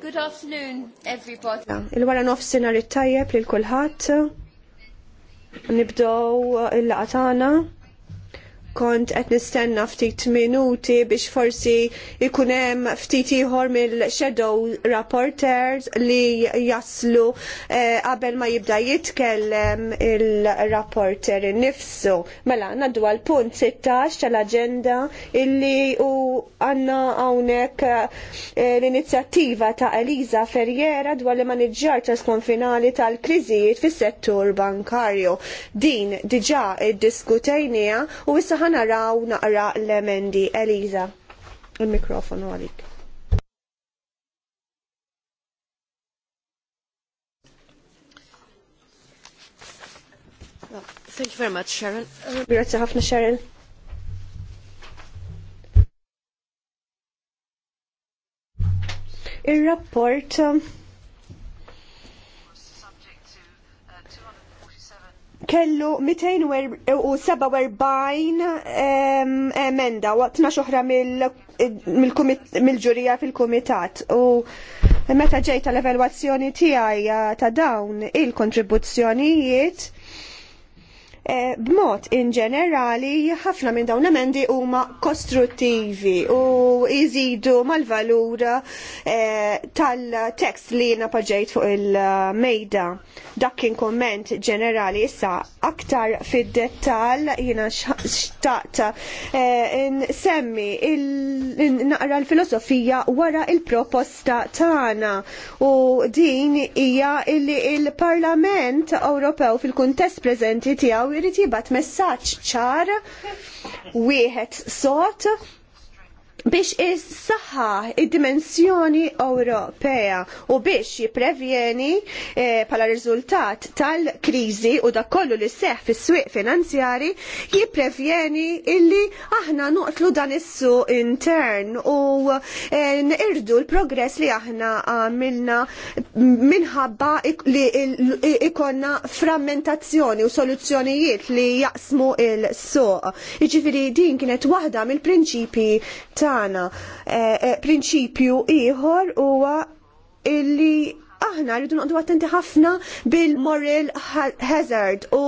Good afternoon, everybody. Il-wara nofsinar it-tajjeb lil Nibdow il-laqatana kont qed nistenna ftit minuti biex forsi ikun hemm ftit ieħor mill-shadow rapporters li jaslu eh, qabel ma jibda jitkellem il-rapporter innifsu. Mela ngħaddu għal punt 16 tal-aġenda illi u għandna hawnhekk eh, l-inizjattiva ta' Eliza Ferriera dwar li maniġġar finali tal-kriżijiet fis-settur bankarju. Din diġà iddiskutejnija u issa ħana raw naqra l-emendi. Eliza, il-mikrofonu għalik. Thank you very much, Sharon. Grazie ħafna, Sharon. Il-rapport um, kellu 247 emenda u na xoħra mill-ġurija fil-komitat u meta ġejta l-evalwazzjoni tiegħi eh, ta' dawn il-kontribuzzjonijiet Eh, b'mod in ġenerali ħafna minn dawn emendi huma kostruttivi u jżidu mal-valur eh, tal-tekst li jiena paġejt fuq il-mejda. Dak kien komment ġenerali issa aktar fid-dettall jiena xtaqt eh, nsemmi naqra l-filosofija wara il-proposta tagħna u din hija li il-Parlament Ewropew fil-kuntest preżenti tiegħu Ewropew irid jibgħat messaġġ ċar wieħed sod biex is-saħħa id-dimensjoni Ewropea u biex jipprevjeni eh, pala riżultat tal-kriżi u da kollu li seħ fis-swieq finanzjari jipprevjeni illi aħna nuqtlu dan is-su intern u eh, nirdu l-progress li aħna għamilna minħabba li ikonna frammentazzjoni u soluzzjonijiet li jaqsmu il-suq. Jiġifieri din kienet waħda mill-prinċipi ta' tagħna. E, e, prinċipju ieħor huwa illi aħna rridu noqdu attenti ħafna bil-moral hazard u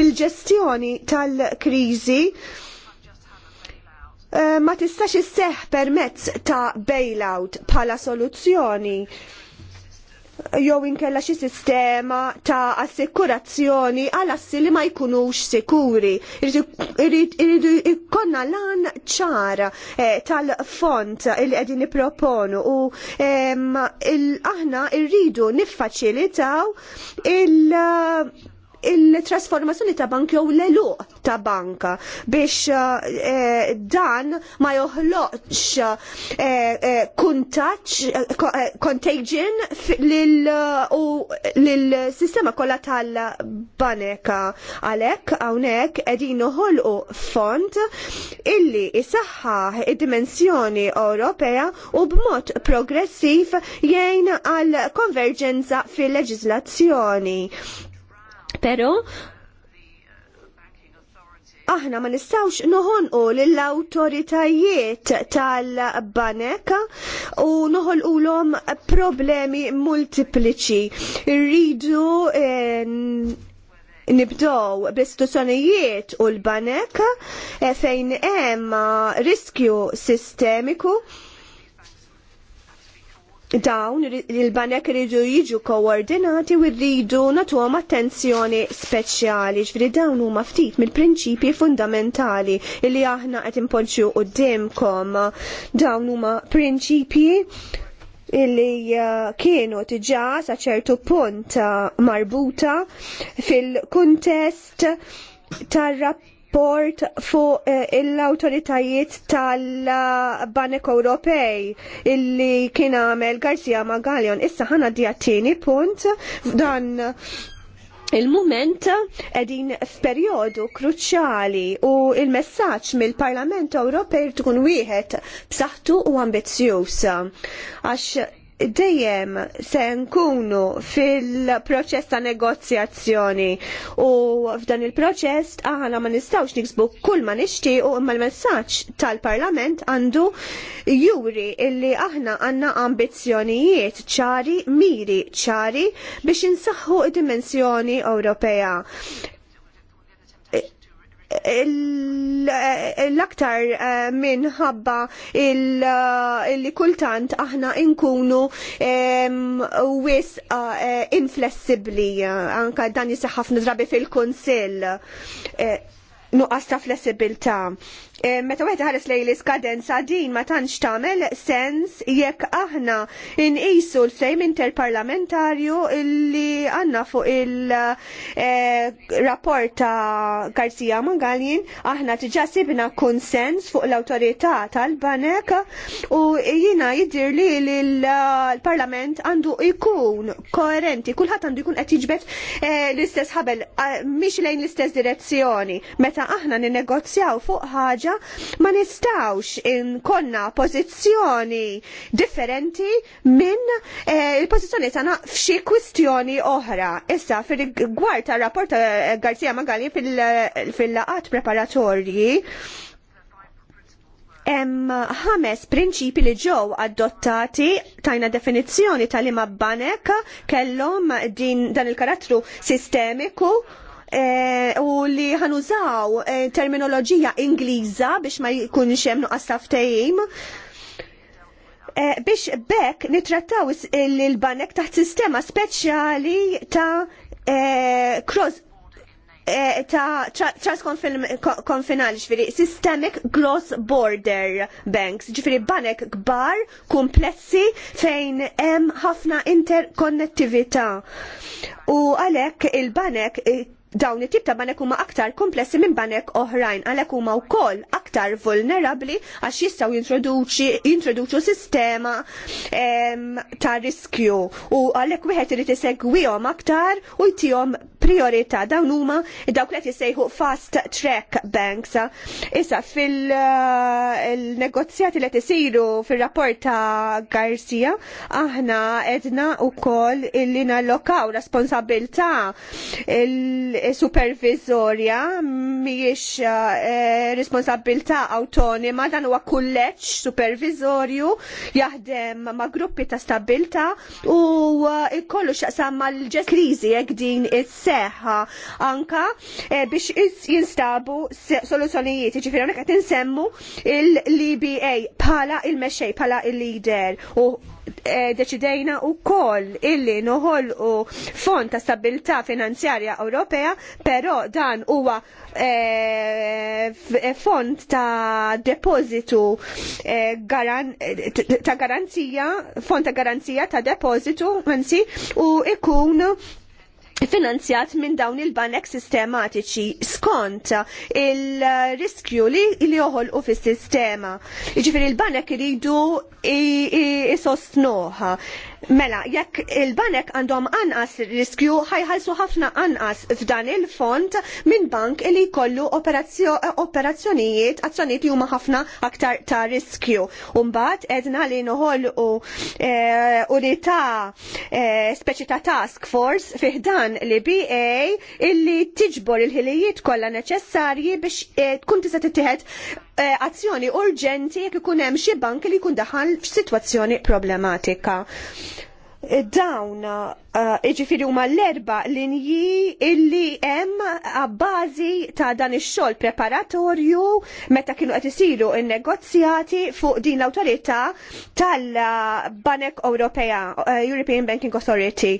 il-ġestjoni tal-kriżi e, ma tistax isseħ permezz ta' bailout bħala soluzzjoni jew inkella xi sistema ta' assikurazzjoni għal assi li ma jkunux sikuri. Irridu ikkonna lan ċara eh, tal-font il qegħdin nipproponu u aħna irridu niffaċilitaw il- il-trasformazzjoni ta' bank jew l-eluq ta' banka biex eh, eh, dan ma joħloqx eh, kuntaċ contagion lil-sistema kollha tal-baneka għalhekk hawnhekk qegħdin noħolqu fond illi isaħħaħ id-dimensjoni Ewropea u b'mod progressiv jgħin għal konverġenza fil-leġiżlazzjoni Pero aħna ma nistawx u lill-awtoritajiet tal-banek u noħolqu l-om problemi multipliċi. Rridu eh, nibdow bl-istituzzjonijiet u l-banek eh, fejn hemm riskju sistemiku dawn il-banek rridu jiġu koordinati u rridu natuhom attenzjoni speċjali ġifri dawn huma ftit mill-prinċipji fundamentali li aħna qed impoġġu qudiemkom dawn huma prinċipji illi uh, kienu diġà sa ċertu punt uh, marbuta fil-kuntest tar-rapport rapport fuq eh, l-autoritajiet tal-Banek Ewropej illi kien għamel Garzija Magalion Issa ħana djattini punt dan Il-moment edin f'perjodu kruċjali u il-messaġġ mill-Parlament Ewropej tkun wieħed b'saħħtu u ambizzjuż. Għax dejjem se nkunu fil-proċess ta' negozjazzjoni u f'dan il-proċess aħna ma nistawx niksbu kull ma u imma l-messaġġ tal-Parlament għandu juri illi aħna għandna ambizzjonijiet ċari, miri ċari biex insaħħu id-dimensjoni Ewropea e, e, l-aktar eh, minħabba eh, li kultant aħna inkunu wis eh, inflessibli anka dan jisaħħafna drabi fil-konsil nuqqas ta' flessibilità. E, meta wieħed ħares lejn l-iskadenza din ma tantx tagħmel sens jekk aħna inqisu l-fejm interparlamentarju li għandna fuq il-rapport e, ta' Garcia Mangalin aħna diġà sibna konsens fuq l-awtorità tal-banek u jiena jidir li l-parlament għandu jkun koerenti, kulħadd għandu jkun qed jiġbed e, l-istess ħabel mhix lejn l-istess direzzjoni. Meta meta aħna ninegozjaw fuq ħaġa ma nistawx inkonna pożizzjoni differenti minn eh, il-pożizzjoni tagħna f'xi kwistjoni oħra. Issa fil-gwar ta' rapport eh, Garzija Magali fil-laqat fil preparatorji hemm ħames prinċipi li ġew adottati tajna definizzjoni tal-ima banek kellhom din dan il-karattru sistemiku Eh, u li ħanużaw eh, terminoloġija Ingliża biex ma jkunx hemm nuqqas taftejim. Eh, biex bekk nitrattaw il-banek taħt sistema speċjali ta' cross ta' transkonfinali ġifiri systemic gross border banks ġifiri banek kbar komplessi fejn hemm ħafna interkonnettività u għalhekk il-banek dawn it-tip ta' banek huma aktar komplessi minn banek oħrajn għalhekk huma wkoll aktar vulnerabbli għax jistgħu jintroduċu sistema em, ta' riskju u għalhekk wieħed irid isegwihom aktar u jtihom priorità dawn huma dawk qed jissejħu fast track banks. Issa fil-negozjati eh, li qed isiru fir-rapport ta' Garcia aħna edna wkoll illi nallokaw responsabilità il Eh, supervizorja mhijiex eh, responsabilità awtonoma dan huwa kulleġġ supervizorju jaħdem ma' gruppi ta' stabilità u jkollu eh, x'aqsam mal-ġest kriżi jekk din is-seħħa anka eh, biex jinstabu soluzzjonijiet. Ġifieri hawnhekk qed insemmu il-LBA bħala il mexej bħala il-leader u Eh, deċidejna u koll illi nuħol u fond ta' stabilità finanzjarja Ewropea, pero dan huwa eh, fond ta' depozitu eh, ta' garanzija, fond ta' garanzija ta' depozitu, anzi, u ikun finanzjat minn dawn il-banek sistematiċi skont il-riskju li li joħolqu fis-sistema. Jiġifieri il-banek iridu isostnuha. Mela, jekk il-banek għandhom anqas riskju ħajħalsu ħafna anqas f'dan il-fond minn bank li jkollu eh, operazzjonijiet, azzjonijiet juma huma ħafna aktar ta' riskju. Umbat edna li nħol u eh, unità eh, speċi ta' task force fiħdan li BA illi tiġbor il-ħilijiet kollha neċessarji biex tkun tkun tista' tittieħed Eh, azzjoni urġenti jekk ikun hemm xi bank li jkun daħal f'sitwazzjoni problematika eh, dawn jiġifieri, huma l-erba linji illi hemm abbażi ta' dan ix-xogħol preparatorju meta kienu qed isiru n-negozjati fuq din l-awtorità tal-Banek Ewropea, European Banking Authority.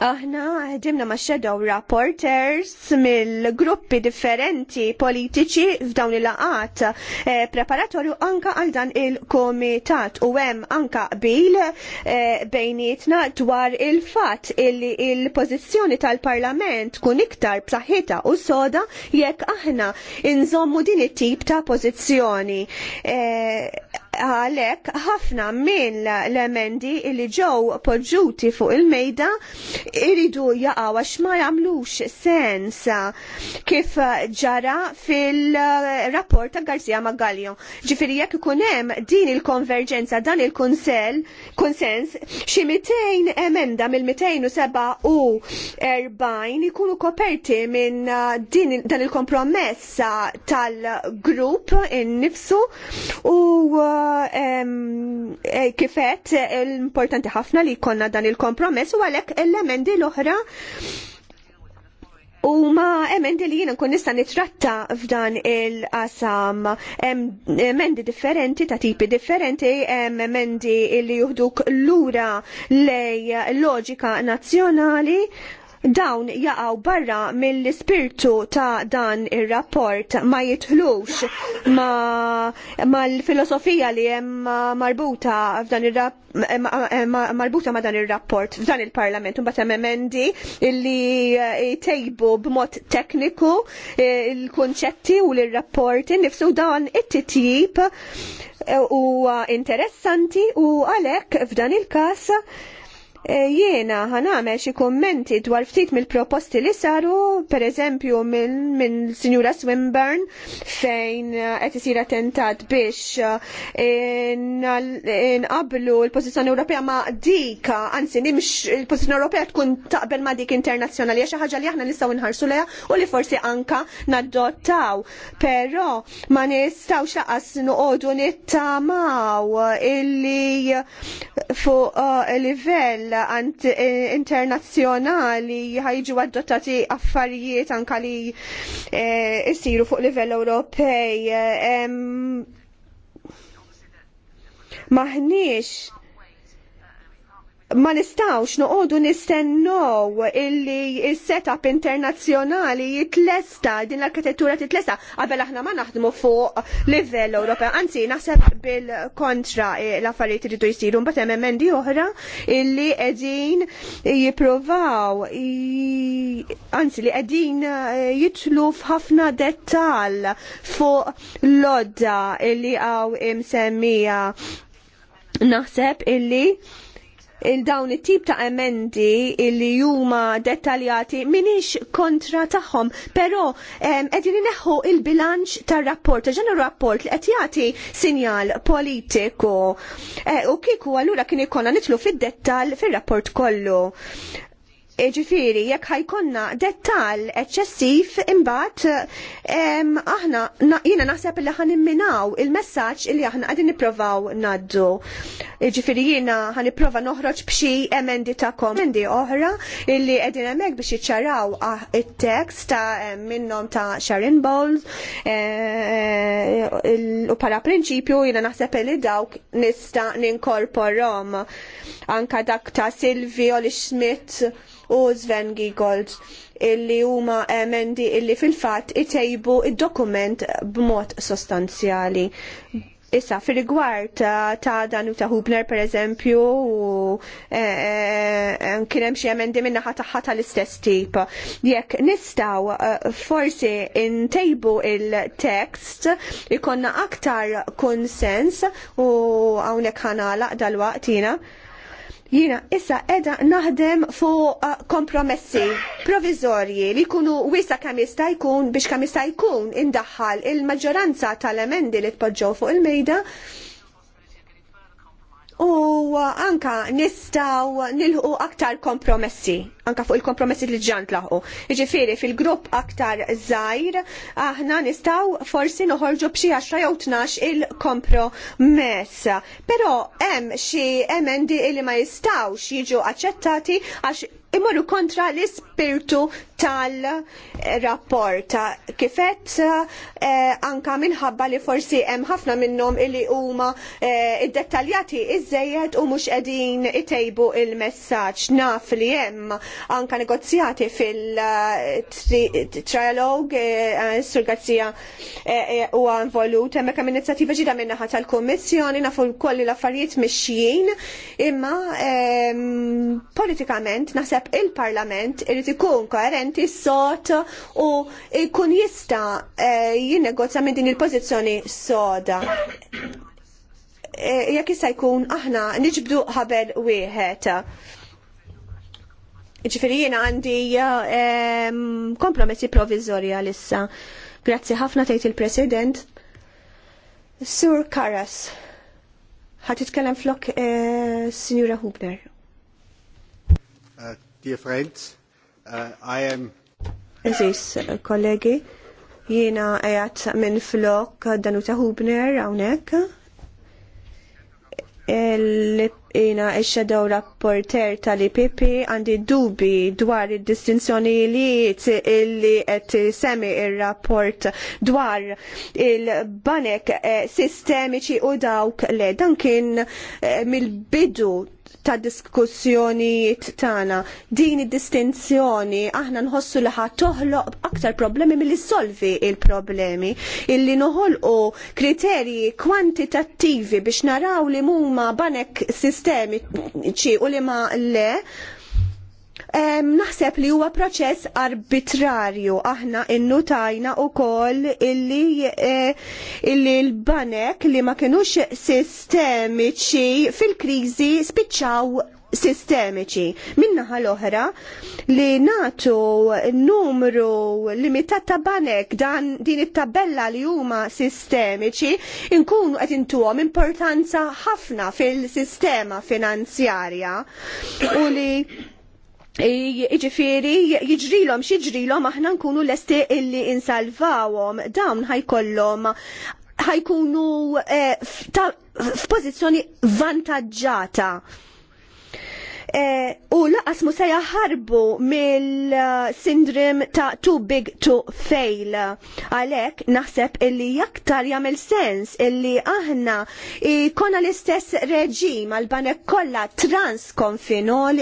Aħna ħedimna ma' shadow rapporters mill-gruppi differenti politiċi f'dawn il-laqat eh, preparatorju anka għal dan il-komitat u hemm anka bil eh, bejnietna dwar il-fatt illi il-pożizzjoni tal-Parlament kun iktar b'saħħitha u soda jekk aħna inżommu din it-tip ta' pożizzjoni. Eh, għalek ħafna minn l-emendi li ġew poġġuti fuq il-mejda iridu jaqaw għax ma jagħmlux sens kif ġara fil-rapport ta' Garzija Magalio. Ġifiri jekk ikun hemm din il-konverġenza dan il konsel konsens xi 200 emenda mill-247 ikunu koperti minn uh, din dan il-kompromessa tal-grupp innifsu u uh, E, kifet l-importanti ħafna li konna dan il-kompromess u għalek l-emendi l-oħra U ma emendi li jina nkun nista' nitratta f'dan il-qasam emendi differenti ta' tipi differenti, emendi li juhduk lura lej loġika nazzjonali dawn jaqgħu barra mill-ispirtu ta' dan ir-rapport ma jitħlux mal-filosofija li hemm marbuta f'dan ir marbuta ma dan il-rapport f'dan il-parlament un batem emendi li eh, tejbu b'mod tekniku eh, il-konċetti u l rapport nifsu dan it-titjib eh, u interessanti u għalek f'dan il-kas E, jiena għamel xi kummenti dwar ftit mill-proposti li saru, per eżempju minn Sinjura Swinburne fejn e, qed isir attentat biex e, nqablu l-pożizzjoni Ewropea ma' dika, anzi nimx il-pożizzjoni Ewropea tkun taqbel ma' dik internazzjonali għax ħaġa li aħna nistgħu nħarsu leha u li forsi anka nadottaw. Però ma nistgħux laqas noqogħdu nittamaw illi fuq livell ant e, internazzjonali ħajġu għaddottati affarijiet anka li jsiru e, fuq livell Ewropej. E, maħniex ma nistawx noqogħdu nistennow illi s-setup internazzjonali jitlesta din l-arkitettura titlesta qabel aħna ma naħdmu fuq livell Ewropew. Anzi, naħseb bil-kontra eh, l-affarijiet iridu jsiru mbagħad hemm emendi oħra illi qegħdin jippruvaw anzi li qegħdin eh, jitlu f'ħafna dettal fuq lodda illi għaw imsemmija naħseb illi il-dawn it-tip ta' emendi li huma dettaljati minix kontra tagħhom, pero qegħdin neħu il-bilanċ tar-rapport, ġen rapport li qed jagħti sinjal politiku. Eh, u kieku allura kien ikollna nitlu fid-dettal fir-rapport kollu. Ġifiri, jekk ħajkonna dettal eċċessiv imbagħad aħna jiena naħseb li ħan imminaw il-messaġġ li aħna qegħdin nippruvaw naddu. Ġifiri jiena ħan nipprova noħroġ b'xi emendi ta' komendi oħra illi qegħdin hemmhekk biex jiċċaraw ah, it-tekst ta' minnhom ta' Sharon Bowles eh, eh, u para prinċipju jiena naħseb li dawk nista' ninkorporom anka dak ta' Silvio li Schmidt u Sven Giegold illi huma emendi illi fil-fatt itejbu id-dokument b'mod sostanzjali. Issa, fil rigward ta' dan ta' Hubner per eżempju, e, e, e, kien hemm xi emendi min-naħa tagħha tal-istess tip. Jekk nistgħu forsi ntejbu il-tekst ikonna aktar konsens u hawnhekk laqda dal-waqtina. Jina, issa edha naħdem fuq uh, kompromessi provizorji li jkunu wisa kemm jista' jkun biex kemm jista' jkun indaħħal il-maġġoranza tal-emendi li tpoġġow fuq il-mejda u anka nistaw nilħu aktar kompromessi, anka fuq il-kompromessi li ġant laħu. Iġifiri, fil-grupp aktar zaħir, aħna nistaw forsi noħorġu bċi 10 jew 12 il-kompromess. Pero hemm xi emendi li ma jistaw jiġu aċċettati għax imorru kontra l-ispirtu tal rapporta Kifet eh, anka minħabba li forsi hemm ħafna minnhom illi huma eh, id-dettaljati iżejjed u mhux qegħdin itejbu il-messaġġ naf li hemm anka negozjati fil-trialog eh, eh surgazzija eh, eh, huwa eh, involut hemmhekk hemm inizjattiva ġida minnaħa tal-Kummissjoni nafu kolli l-affarijiet mixjin imma eh, politikament naħseb naħseb il-Parlament irid ikun koerenti sot u jkun jista' eh, jinnegozja minn din il-pożizzjoni soda. Jek eh, Jekk jista' jkun aħna niġbdu ħabel wieħed. Ġifiri jiena għandi eh, kompromessi provizorja lissa. Grazzi ħafna tgħid il-President. Sur Karas, ħat titkellem flok Sinjura Hubner dear friends, uh, I am... Aziz, kollegi, jiena għajat minn flok Danuta Hubner għawnek. Jiena il-shadow rapporter tal-IPP għandi dubi dwar il-distinzjoni li illi qed semi il-rapport dwar il-banek eh, sistemiċi u dawk le dan kien eh, mill-bidu ta' diskussjoni tagħna. Din id-distinzjoni aħna nħossu li ħad toħloq aktar problemi milli solvi il-problemi. Illi noħolqu kriterji kwantitattivi biex naraw li mumma banek sistemiċi u li ma le Naħseb li huwa proċess arbitrarju. Aħna innutajna u koll e, illi l-banek li ma kienux sistemiċi fil-krizi spiċċaw sistemiċi. Minna l-oħra li natu numru limitat ta' banek dan din it-tabella li huma sistemiċi inkunu qed intuhom importanza ħafna fil-sistema finanzjarja u li Iġifiri, jġrilom xieġrilom, aħna nkunu l-esti illi insalvawom, dawn ħajkollom ħajkunu eh, f'pożizzjoni vantaġġata. Eh, u laqas mu se jaħarbu mill-sindrim ta' too big to fail. Għalek naħseb illi jaktar jagħmel sens illi aħna konna l-istess reġim għal banek kollha trans konfinal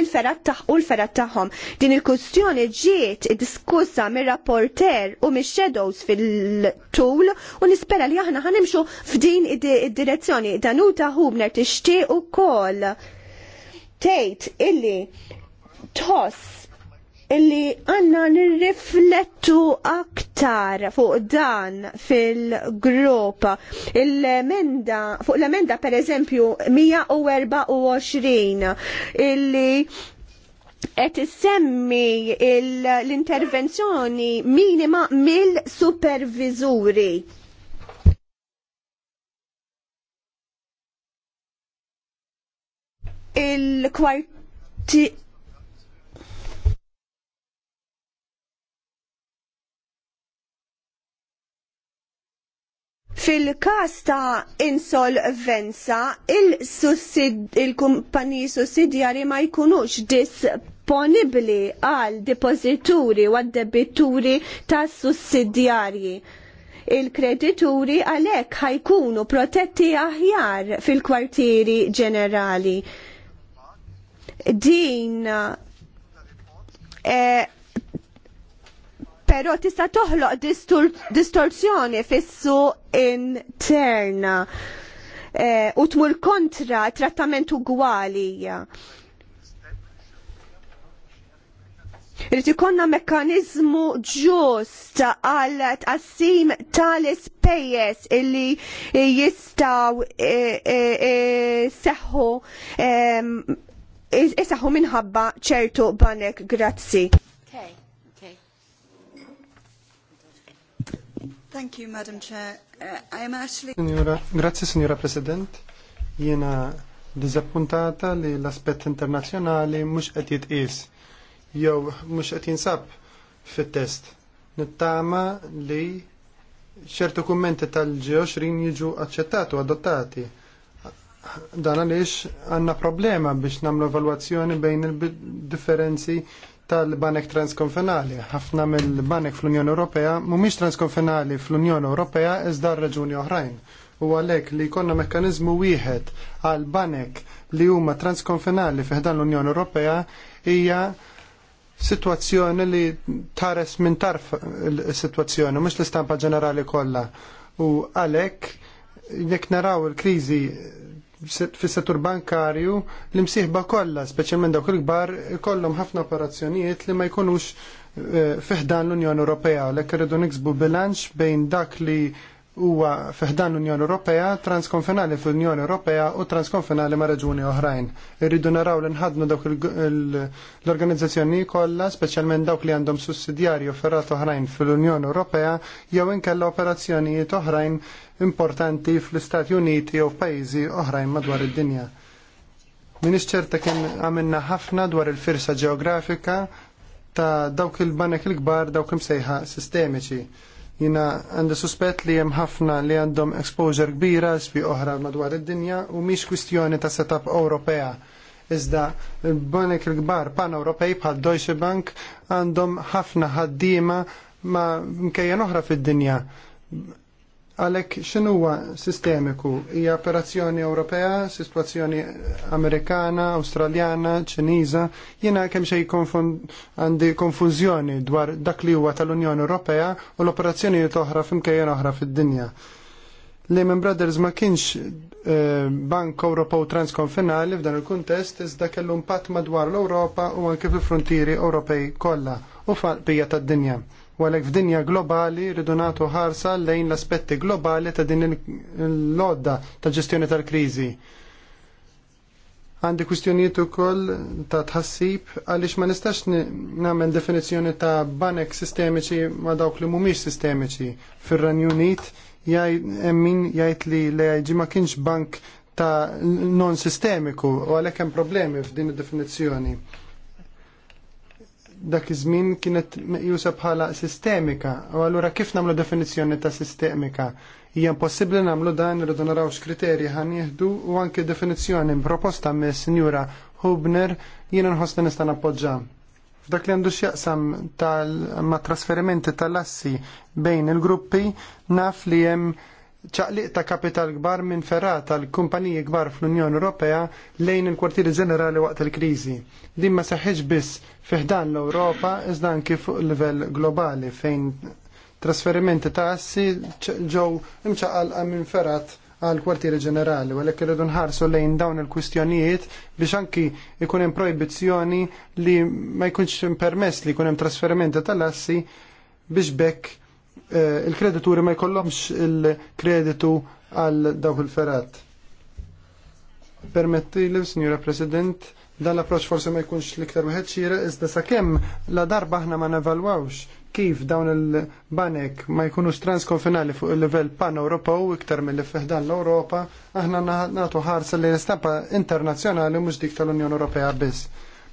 il ferat taħ u l-ferat tagħhom. Din il-kustjoni ġiet diskussa mir-rapporter u mix-shadows fil-tul u nispera li aħna ħanimxu f'din id-direzzjoni. Danuta Hubner tixtieq ukoll Tejt illi toss illi għanna nirriflettu aktar fuq dan fil-grupp. Il-menda, fuq l-emenda per eżempju 124 illi qed semmi l-intervenzjoni minima mill-supervizuri il-kwarti Fil-kas ta' insolvenza, il-kumpaniji sussidjari ma jkunux disponibli għal depozituri u debituri ta' sussidjarji. Il-kredituri għalek ħajkunu protetti aħjar fil-kwartieri ġenerali din eh, pero tista' toħloq distorsjoni fis-suq interna eh, u tmur kontra trattament ugwali. Irrid ikonna mekkanizmu ġust għal tqassim tal-ispejjeż illi jistgħu eh, seħħu ehm, isaħu minħabba ċertu banek grazzi. Thank you, Madam Chair. Uh, I am actually... Signora, grazie, Signora President. Jena dizappuntata li l-aspet internazjonali mux qed jitqis jew mux qed jinsab fit-test. Nittama li ċertu kummenti tal-G20 jiġu aċċettati u adottati dan għaliex għandna problema biex nagħmlu evalwazzjoni bejn il-differenzi tal-banek transkonfenali. Ħafna mill-banek fl-Unjoni Ewropea mhumiex transkonfenali fl-Unjoni Ewropea iżda raġuni oħrajn. U għalhekk li jkollna mekkaniżmu wieħed għal banek li huma transkonfenali fiħdan l-Unjoni Ewropea hija situazzjoni li tares minn tarf il-situazzjoni, mhux l-istampa ġenerali kollha. U għalhekk jekk naraw il-kriżi fis-settur bankarju l-imsieħba kollha, speċjalment dawk il-kbar, kollhom ħafna operazzjonijiet li ma jkunux eh, fiħdan l-Unjoni Ewropea. Lek irridu niksbu bilanċ bejn dak li huwa fiħdan l-Unjoni Ewropea, transkonfinali fl-Unjoni Ewropea u transkonfinali ma' reġuni oħrajn. Irridu naraw li nħadnu dawk l-organizzazzjoni kollha, speċjalment dawk li għandhom sussidjarju ferrat oħrajn fl-Unjoni Ewropea jew inkella operazzjonijiet oħrajn importanti fl-Istati Uniti jew f'pajjiżi oħrajn madwar id-dinja. Minix ċerta kien għamilna ħafna dwar il-firsa ġeografika ta' dawk il-banek il-kbar dawk imsejħa sistemiċi. Jina għandi suspett li hemm ħafna li għandhom exposure kbira sbi oħra madwar id-dinja u miex kwistjoni ta' setup Ewropea iżda l-banek il-kbar pan-Ewropej bħal Deutsche Bank għandhom ħafna ħaddiema ma mkejja oħra fid-dinja Għalek xinuwa sistemiku? Hija operazzjoni Ewropea, situazzjoni Amerikana, Australjana, Ċiniża, jiena kemm xejn għandi konfużjoni dwar dak li huwa tal-Unjoni Ewropea u l-operazzjonijiet oħra f'imkejjen oħra fid-dinja. Lehman Brothers ma kienx eh, bank Ewropew transkonfinali f'dan il-kuntest iżda kellu impatt madwar l-Ewropa u anke fil-frontieri Ewropej kollha u fil-bija tad-dinja. U f'dinja globali rridu nagħtu ħarsa lejn l-aspetti globali ta' din l-lodda ta' ġestjoni tal-kriżi. Għandi kwistjonijiet ukoll ta' tħassib għaliex ma nistax nagħmel definizzjoni ta' banek sistemiċi ma' dawk li mhumiex sistemiċi. Fir-Ran Unit min jgħid li l-AIG ma kienx bank ta' non sistemiku u għalhekk hemm problemi f'din id-definizzjoni dak iż-żmien kienet meqjusa bħala sistemika. U allura kif nagħmlu definizzjoni ta' sistemika? Hija impossibbli nagħmlu dan irridu naraw x'kriterji ħan jieħdu u anke definizzjoni proposta mis Sinjura Hubner jiena nħossna nista' nappoġġa. F'dak li għandu x'jaqsam tal ma' trasferimenti tal-assi bejn il-gruppi naf li hemm ċaqliq ta' kapital kbar minn ferrat tal-kumpaniji kbar fl-Unjoni Ewropea lejn il-kwartieri ġenerali waqt il-kriżi. Din ma seħħiġ biss fiħdan l-Ewropa iżda anki fuq livell globali fejn trasferimenti ta' assi ġew imċaqalqa minn ferrat għal kwartieri ġenerali, għalek irridu nħarsu lejn dawn il-kwistjonijiet biex anki ikun hemm projbizzjoni li ma jkunx permess li jkun hemm trasferimenti tal-assi biex bekk Eh, il-kredituri ma jkollhomx il-kreditu għal dawk il-ferat. Permetti li, Signora President, dan l-approċ forse ma jkunx l-iktar wieħed xira, iżda sakemm la darba aħna ma nevalwawx kif dawn il-banek ma jkunux transkonfinali fuq il-level pan-Ewropew iktar mill fiħdan l-Ewropa, aħna nagħtu ħarsa li l-istampa internazzjonali mhux dik tal-Unjoni Ewropea biss.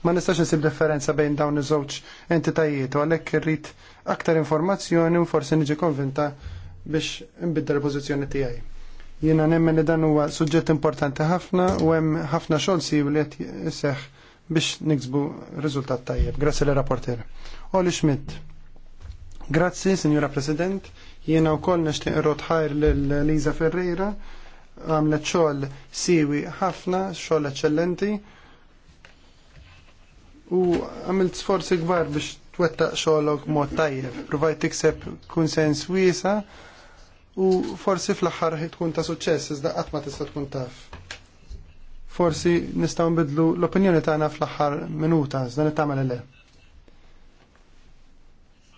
Ma nistax insib differenza bejn dawn iż-żewġ entitajiet u għalhekk irrid aktar informazzjoni u forsi niġi konvinta biex nbidda l-pożizzjoni tiegħi. Jiena nemmen li dan huwa suġġett importanti ħafna u hemm ħafna xogħol si li qed jseħħ biex niksbu riżultat tajjeb. Grazzi l-rapporter. Oli Schmidt. Grazzi, Sinjura President. Jiena wkoll nixtieq ħajr lil Liza Ferreira għamlet xogħol siwi ħafna, xogħol eċċellenti u għamilt sforzi kbar biex twettaq xogħolok mod tajjeb, provajt tikseb kunsens wiesa u forsi fl-aħħar tkun ta' suċċess iżda qatt ma tista' tkun taf. Forsi nistgħu nbidlu l-opinjoni tagħna fl-aħħar minuta iżda nitagħmel le.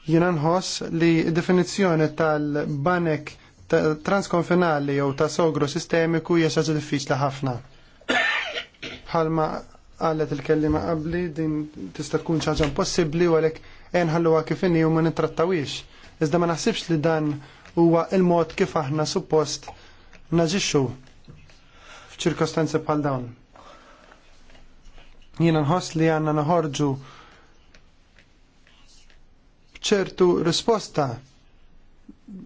Jiena nħoss li d-definizzjoni tal-banek transkonfinali jew ta' sogro sistemiku hija xaġa diffiċli ħafna. Bħalma qalet il-kellima qabli din tista' tkun xi ħaġa impossibbli u għalhekk nħalluha kif inni u ma nittrattawix. Iżda ma naħsibx li dan huwa il-mod kif aħna suppost naġixxu f'ċirkostanzi bħal dawn. Jiena nħoss li għandna naħorġu ċertu risposta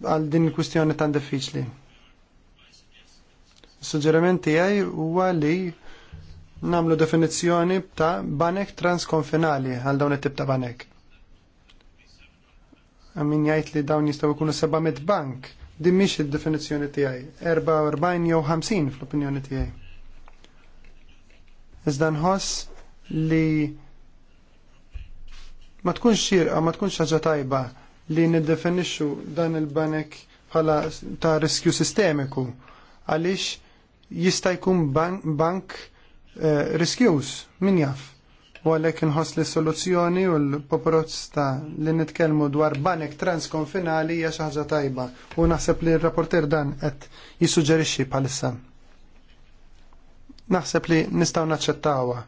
għal din il-kwistjoni tan diffiċli. Is-suġġerimenti tiegħi huwa li namlu definizzjoni ta' banek transkonfinali għal dawn it-tip ta' banek min jgħid li dawn jistgħu jkunu 700 bank, din mhix id-definizzjoni tiegħi, 44 jew 50 fl-opinjoni tiegħi. Iżda nħoss li ma tkunx xirqa, ma tkunx ħaġa tajba li niddefinixxu dan il-banek bħala ta' riskju sistemiku għaliex jista' jkun bank, bank eh, riskjus, min jaf. U għalhekk inħoss li soluzzjoni u l-poprozz li nitkellmu dwar banek transkonfinali hija xi ħaġa tajba u naħseb li r-rapporter dan qed jissuġġerixxi bħalissa. Naħseb li nistgħu naċċettawha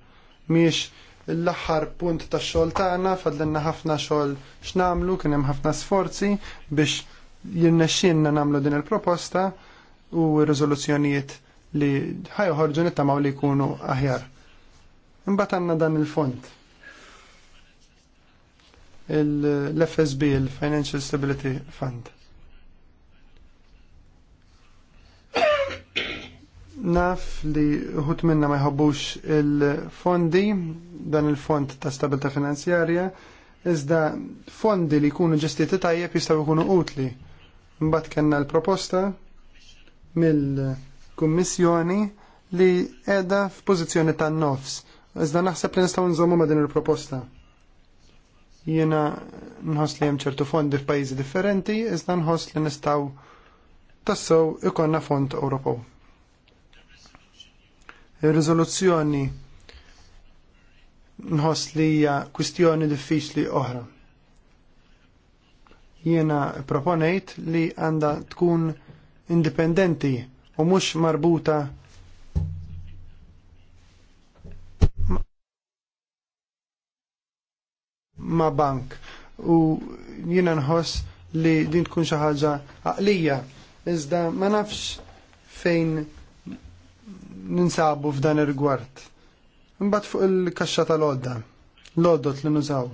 miex l-aħħar punt ta' xogħol tagħna fadlenna ħafna xogħol x'namlu kien hemm ħafna sforzi biex jirnexxinna nagħmlu din il-proposta u r-riżoluzzjonijiet li ħajħorġu nittamaw li jkunu aħjar. Imbagħad għandna dan il-fond. L-FSB, il fond l fsb il financial Stability Fund. Naf li uħut minna ma jħobbux il-fondi, dan il-fond ta' stabilta finanzjarja, iżda fondi li jkunu ġestiti tajjeb jistgħu jkunu utli. Mbagħad kellna l-proposta mill-Kummissjoni li qiegħda f'pożizzjoni tan-nofs Iżda naħseb li nistgħu nżommu ma' din il-proposta. Jiena nħoss li hemm ċertu fondi f'pajjiżi differenti, iżda nħoss li nistgħu tassew ikonna fond Ewropew. Ir-riżoluzzjoni nħoss li hija kwistjoni diffiċli oħra. Jiena proponejt li għandha tkun indipendenti u mhux marbuta ma' bank u jiena nħoss li din tkun xi ħaġa għaqlija iżda ma nafx fejn ninsabu f'dan ir-rigward. Imbagħad fuq il-kaxxa tal-għodda, l-għoddot li nużaw.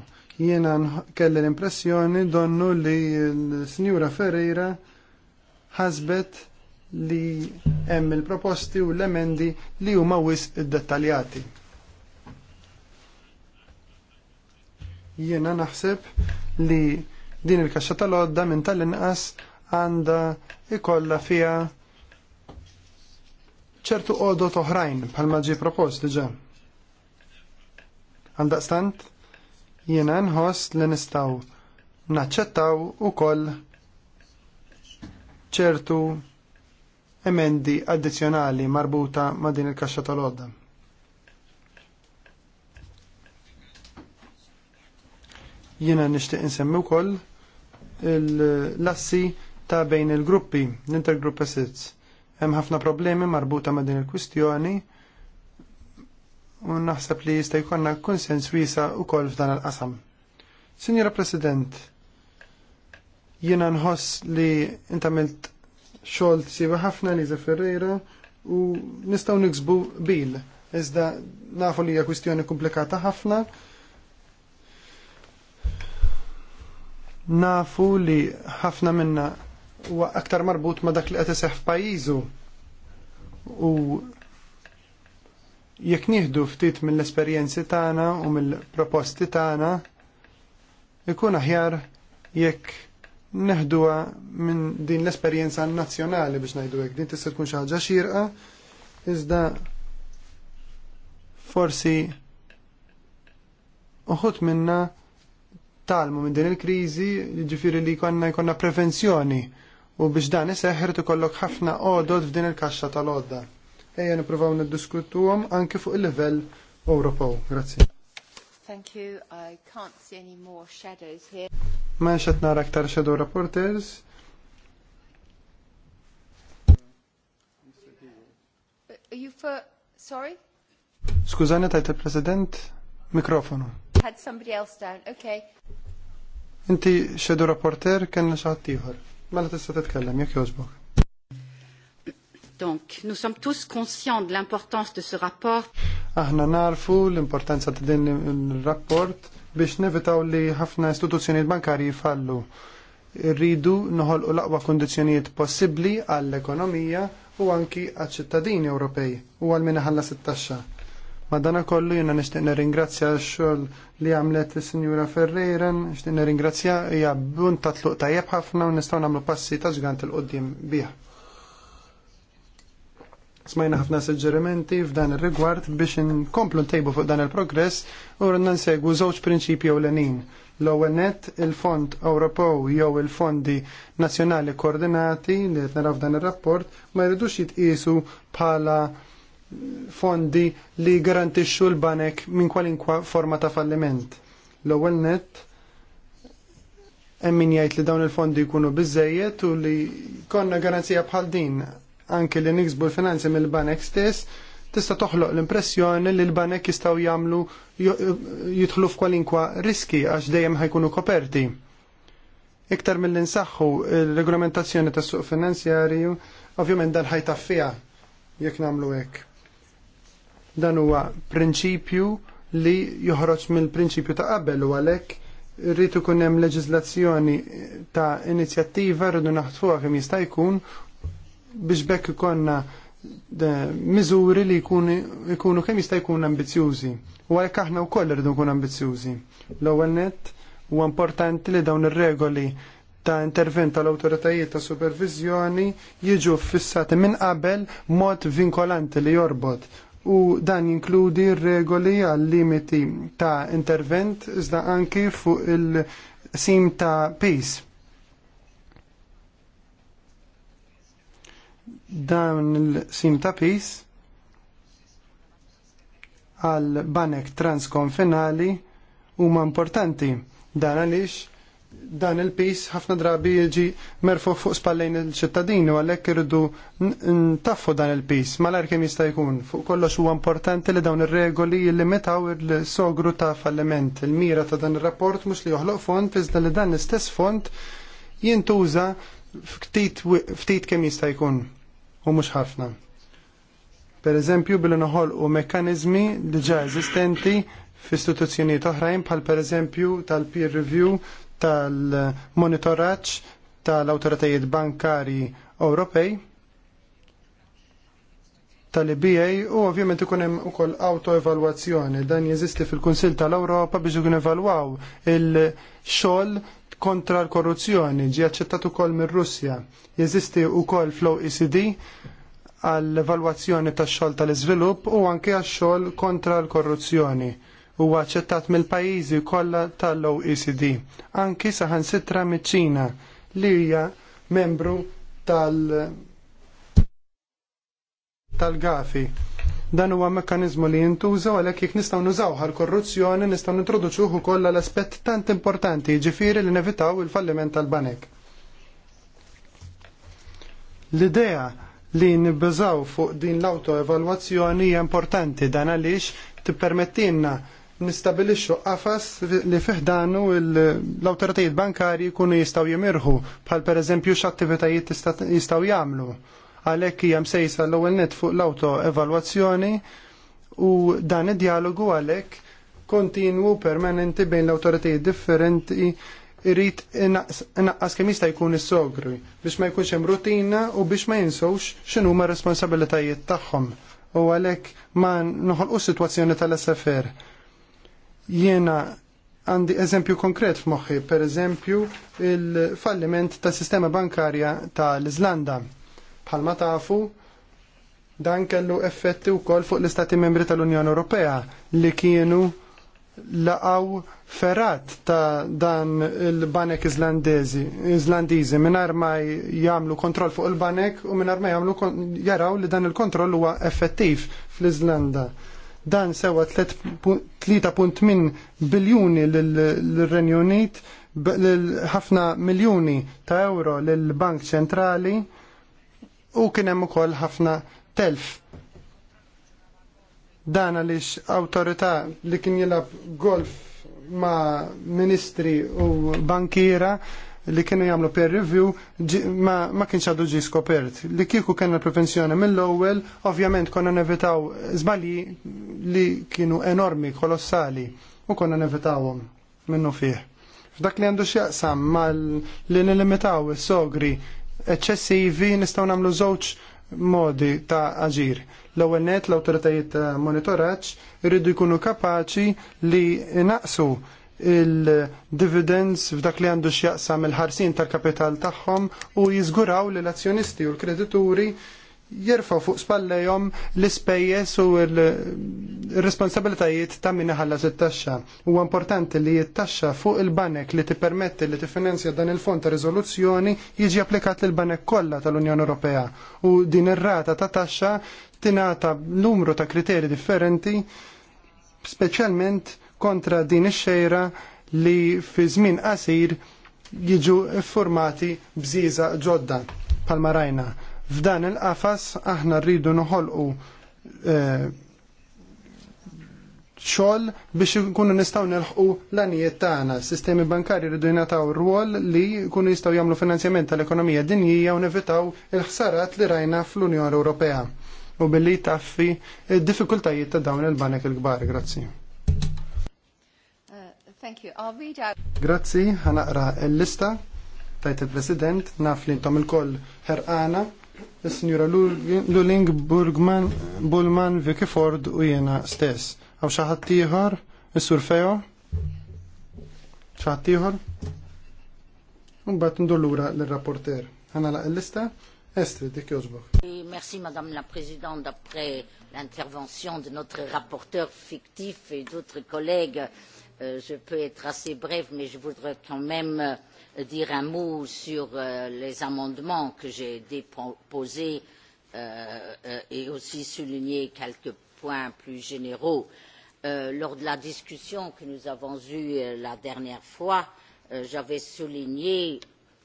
Jiena kelli l-impressjoni donnu li l-Sinjura Ferreira ħasbet li hemm il-proposti u l-emendi li huma wisq id-dettaljati. Jiena naħseb li din il-kaxxa tal-għodda minn tal-inqas għandha ikolla fiha ċertu qodot oħrajn bħalma ġie propost diġà. Għaldaqstant jiena nħoss li nistgħu naċċettaw ukoll ċertu emendi addizzjonali marbuta ma' din il-kaxxa tal-għodda. Jiena nixtieq insemmi wkoll l lassi ta' bejn il-gruppi, l intergruppa assets. Hemm ħafna problemi marbuta ma' din il-kwistjoni u naħseb li jista' jkollna konsens wiesa wkoll f'dan il-qasam. Sinjura President, jiena nħoss li intamilt xogħol siewa ħafna li Ferreira u nistgħu niksbu bil. Iżda nafu li hija kwistjoni komplikata ħafna nafu li ħafna minna u aktar marbut ma dak li qed iseħħ pajjiżu. u jekk nieħdu ftit mill-esperjenzi tagħna u mill-proposti tagħna ikun aħjar jekk neħduha minn din l-esperjenza nazzjonali biex ngħidu hekk din tista' tkun xi ħaġa xierqa iżda forsi uħut minna talmu minn din il-kriżi, ġifiri li konna jkonna prevenzjoni u biex dan iseħħer tikollok ħafna qodod f'din il-kaxxa tal-għodda. Ejja nippruvaw niddiskutuhom anke fuq il-livell Ewropew. Grazzi. Thank you. I can't see any more shadows here. Ma nxed nara aktar shadow reporters. Are you for... Sorry? Skużani tajt il-President, mikrofonu had somebody else down. Okay. Inti xedu rapporter kenna xi ħadd ieħor. Mela tista' titkellem jekk jogħġbok. Donc, nous sommes tous conscients de l'importance de ce rapport. Aħna narfu l-importanza ta' din il-rapport biex nevitaw li ħafna istituzzjonijiet bankarji jfallu. Rridu noħol l-aqwa kondizzjonijiet possibbli għall-ekonomija u anki għal ċittadini Ewropej u għal minna ħalla taxxa Madana kollu jina nishtiq nirringrazzja xol xogħol li għamlet is-Sinjura Ferreira, nishtiq nirringrazzja hija bun ta' tluq tajjeb ħafna u nistgħu nagħmlu passi ta' ġgant il-qudiem biħ. Smajna ħafna suġġerimenti f'dan ir-rigward biex inkomplu ntejbu fuq dan il-progress u rna nsegwu żewġ prinċipji u L-ewwel nett il-Fond Ewropew jew il-Fondi Nazzjonali Koordinati li qed naraw f'dan ir-rapport ma jridux jitqisu bħala fondi li garantixxu l-banek minn kwalinkwa forma ta' falliment. L-ewwel nett hemm min jgħid li dawn il-fondi jkunu biżejjed u li konna garanzija bħal din anke li niksbu l-finanzi mill-banek stess tista' toħloq l-impressjoni li l-banek jistgħu jagħmlu jidħlu f'kwalinkwa riski għax dejjem ħajkunu koperti. Iktar mill-insaħħu il-regolamentazzjoni tas-suq finanzjarju, ovvjament dan ħajtaffija jekk nagħmlu hekk. Dan huwa prinċipju li joħroġ mill-prinċipju ta' qabel u għalhekk rrid ikun hemm leġiżlazzjoni ta' inizjattiva rridu naħtfuha kemm jista' jkun biex bekk ikonna eh, miżuri li jkunu kemm jista' jkun ambizjużi. U għalhekk aħna wkoll rridu nkunu ambizjużi. L-ewwel nett huwa importanti li dawn ir-regoli ta' intervent tal-awtoritajiet ta' supervizjoni jiġu fissati minn qabel mod vinkolanti li jorbot u dan jinkludi regoli għal limiti ta' intervent iżda anki fuq il-sim ta' peace. Dan il-sim ta' peace għal banek transkonfinali huma importanti dan għaliex dan il-pis ħafna drabi jiġi merfu fuq spallejn il-ċittadini u għalhekk irridu ntaffu dan il-pis malar kemm jista' jkun. Fuq kollox huwa importanti li dawn ir-regoli jillimitaw il-sogru ta' falliment. Il-mira ta' dan ir-rapport mhux li joħloq font iżda li dan l-istess font jintuża ftit kemm jista' jkun u mhux ħafna. Per eżempju billi noħolqu mekkaniżmi diġà eżistenti f'istituzzjonijiet oħrajn bħal pereżempju tal-peer review tal-monitoraġġ tal-awtoritajiet bankari Ewropej tal-IBA u ovvjament ikun hemm ukoll autoevalwazzjoni. Dan jeżisti fil-Kunsill tal-Ewropa biex ikun evalwaw il-xogħol kontra l-korruzzjoni ġie aċċettat ukoll mir-Russja. Jeżisti wkoll fl-OECD għall-evalwazzjoni tax-xogħol tal-iżvilupp u anke għax-xogħol kontra l-korruzzjoni huwa aċċettat mill-pajjiżi kollha tal-OECD, anki saħan sitra miċ-Ċina li hija membru tal- tal-gafi. Dan huwa mekkaniżmu li jintuża għalhekk jekk nistgħu nużaw għall-korruzzjoni nistgħu nintroduċuh ukoll l-aspett tant importanti jiġifieri li nevitaw il-falliment tal-banek. L-idea li nibbeżaw fuq din l-autoevalwazzjoni hija importanti dan għaliex tippermettilna nistabilixxu qafas li fiħdanu l-awtoritajiet bankarji jkunu jistgħu jimirħu bħal pereżempju x'attivitajiet jistgħu jagħmlu. Għalhekk hija msejsa l-ewwel nett fuq l-awto evalwazzjoni u dan id-dialogu għalhekk kontinwu permanenti bejn l-awtoritajiet differenti irrit inaqqas kemm jista' jkun is-sogri biex ma jkunx hemm rutina u biex ma jinsewx x'inhu ma responsabilitajiet tagħhom. U għalhekk ma noħolqu sitwazzjoni tal-SFR Jiena għandi eżempju konkret f'moħħi, per eżempju il-falliment ta' sistema bankarja ta' l-Iżlanda. Bħalma tafu, dan kellu effetti wkoll fuq l-Istati membri tal-Unjoni Ewropea li kienu laqaw ferrat ta' dan il-banek izlandizi minnar ma jamlu kontroll fuq il-banek u minnar ma jamlu jaraw li dan il-kontroll huwa effettiv fl-Izlanda. Dan sewa 3.8 biljuni l-Renju Unit, ħafna miljuni ta' euro l-Bank Ċentrali u kien hemm ukoll ħafna telf. Dan għaliex awtorità li kien jilab golf ma' ministri u bankiera li kienu jagħmlu peer review ma, ma kienx għadu ġi skopert. Li kieku kena prevenzjoni mill-ewwel, ovvjament konna nevitaw żbalji li kienu enormi, kolossali u konna nevitawhom minnu fih. F'dak li għandu xieqsam mal li nilimitaw is-sogri eċċessivi nistgħu nagħmlu żewġ modi ta' aġir. L-ewwel net l-awtoritajiet ta' monitoraġġ irridu jkunu kapaċi li naqsu il-dividends f'dak li għandu x'jaqsam il-ħarsin tal-kapital tagħhom u jiżguraw li l-azzjonisti u l-kredituri jirfaw fuq spallejhom l-ispejjeż u l-responsabilitajiet ta' min ħallas it-taxxa. Huwa importanti li jittaxxa fuq il-banek li tippermetti li tiffinanzja dan il-fond ta' riżoluzzjoni jiġi applikat lill banek kollha tal-Unjoni Ewropea u din ir-rata ta' taxxa tingħata numru ta' kriterji differenti speċjalment kontra din ix-xejra li fi żmien qasir jiġu formati bżiża ġodda palma rajna. F'dan il-qafas aħna rridu noħolqu e, xogħol biex ikunu nistgħu nilħqu l-anijiet tagħna. Sistemi bankarji rridu jingħataw rwol li jkunu jistgħu jagħmlu finanzjament tal-ekonomija dinjija u nevitaw il-ħsarat li rajna fl-Unjoni Ewropea u billi taffi d diffikultajiet ta' dawn il-banek il-kbar. Grazzi. Thank you. I'll read out. Grazzi, ħanaqra l-lista tajt il-President, naf li intom il-koll ħerqana, il signora Luling Burgman, Bullman, Vicky Ford u jena stess. Għaw xaħat tiħor, il-Sur Feo? Xaħat tiħor? Unbat ndullura l-rapporter. Għana Ħanaqra l-lista. Estri, dik jozbok. Merci Madame la Présidente. D'après l'intervention de notre rapporteur fictif et d'autres collègues, Euh, je peux être assez brève, mais je voudrais quand même euh, dire un mot sur euh, les amendements que j'ai déposés et aussi souligner quelques points plus généraux. Lors de la discussion que nous avons eue la dernière fois, j'avais souligné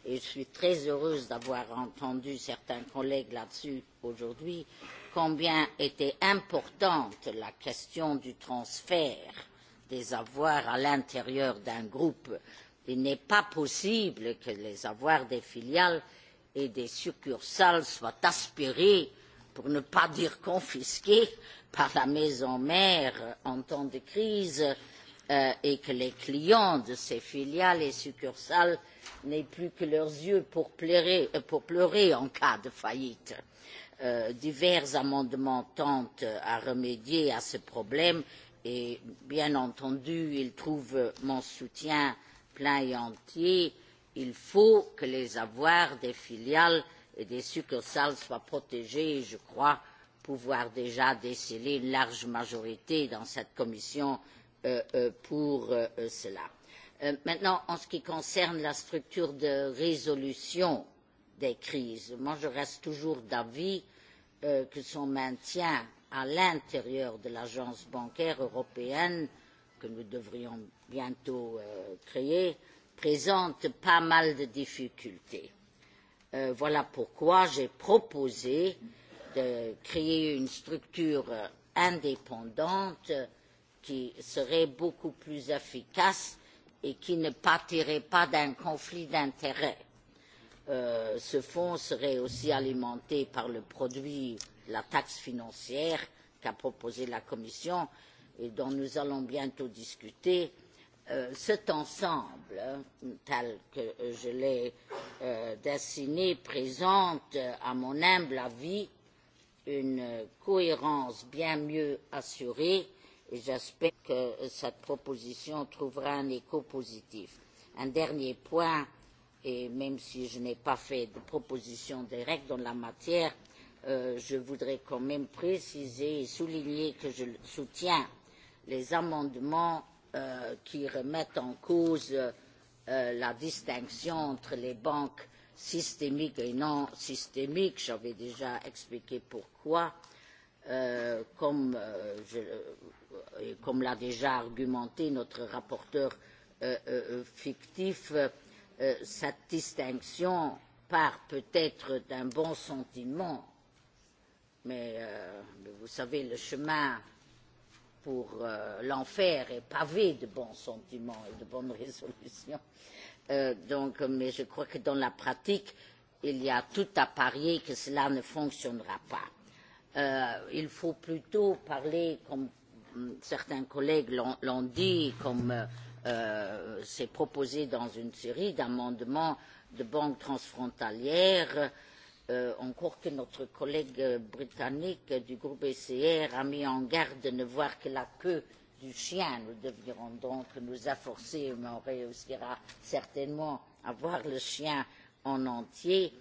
et je suis très heureuse d'avoir entendu certains collègues là-dessus aujourd'hui combien était importante la question du transfert des avoirs à l'intérieur d'un groupe. Il n'est pas possible que les avoirs des filiales et des succursales soient aspirés, pour ne pas dire confisqués, par la maison mère en temps de crise euh, et que les clients de ces filiales et succursales n'aient plus que leurs yeux pour pleurer, euh, pour pleurer en cas de faillite. Euh, divers amendements tentent à remédier à ce problème et bien entendu, il trouve mon soutien plein et entier. Il faut que les avoirs des filiales et des succursales soient protégés et je crois pouvoir déjà déceler une large majorité dans cette commission euh, euh, pour euh, euh, cela. Euh, maintenant, en ce qui concerne la structure de résolution des crises, moi je reste toujours d'avis euh, que son maintien à l'intérieur de l'agence bancaire européenne que nous devrions bientôt euh, créer présente pas mal de difficultés. Euh, voilà pourquoi j'ai proposé de créer une structure indépendante qui serait beaucoup plus efficace et qui ne partirait pas d'un conflit d'intérêts Euh, ce fonds serait aussi alimenté par le produit, la taxe financière qu'a proposé la Commission et dont nous allons bientôt discuter. Euh, cet ensemble, tel que je l'ai euh, dessiné, présente, euh, à mon humble avis, une cohérence bien mieux assurée et j'espère que cette proposition trouvera un écho positif. Un dernier point et même si je n'ai pas fait de proposition directe en la matière, euh, je voudrais quand même préciser et souligner que je soutiens les amendements euh, qui remettent en cause euh, la distinction entre les banques systémiques et non systémiques. J'avais déjà expliqué pourquoi, euh, comme, euh, je, comme l'a déjà argumenté notre rapporteur euh, euh, euh fictif, euh, cette euh, distinction part peut-être d'un bon sentiment, mais euh, vous savez, le chemin pour euh, l'enfer est pavé de bons sentiments et de bonnes résolutions. Euh, donc, mais je crois que dans la pratique, il y a tout à parier que cela ne fonctionnera pas. Euh, il faut plutôt parler, comme mm, certains collègues l'ont dit, comme euh, Euh, s'est proposé dans une série d'amendements de banques transfrontalières, euh, encore que notre collègue britannique du groupe ECR a mis en garde de ne voir que la queue du chien. Nous devrions donc nous efforcer, mais on réussira certainement à voir le chien en entier.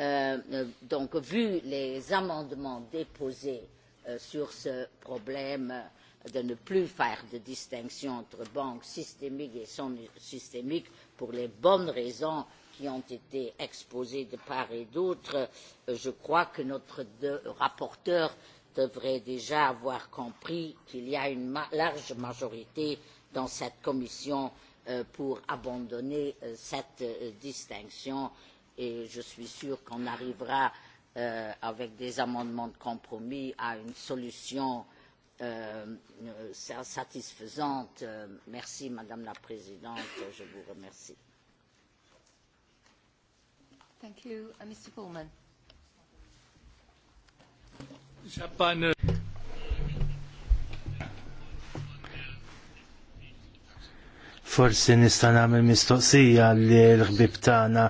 Euh, donc, vu les amendements déposés euh, sur ce problème, euh, de ne plus faire de distinction entre banques systémiques et non systémiques pour les bonnes raisons qui ont été exposées de part et d'autre. Euh, je crois que notre de, rapporteur devrait déjà avoir compris qu'il y a une ma large majorité dans cette commission euh, pour abandonner euh, cette euh, distinction et je suis sûr qu'on arrivera euh, avec des amendements de compromis à une solution euh, Euh, euh, satisfaisante. Euh, merci, Madame la Présidente. Je vous remercie. Thank you. Uh, Mr. Pullman. Ich habe forsi nista' nagħmel mistoqsija li l-ħbib tagħna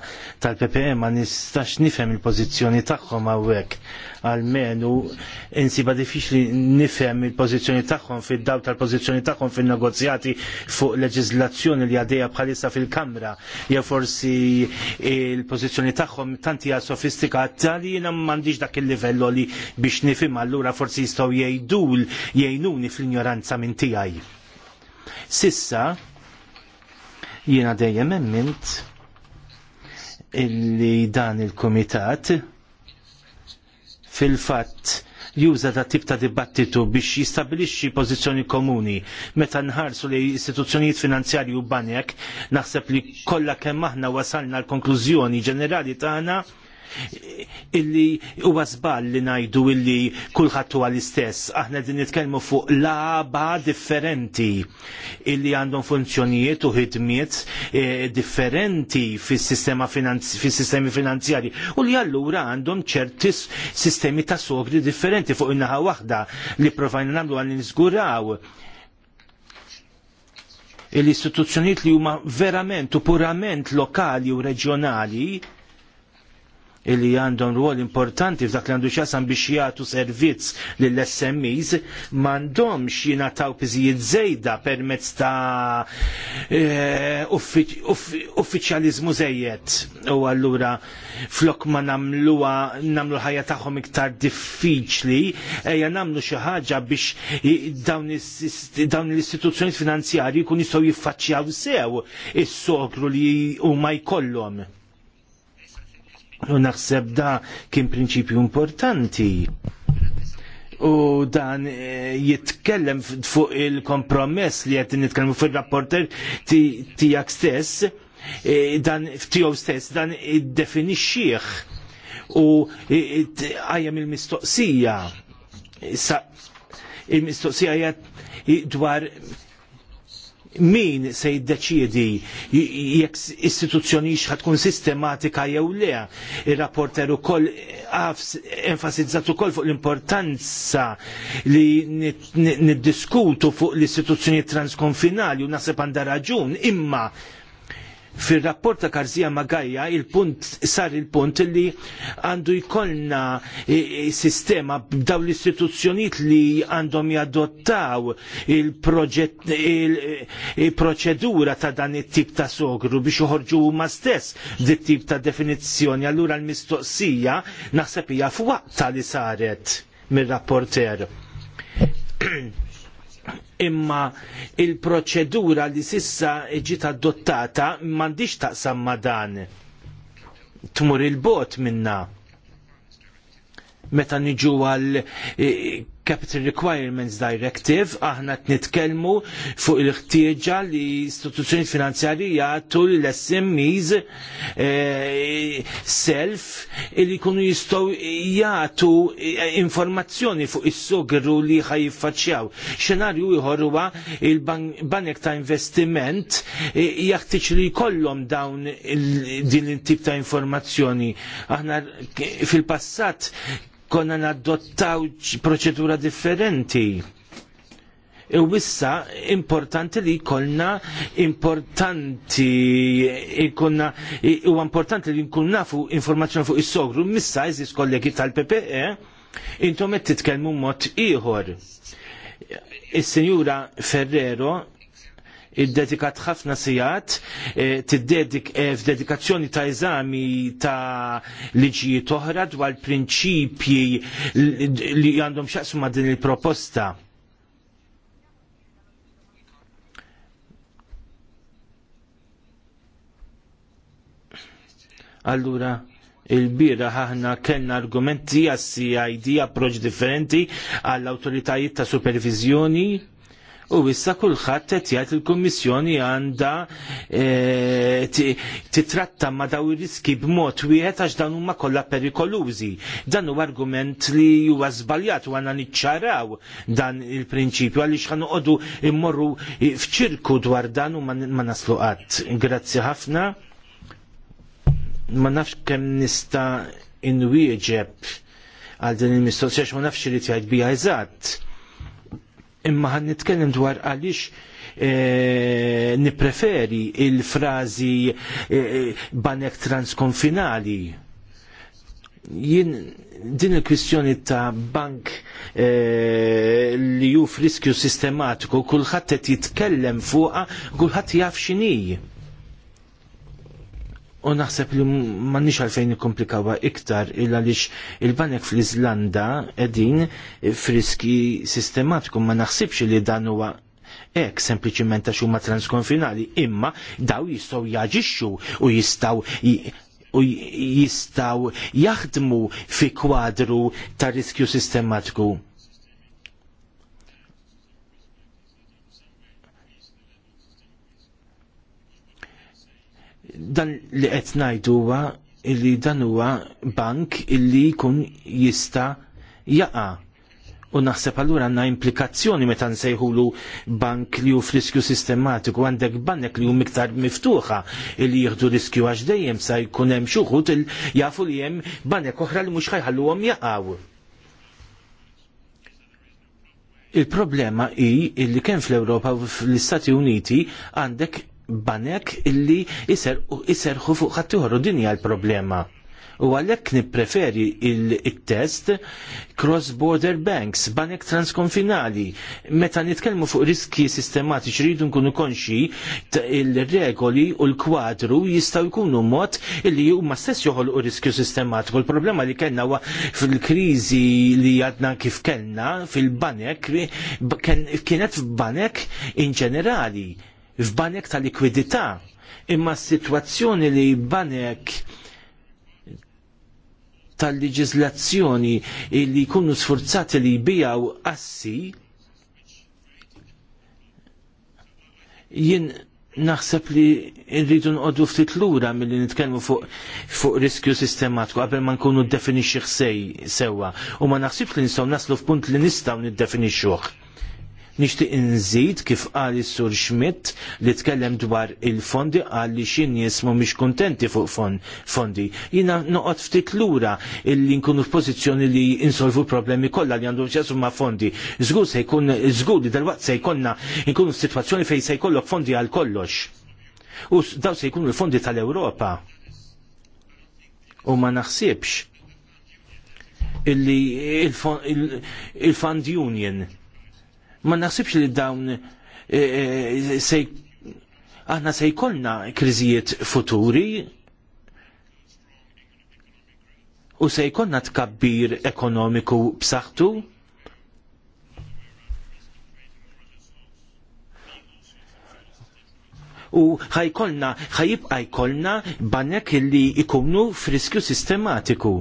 tal-PPM ma nistax nifhem il-pożizzjoni tagħhom hawnhekk. Almenu insiba diffiċli nifhem il-pożizzjoni tagħhom fid-daw tal-pożizzjoni tagħhom fin-negozjati fuq leġiżlazzjoni li għaddejja bħalissa fil-Kamra. Jew forsi il-pożizzjoni tagħhom tant hija sofistikata li jiena m'għandix dak il-livell li biex nifhim allura forsi jistgħu jgħidul jgħinuni fl-injoranza minn tiegħi. Sissa, Jiena dejjem emmint illi dan il-komitat fil-fatt juża ta' tip ta' dibattitu biex jistabilixxi pożizzjoni komuni. Meta nħarsu li istituzzjonijiet finanzjarji u banjak, naħseb li kollha kemm aħna wasalna l-konklużjoni ġenerali tagħna ta illi huwa żball li ngħidu illi kulħadd huwa l-istess. Aħna din nitkellmu fuq laba differenti illi għandhom funzjonijiet u ħidmiet eh, differenti fis sistemi finanzjari u li allura għandhom ċerti sistemi ta' sogri differenti fuq in-naħa waħda li provajna nagħmlu għal niżguraw l-istituzzjonijiet li huma verament u purament lokali u reġjonali illi għandhom ruol importanti f'dak li għandu x'asam biex jagħtu servizz lill smes m'għandhomx jingħataw piżijiet żejda permezz ta' eh, uffiċjaliżmu żejjed u allura flok ma nagħmluha nagħmlu ħajja tagħhom iktar diffiċli ejja nagħmlu xi ħaġa biex dawn l-istituzzjoni finanzjarji kun jistgħu jiffaċċjaw sew is-sogru li huma jkollhom U naħseb da kien prinċipju importanti u dan eh, jitkellem fuq il-kompromess li qed nitkellmu fir rapporter tiegħek stess, eh, dan tiegħu stess, dan iddefinixxih u għajem il-mistoqsija. Il-mistoqsija dwar min se jiddeċiedi jekk istituzzjoni tkun sistematika jew le. Ir-rapporter ukoll enfasizzat ukoll fuq l-importanza li niddiskutu fuq l-istituzzjoni transkonfinali u naħseb għandha raġun imma Fil-rapport ta' Karzija Magaja il-punt sar il-punt li għandu jkollna e, e, sistema b'daw l-istituzzjonijiet li għandhom jadottaw il-proċedura e, ta' dan it-tip ta' sogru biex uħorġu huma stess dit tip ta' definizzjoni. Allura l-mistoqsija naħseb hija f'waqta li saret mir-rapporter. imma il-proċedura li sissa ġiet adottata m'għandix taqsam ma dan. Tmur il-bot minna. Meta niġu għal eh, Capital Requirements Directive, aħna t-nitkelmu fuq il-ħtieġa li istituzzjoni finanzjarji jagħtu l-SMEs eh, self self li jkunu jistgħu jagħtu eh, informazzjoni fuq is-sogru li ħajfaċċjaw. Xenarju ieħor il-banek ta' investiment eh, jaħtieġ li jkollhom dawn din il-tip ta' informazzjoni. Aħna fil-passat konna nadottaw proċedura differenti. U e wissa importanti li jkollna importanti jkollna u importanti li nkun nafu informazzjoni fuq is-sogru missa jżis kollegi tal-PPE intom qed titkellmu mod ieħor. Is-Sinjura Ferrero id-dedikat ħafna sijat, e, e, f'dedikazzjoni ta' eżami ta' liġijiet oħra dwar prinċipji li għandhom xaqsu ma' din il-proposta. Allura, il-bira ħahna kellna argumenti għas-CID approċ differenti għall-autoritajiet ta' supervizjoni U issa kulħadd qed jgħid il-Kummissjoni għandha e, titratta ma daw ir-riski b'mod wieħed għax dan huma kollha perikolużi. Dan huwa argument li huwa żbaljat u għandna niċċaraw dan il-prinċipju għaliex ħanoqogħdu immorru f'ċirku dwar dan u ma naslu qatt. Grazzi ħafna. Ma nafx kemm nista' inwieġeb għal din il-mistoqsija ma nafx irid jgħid biha eżatt imma għan nitkellem dwar għalix eh, nipreferi il-frazi eh, banek transkonfinali. Jien din il-kwistjoni ta' bank eh, li ju friskju sistematiku, kullħat qed jitkellem fuqa, kullħat jaf x'inhi U naħseb li m'għandniex għalfejn komplikawa iktar il għaliex il-banek fl izlanda qegħdin friski sistematiku ma naħsibx li dan huwa ek sempliċiment għax huma transkonfinali, imma daw jistgħu jaġixxu u jistgħu u jistaw jaħdmu fi kwadru ta' riskju sistematiku dan li qed ngħidu huwa illi dan huwa bank illi jkun jista' jaqa' U naħseb allura għandna implikazzjoni meta nsejħulu bank li hu friskju sistematiku għandek bannek li hu miktar miftuħa li jieħdu riskju għax dejjem sa jkun hemm xuħud il jafu li hemm bannek oħra li mhux ħajħalluhom jaqgħu. Il-problema hi li kemm fl-Ewropa u fl-Istati Uniti għandek banek illi iserħu fuq ħattijħor u dinja l-problema. U għalek nipreferi il-test cross-border banks, banek transkonfinali. Meta nitkellmu fuq riski sistematiċi rridu nkunu konxi il-regoli u l-kwadru jistaw jkunu mod illi huma stess joħol u riskju sistematiku. Il-problema li kellna huwa fil-krizi li għadna kif kellna fil-banek kienet f'banek in ġenerali f'banek ta' likwidità, imma s-sitwazzjoni li banek tal-liġizlazzjoni li jkunu sforzati li jbijaw assi jien naħseb li rridu nqoddu ftit lura milli nitkellmu fuq fuq riskju sistematiku qabel ma nkunu ddefinixxih sej sewwa u ma naħsibx li nistgħu naslu f'punt li nistgħu niddefinixxuh Nixtieq inżid kif qal is-Sur Schmidt li tkellem dwar il-fondi qal li xi nies mhumiex kuntenti fuq fondi. Jiena noqgħod ftit lura illi nkunu f'pożizzjoni li insolvu problemi kollha li għandhom x'jasu ma' fondi. Żgur se jkun żgur li dalwaqt se jkollna nkunu f'sitwazzjoni fejn se jkollok fondi għal kollox. U daw se jkunu l-fondi tal-Ewropa. U ma naħsibx illi il-Fund il il Union Ma naħsibx li dawn eh, eh, sej aħna se jkollna kriżijiet futuri u se jkollna tkabbir ekonomiku b'saħħtu. u ħajkolna, ħajibqa jkollna banek li ikunu friskju sistematiku.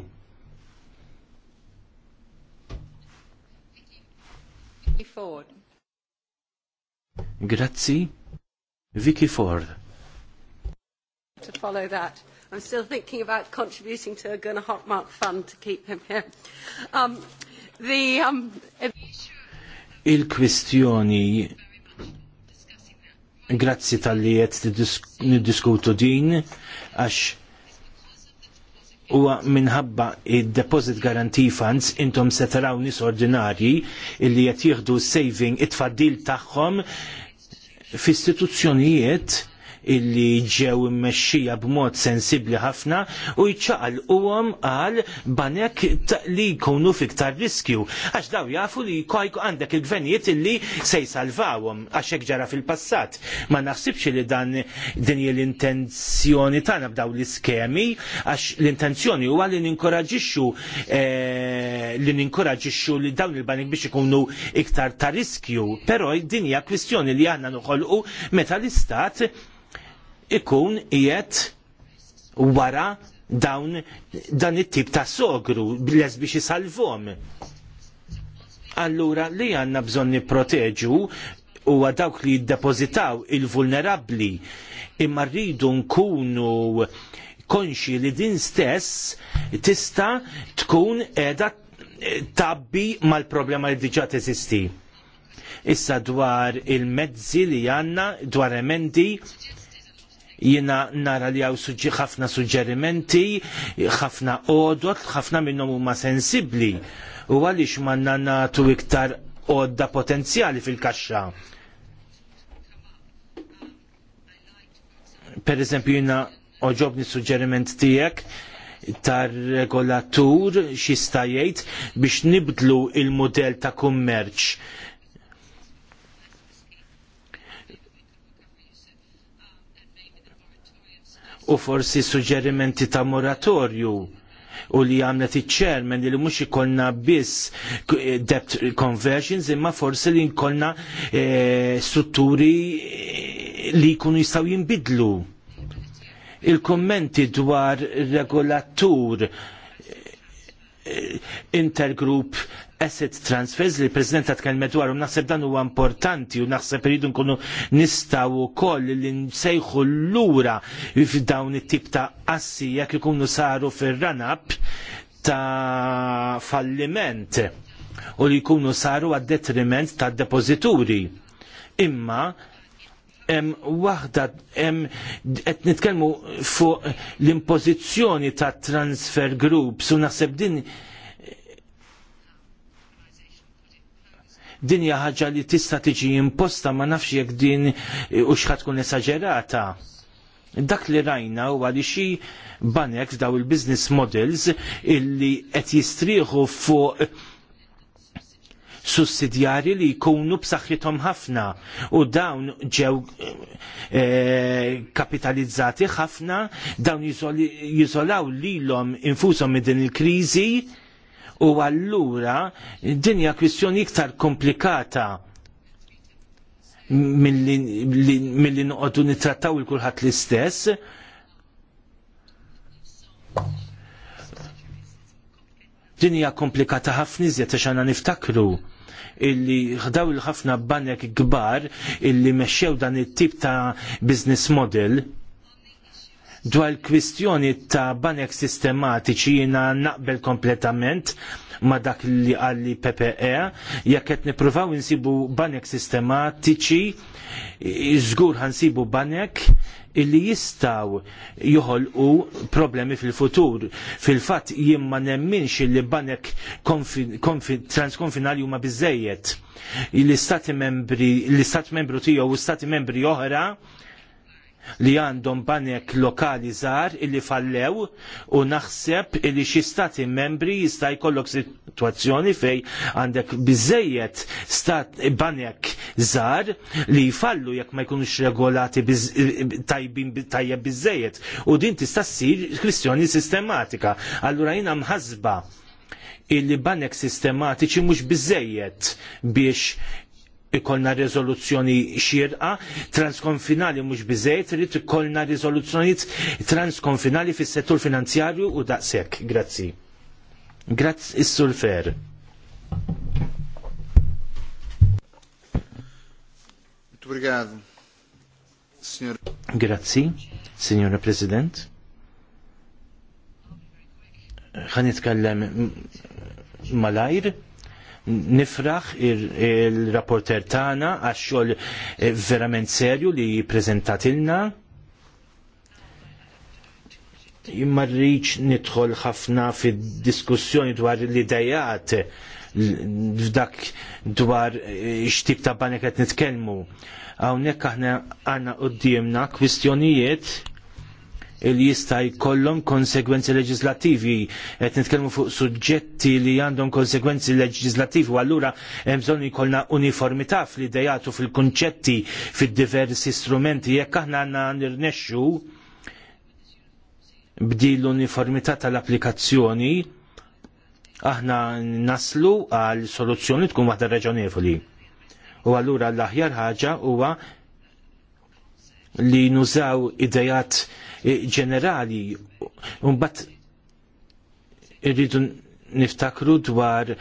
Grazzi, Vicky Ford. To follow that. I'm still thinking about contributing to a Gunnar Hockmark fund to keep him here. Um, the, um, Il-kwistjoni grazzi tal-li jett nid-diskutu din għax u minħabba id-deposit guarantee funds intom setaraw nis ordinari il-li jett jieħdu saving it faddil taħħom f-istituzzjonijiet illi ġew immexxija b'mod sensibbli ħafna u jċaqal uwom għal banek li jkunu fiktar riskju. Għax daw jafu li kajku għandek il-gvernijiet illi se jsalvawhom għax hekk ġara fil-passat. Ma naħsibx li dan din l-intenzjoni tagħna b'daw l-iskemi għax l-intenzjoni huwa li ninkoraġixxu eh, li ninkoraġixxu li dawn il-banek biex ikunu iktar ta' riskju, però din hija kwistjoni li għandna noħolqu meta l-istat ikun jiet wara dawn dan it-tip ta' sogru les biex jisalvom. Allura li għanna bżon niproteġu u dawk li jiddepozitaw il-vulnerabli imma rridu nkunu konxi li din stess tista tkun edha tabbi mal-problema li diġa teżisti. Issa dwar il-mezzi li għanna, dwar emendi, Jiena nara li għaw suġġi ħafna suġġerimenti, ħafna odot, ħafna minnhom huma sensibbli. U għaliex manna natu iktar odda potenzjali fil-kaxxa. Per eżempju jina oġobni suġġeriment tijek tar-regolatur xista jgħid biex nibdlu il-modell ta' kummerċ u forsi suġġerimenti ta' moratorju u li għamlet iċ-ċermen li mhux ikollna biss eh, debt conversions imma forsi li nkollna e, strutturi eh, li jkunu jistgħu jinbidlu. Il-kommenti dwar regolatur intergroup asset transfers li l-President tkellmet dwar u naħseb dan huwa importanti u naħseb rridu nkunu nistgħu wkoll li nsejħu lura f'dawn it-tip ta' assi jekk ikunu saru fir-ranab ta' falliment u li jkunu saru għad detriment ta' depozituri. Imma em waħda em qed nitkellmu fuq l-impożizzjoni ta' transfer groups u naħseb din din hija ħaġa li tista' tiġi imposta ma nafx jekk din u xħat tkun esaġerata. Dak li rajna u li xi banek daw il-business models illi qed jistrieħu fuq sussidjarji li jkunu b'saħħithom ħafna u dawn ġew e, kapitalizzati ħafna, dawn jizolaw lilhom infushom minn din il-kriżi u allura dinja kwistjoni iktar komplikata mill-li noqogħdu nittrattaw il-kulħadd l-istess. Dinja komplikata ħafna iżjed għax għandna niftakru illi ħdaw il-ħafna banek kbar illi mexxew dan it-tip ta' business model dwar kwistjoni ta' banek sistematiċi jiena naqbel kompletament ma' dak li għalli PPE, jekk qed nippruvaw insibu banek sistematiċi, żgur ħansibu banek illi jistaw joħolqu problemi fil-futur. Fil-fatt jien ma nemminx illi banek transkonfinali huma biżejjed. l istati membri, l-istat membru tiegħu u stati membri oħra li għandhom banek lokali żgħar illi fallew u naħseb illi xi stati membri jista' jkollok sitwazzjoni fejn għandek biżejjed stat banek żgħar li jfallu jekk ma jkunux regolati tajbin tajjeb biżejjed u din tista' ssir kwistjoni sistematika. Allura jiena mħasba illi banek sistematiċi mhux biżejjed biex ikollna rezoluzzjoni xirqa transkonfinali mhux biżejt irid ikollna riżoluzzjonijiet transkonfinali fis-settur finanzjarju u daqshekk. Grazzi. Grazzi is-sur fer. Grazzi, signora President. Ħanitkellem malajr nifraħ il-rapporter tana tagħna għax xogħol eh, verament serju li jippreżentatilna. Imma rridx nidħol ħafna fid-diskussjoni dwar l-idejat f'dak dwar eh, x'tip ta' banek qed nitkellmu. Hawnhekk aħna għandna qudiemna kwistjonijiet il jista' jkollhom konsegwenzi leġislattivi qed nitkellmu fuq suġġetti li għandhom konsegwenzi leġislattivi u allura hemm bżonn jkollna uniformità fl-idejat u fil-kunċetti fid-diversi strumenti jekk aħna għandna nirnexxu bdi l-uniformità tal-applikazzjoni aħna naslu għal soluzzjoni tkun waħda raġonevoli. U allura l-aħjar ħaġa huwa li nużaw idejat eh, ġenerali un bat irridu niftakru dwar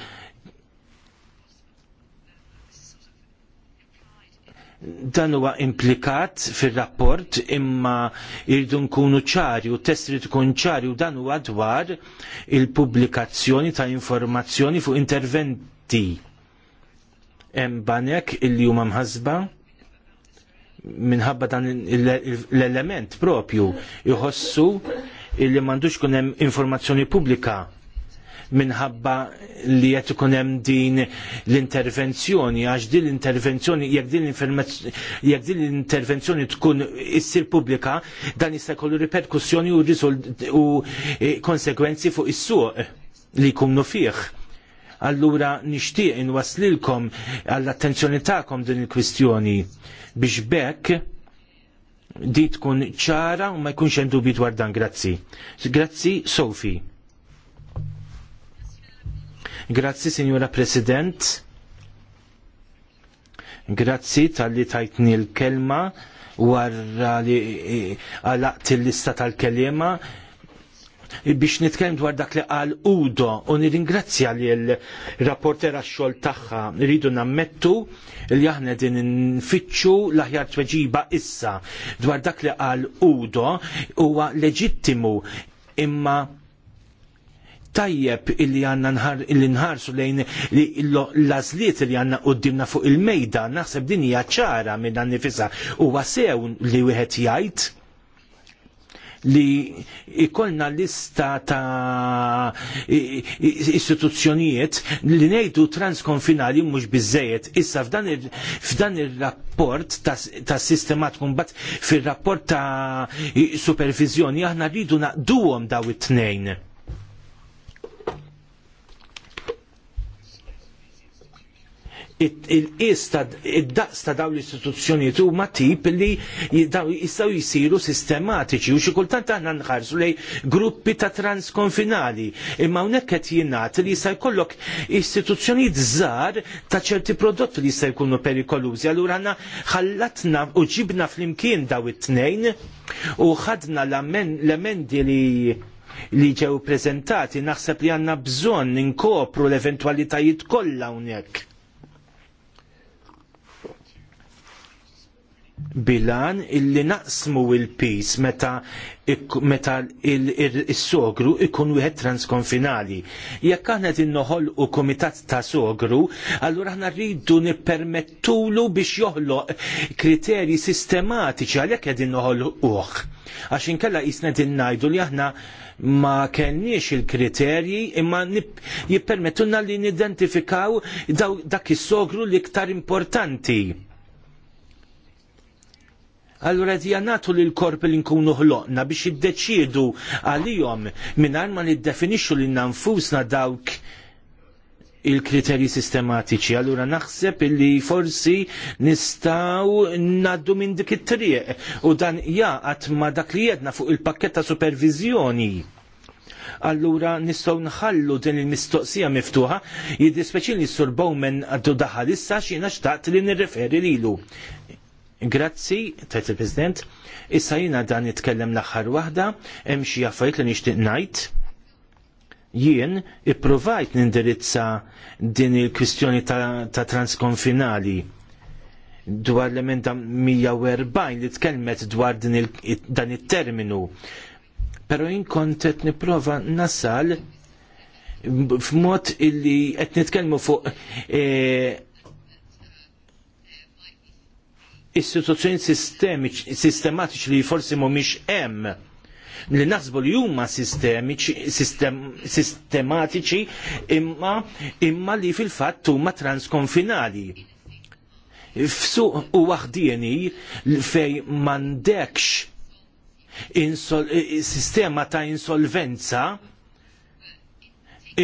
dan huwa implikat fir-rapport imma irridu nkunu ċari u test irid ikun ċari u dan huwa dwar il-pubblikazzjoni ta' informazzjoni fuq interventi hemm banek illi huma mħasba minħabba dan l-element propju jħossu illi mandux kunem informazzjoni pubblika minħabba li qed ikun hemm din l-intervenzjoni għax din l-intervenzjoni jekk din l-intervenzjoni tkun issir pubblika dan jista' jkollu riperkussjoni u, u e, konsekwenzi fuq is-suq li jkunu fih allura nixtieq inwaslilkom għall-attenzjoni tagħkom din il-kwistjoni biex bekk di tkun ċara u ma jkunx hemm dubju dwar dan, grazzi. Grazzi, Sofi. Grazzi, Signora President. Grazzi tal-li tajtni l-kelma warra li eh, għalaqt l-lista tal-kelima biex nitkellem dwar dak li qal Udo u nirringrazzja li l-rapporter għax-xogħol tagħha rridu nammettu li aħna din nfittxu l-aħjar tweġiba issa dwar dak li qal Udo huwa leġittimu imma tajjeb illi għanna nħar, illi nħarsu lejn l-azliet li għanna qoddimna fuq il-mejda, naħseb din hija ċara minn dan nifisa u għasew li wieħed jgħid li ikollna lista ta' istituzzjonijiet li ngħidu transkonfinali mhux biżejjed. Issa f'dan ir-rapport ta' sistemat kumbat fir-rapport ta' supervizjoni aħna rridu naqduhom daw it-tnejn il-qis id-daqs ta' dawn l-istituzzjonijiet huma tip li jistgħu jsiru sistematiċi u xi kultant aħna nħarsu lejn gruppi ta' transkonfinali. Imma hawnhekk qed jingħad li jista' jkollok istituzzjonijiet żgħar ta' ċerti prodotti li jista' jkunu perikolużi. għallur għanna ħallatna u ġibna flimkien daw it-tnejn u ħadna l-emendi li li ġew prezentati naħseb li għandna bżonn inkopru l-eventualitajiet kollha hawnhekk bilan illi naqsmu il-pis meta, meta il-sogru ikun wieħed transkonfinali. Jekk aħna tinnoħol u komitat ta' sogru, allura aħna rridu nippermettulu biex joħloq kriterji sistematiċi għalhekk qegħdin noħolquh. uħ. Għax inkella jisna din ngħidu li aħna ma kenniex il-kriterji imma jippermettulna li nidentifikaw dak is-sogru l-iktar importanti Allura qed jagħtu lil korp li nkunu ħloqna biex jiddeċiedu għalihom mingħajr ma niddefinixxu lil nfusna dawk il-kriterji sistematiċi. Allura naħseb li forsi nistaw naddu minn dik it-triq u dan jaqat ma dak li jedna fuq il-pakketta supervizjoni allura nistgħu nħallu din il-mistoqsija miftuħa, jiddispeċin li Sur Bowman għaddu daħħal issa xina xtaqt li nirreferi lilu. Grazzi, tajt il-President. Issa jina dan jitkellem l-axħar wahda, hemm xi affarijiet li nixtieq ngħid. Jien ipprovajt nindirizza din il-kwistjoni ta', ta transkonfinali dwar l-emenda 140 li tkellmet dwar dan it-terminu. Pero jien kont qed nipprova nasal f'mod illi qed nitkellmu fuq eh, istituzzjoni sistematiċi li forsi mhumiex hemm li naħsbu li huma sistem, sistematiċi imma, imma li fil-fatt huma transkonfinali. F'suq u waħdieni fej m'għandekx sistema ta' insolvenza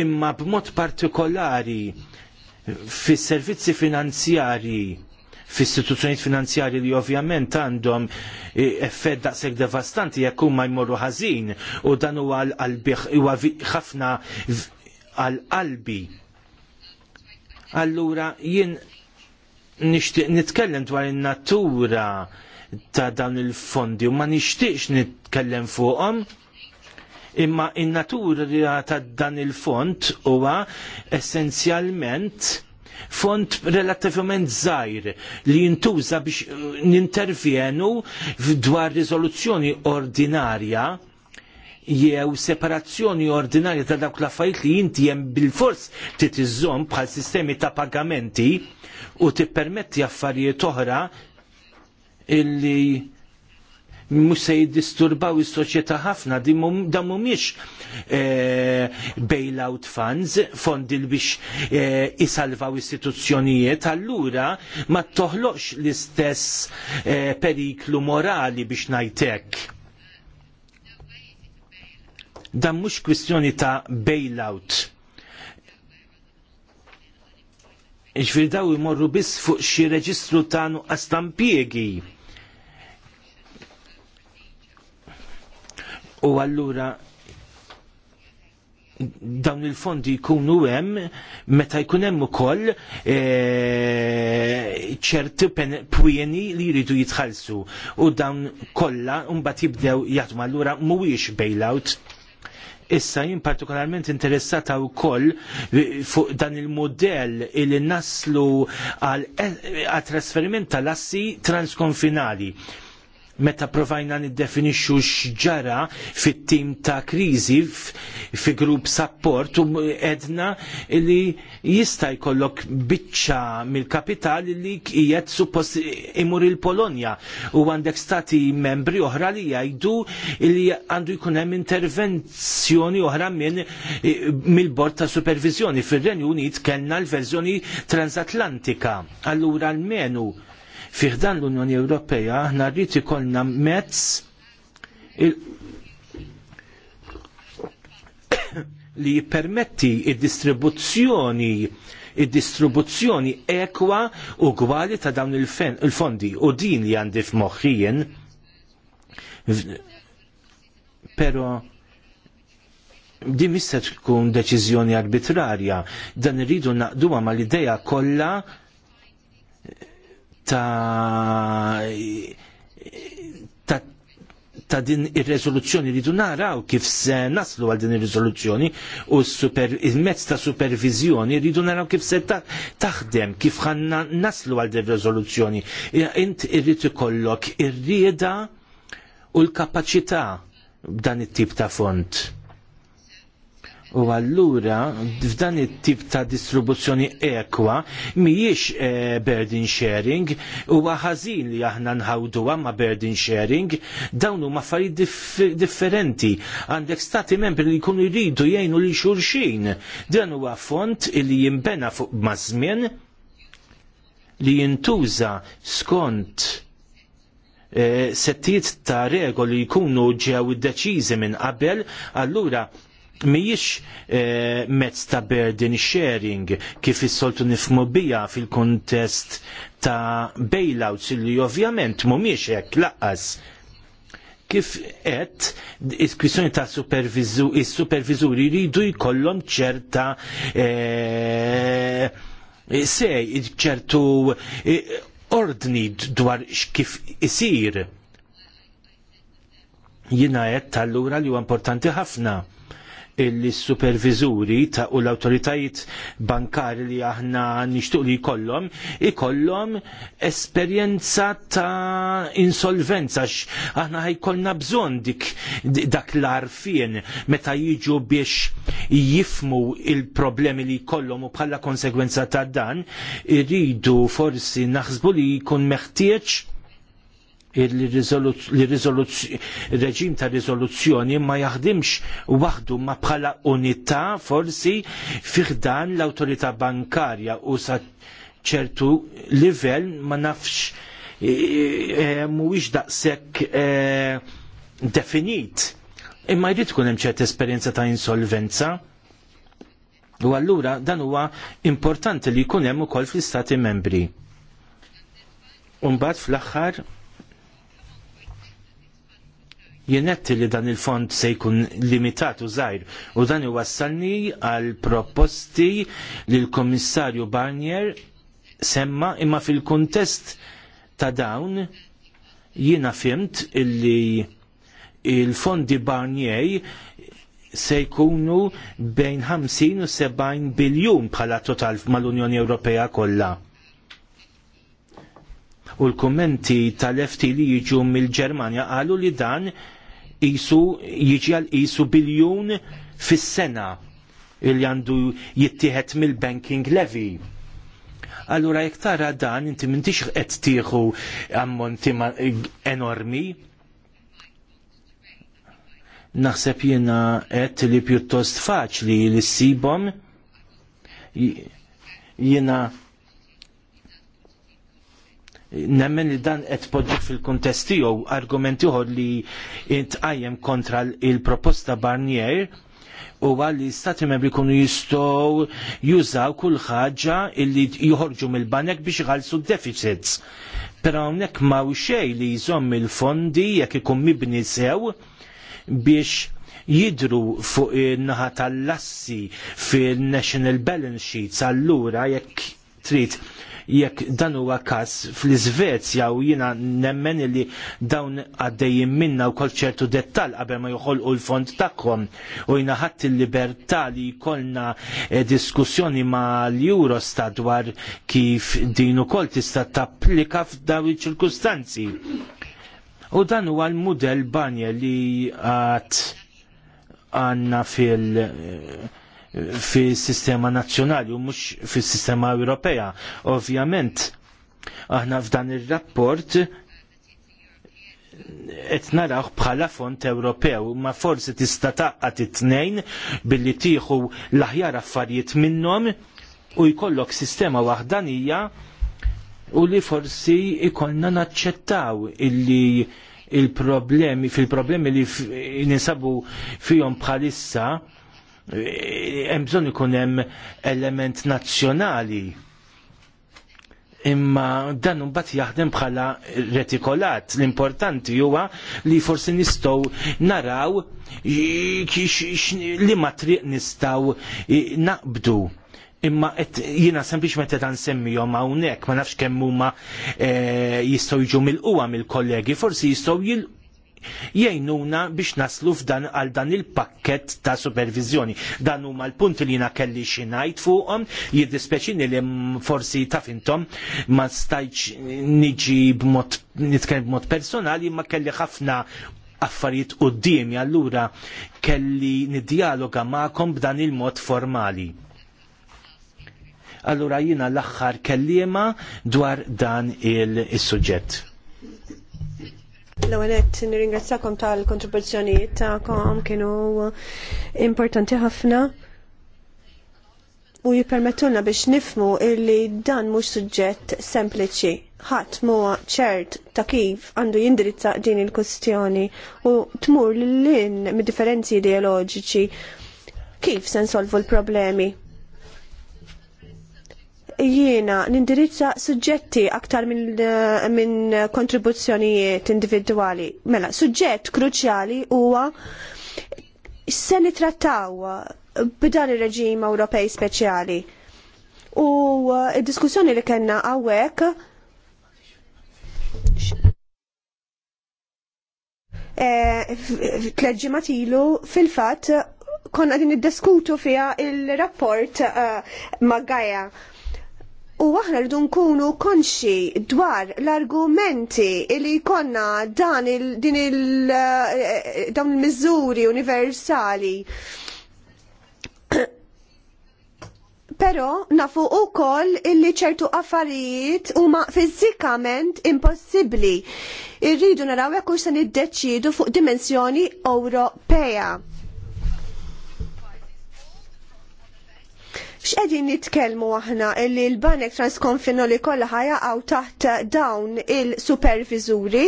imma b'mod partikolari fis-servizzi finanzjarji f'istituzzjonijiet finanzjarji li ovvjament għandhom eh, effett daqshekk devastanti jekk huma jmorru ħażin u dan huwa huwa ħafna għal-qalbi. Allura jien nixtieq nitkellem dwar in-natura ta' dawn il-fondi u ma nixtieqx nitkellem fuqhom imma in-natura ta' dan il-fond huwa essenzjalment font relativament żgħir li jintuża biex uh, nintervjenu dwar riżoluzzjoni ordinarja jew separazzjoni ordinarja ta' dawk l-affarijiet li inti hemm bil-fors trid iżżomm bħal sistemi ta' pagamenti u tippermetti affarijiet oħra illi mhux se jiddisturbaw is-soċjetà ħafna da mhumiex eh, bailout funds fondi li biex eh, isalvaw istituzzjonijiet allura ma toħloċ l-istess eh, periklu morali biex najtek. Dan mhux kwistjoni ta' bailout. Iġfir daw imorru biss fuq xi reġistru ta' nuqqas tampiegi u allura dawn il-fondi jkunu hemm meta jkun hemm ukoll e, ċerti pwieni li jridu jitħallsu u dawn kollha mbagħad jibdew jaħdmu allura mhuwiex bailout Issa jien partikolarment interessata wkoll fuq dan il-modell il naslu e, għal trasferiment tal-assi transkonfinali meta provajna niddefinixxu x'ġara fit-tim ta' kriżi fi grupp support u edna li jista' jkollok biċċa mill-kapital li qiegħed suppost imur il-Polonja u għandek stati membri oħra li jgħidu li għandu jkun hemm intervenzjoni oħra minn e, mill-bord ta' supervizjoni fir-Renju Unit kellna l-verżjoni transatlantika. Allura l-menu Fiħdan l-Unjoni Ewropea aħna rrid ikollna mezz li jippermetti id-distribuzzjoni id-distribuzzjoni ekwa u gwali ta' dawn il-fondi u din li għandi f'moħħijien. Pero din mista kun deċiżjoni arbitrarja, dan irridu naqduha mal ideja kollha ta' ta' ta' din ir-rezoluzzjoni li naraw kif se naslu għal din ir-rezoluzzjoni u il-mezz ta' supervizjoni rridu naraw kif se taħdem kif ħanna naslu għal din ir-rezoluzzjoni. Int irrid ikollok ir-rieda u l-kapaċità b'dan it-tip ta' font U allura f'dan it-tip ta' distribuzzjoni ekwa mhijiex eh, burden sharing u ħażin li aħna nħawduha ma' burden sharing dawn huma affarijiet differenti. Għandek stati membri li jkunu jridu jgħinu li xulxin. Dan huwa font li jimbena fuq mażmien li jintuża skont eh, settiet ta' regoli jkunu ġew iddeċiżi minn qabel, allura mhijiex eh, mezz ta' burden sharing kif is-soltu nifmu bija fil-kontest ta' bailouts li ovvjament mhumiex hekk laqqas kif qed is-kwissjoni ta' supervizuri jridu jkollhom ċerta eh, sej ċertu eh, ordni dwar kif isir. Jina qed allura li huwa importanti ħafna il-supervizuri ta' u l-autoritajiet bankari li aħna nixtuq li kollom, ikollom esperienza ta' insolvenza, x aħna ħajkollna bżon dik dak l-arfien meta jiġu biex jifmu il-problemi li kollom u bħala konsekwenza ta' dan, irridu forsi naħsbu li jkun meħtieġ il-reġim ta' rizoluzzjoni ma jaħdimx waħdu ma bħala unità forsi fiħdan l-autorità bankarja u sa ċertu livell ma nafx e, e, e, mhuwiex daqshekk definit. Imma jrid tkun hemm ċerta esperjenza ta' insolvenza. U allura dan huwa importanti li jkun hemm ukoll fl-istati membri. Umbagħad fl-aħħar jenetti li dan il-fond se jkun limitat u zaħir u dan iwassalni għal proposti li l-Komissarju Barnier semma imma fil-kontest ta' dawn jiena fimt illi il-fondi Barnier se jkunu bejn 50 u 70 biljun bħala total mal-Unjoni Ewropea kollha u l-kommenti tal-FT li jiġu mill-Ġermanja qalu li dan jisu, jiġi jisu biljon biljun fis-sena il għandu jittieħed mill-banking levy. Allura jekk tara dan inti m'intix qed tieħu ammonti enormi. Naħseb jiena qed li pjuttost faċli li ssibhom jiena nemmen li dan qed podġi fil-kuntest tiegħu argumenti uħor li intqajjem kontra il-proposta Barnier huwa li stati membri jkunu jistgħu jużaw kull ħaġa illi joħorġu mill-banek biex iħallsu deficits Però hawnhekk maw xej li jżomm il-fondi jekk ikun mibni sew biex jidru fuq in-naħa tal-lassi fil-National Balance Sheets allura jekk trid jekk dan huwa każ fl-Iżvezja u jiena nemmen li dawn għaddejjin minna u ċertu dettal qabel ma joħolqu l-fond tagħhom u jiena ħadd il-libertà li jkollna eh, diskussjoni ma l-Eurostat dwar kif din ukoll tista' tapplika f'daw iċ-ċirkustanzi. U dan huwa l-mudell banja li għat għanna fil- fi sistema nazzjonali u mhux fis sistema Ewropea. Ovvjament, aħna f'dan ir-rapport qed narawh bħala font Ewropew, ma forsi tista' taqqat it-tnejn billi tieħu l-aħjar affarijiet minnhom u jkollok sistema waħdanija u li forsi ikollna naċċettaw illi il-problemi, fil-problemi li ninsabu fihom bħalissa hemm bżonn ikun hemm element nazzjonali imma dan mbagħad jaħdem bħala retikolat. L-importanti huwa li forsi nistgħu naraw li ma triq nistgħu naqbdu. Imma jiena sempliċement qed nsemmihom hawnhekk ma nafx kemm huma eh, jistgħu jiġu mill-qwa mill-kollegi, forsi jistgħu jgħinuna biex naslu f'dan għal dan il-pakket ta' supervizjoni. Dan huma l-punti li kelli xi ngħid fuqhom, jiddispeċini li forsi ta' fintom ma stajċ niġi b'mod nitkellem b'mod personali ma kelli ħafna affarijiet d-dimi allura kelli nid-dialoga ma'kom b'dan il-mod formali. Allura jina l-axħar kellima dwar dan il-sujġett. L-għanet, nirringrazzakom tal-kontribuzzjoni ta'kom kienu importanti ħafna u jipermettulna biex nifmu illi dan mhux suġġett sempliċi. Ħadd muwa ċert ta' kif għandu jindirizza din il-kustjoni u tmur l lin mid-differenzi ideoloġiċi kif se nsolvu l-problemi jiena nindirizza suġġetti aktar minn eh, min kontribuzzjonijiet individwali. Mela, suġġett kruċjali huwa se nitrattaw b'dan ir-reġim Ewropej speċjali. U eh, id-diskussjoni li kellna hawnhekk eh, tleġġimat ilu fil-fatt konna din id-diskutu fija il-rapport ma' Gaja U aħna rridu nkunu konxi dwar l-argumenti li konna dan il, din il, eh, dawn il-mizzuri universali. Pero nafu u koll illi ċertu affarijiet huma fiżikament impossibbli. Irridu naraw jekk se niddeċiedu fuq dimensjoni Ewropea X'qegħdin nitkellmu aħna li l-banek transkonfinu li kollha ħajaqgħu taħt dawn il-superviżuri?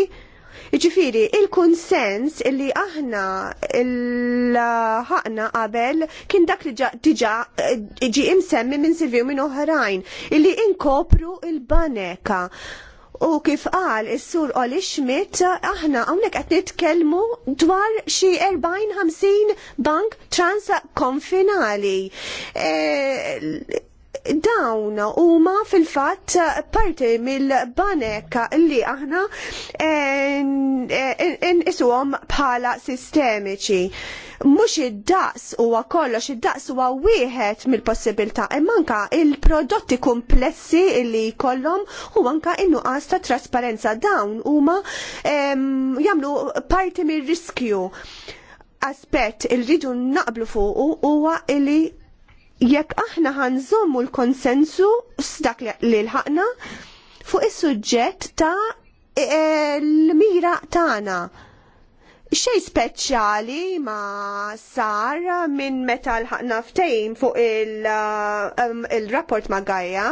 Ġifiri, il-konsens li aħna l-ħakna qabel kien dak li diġa eh, ġi imsemmi minn Silviju minn oħrajn, illi inkopru il-baneka. l il baneka U kif qal is-sur Oli Schmidt, aħna hawnhekk qed nitkellmu dwar xi 40-50 bank transkonfinali. E, dawn huma fil-fatt parti mill-banek li aħna nqisuhom bħala sistemiċi mhux id-daqs huwa kollox, id-daqs huwa wieħed mill-possibilità imma anke il-prodotti komplessi li jkollhom u anka in-nuqqas ta' trasparenza dawn huma jagħmlu parti mir-riskju aspett irridu naqblu fuqu huwa li jekk aħna ħanżommu l-konsensu s-dak li l-ħakna fuq is-suġġett ta' e, l-mira tagħna xej speċjali ma sar minn meta l-ħakna ftejn fuq um, il-rapport il ma Gaja,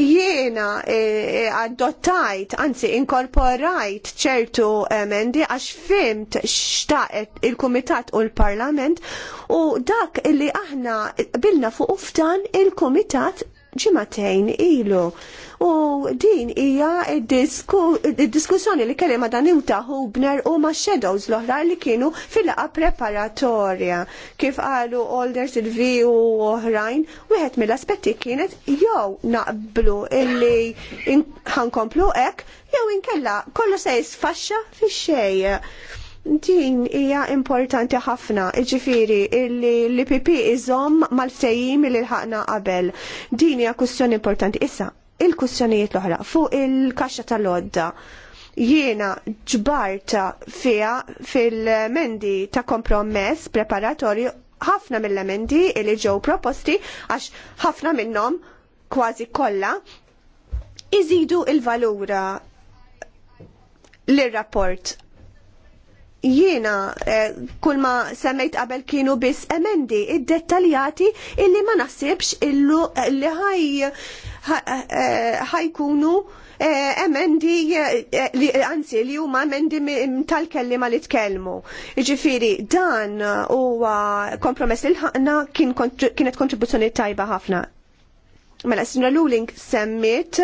jiena e, e, adottajt, anzi inkorporajt ċertu emendi għax fimt xtaqet il-Kumitat u l-Parlament u dak illi aħna bilna fuq uftan il-Kumitat ġimatejn ilu. U din hija id-diskussjoni li kelli ma' Danuta Hubner u ma' Shadows l-oħra li kienu fil-laqa preparatorja. Kif qalu Older Silvi u oħrajn, wieħed mill-aspetti kienet jew naqblu illi ħankomplu hekk jew inkella kollu se jisfaxxa fix-xejn Din hija importanti ħafna, ġifiri, illi l-IPP iżom mal-ftejjim li l-ħakna qabel. Din hija kwistjoni importanti. Issa, il-kwistjonijiet l-oħra fuq il-kaxxa tal-odda jiena ġbarta fija fil-mendi ta' kompromess preparatorju ħafna mill-emendi li ġew proposti għax ħafna minnhom kważi kollha iżidu il-valura l-rapport jiena eh, kull ma semmejt qabel kienu biss emendi id-dettaljati illi ma naħsibx illu li ħaj eh, ħajkunu eh, emendi li anzi li huma emendi tal-kellima li tkellmu. Ġifiri, dan huwa kompromess li ħaqna kienet kontribuzzjoni tajba ħafna. Mela, s-sinra Luling semmit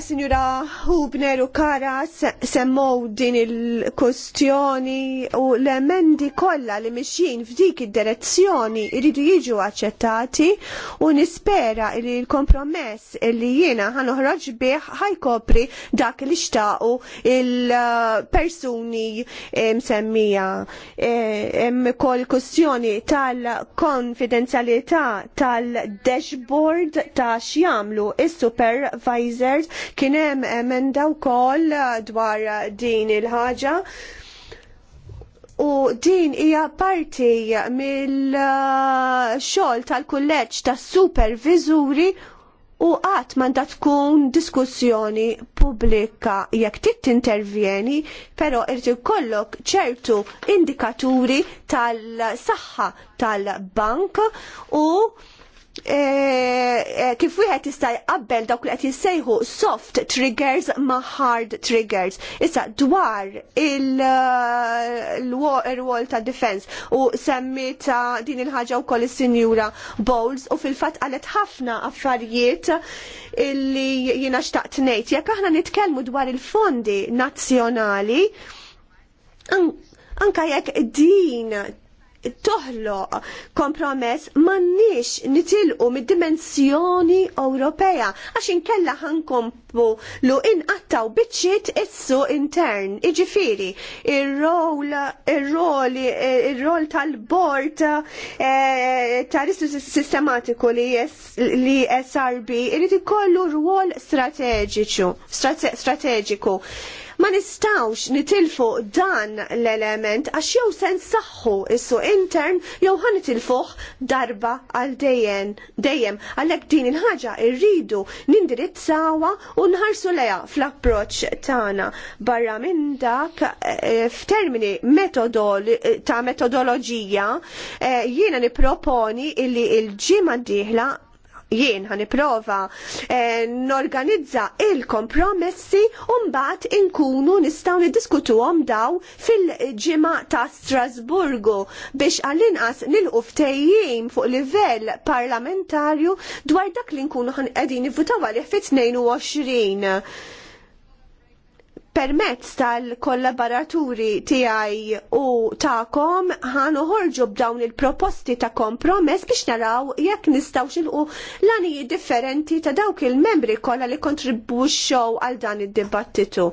Signora Hubner u Kara semmow din il-kustjoni u l-emendi kollha li mixjin f'dik id-direzzjoni iridu jiġu aċċettati u nispera li l-kompromess li jiena ħanoħroġ bih ħajkopri dak li xtaqu il-persuni eh, msemmija. Eh, hemm kol kustjoni tal-konfidenzjalità tal-dashboard ta' x'jamlu is-supervisors Kien hemm emenda wkoll dwar din il-ħaġa. U din hija parti mill-xogħol tal-kulleġġ tas-superviżuri u qatt m'għandha tkun diskussjoni pubblika jekk tit intervjeni, però irid ikollok ċertu indikaturi tal-saħħa tal-bank u Eh, eh, kif wieħed jista' jqabbel dawk li qed jissejħu soft triggers ma' hard triggers. Issa dwar il-wall eh, ta' defense u semmita din il-ħaġa wkoll is-Sinjura Bowles u fil-fatt qalet ħafna affarijiet illi jiena xtaqt ngħid. Jekk aħna nitkellmu dwar il-fondi nazzjonali anka jekk din toħloq kompromess m'għandniex nitilqu mid-dimensjoni Ewropea għax inkella ħankompu lu inqattaw biċċiet issu intern. Iġifiri, il rol rol rol tal-bord eh, tal risu sistematiku li SRB irid ikollu rwol strateġiku strateġiku Ma nistawx nitilfu dan l-element għax jew sen saħħu issu intern jew ħan nitilfuħ darba għal dejjem. Dejjem għalhekk din il-ħaġa irridu nindirizzawa u nħarsu leja fl-approċċ tagħna barra minn dak eh, f'termini ta' metodoloġija eh, jiena nipproponi illi il-ġimgħa d-dieħla jien ħan iprova eh, norganizza il-kompromessi u mbagħad inkunu nistgħu niddiskutuhom daw fil-ġimgħa ta' Strasburgu biex għall-inqas nilqu ftejjim fuq livell parlamentarju dwar dak li nkunu ħan qegħdin fit għalih fit-22 permezz tal-kollaboraturi tiegħi u tagħkom ħan uħorġu b'dawn il-proposti ta' kompromess biex naraw jekk nistgħu xilqu lanijiet differenti ta' dawk il-membri kollha li kontribwixxew għal dan id-dibattitu.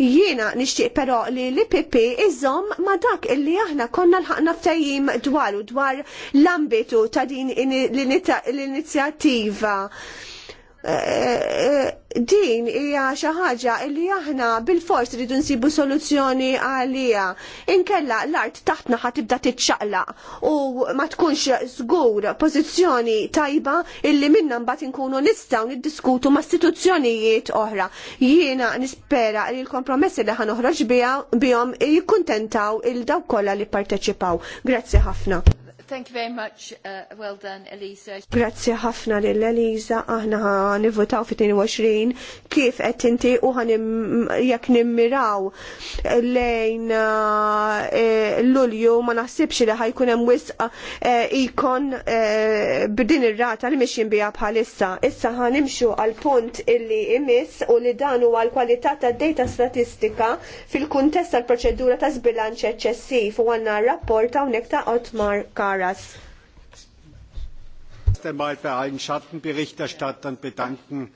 Jiena nixtieq però li l-IPP iżomm ma dak illi aħna konna l-ħaqna ftajim dwaru dwar l-ambitu ta' din l-inizjattiva. -in Eh, eh, din hija xi ħaġa li aħna bil-fors rridu nsibu soluzzjoni għalija. Inkella l-art taħtna ħa tibda titxaqlaq u ma tkunx żgur pożizzjoni tajba illi minna mbagħad inkunu nistgħu niddiskutu ma' istituzzjonijiet oħra. Jiena nispera li l-kompromessi li ħanoħroġ bihom jikkuntentaw il-daw kollha li parteċipaw. Grazzi ħafna. Thank you very much. Uh, well done, Elisa. Grazie ħafna lil Elisa. Aħna nivvotaw fit-22 kif qed inti u jekk nimmiraw lejn uh, eh, Lulju ma naħsibx li ħajkun hemm wisq eh, ikon eh, b'din ir-rata li mhix jinbiha bħalissa. Issa nimxu għal punt illi imiss u li dan huwa l-kwalità tad-data statistika fil-kuntest tal-proċedura ta' sbilanċ eċċessiv u għandna rapport hawnhekk ta' Otmar Kar Karas. Erst einmal bei allen Schattenberichterstattern bedanken,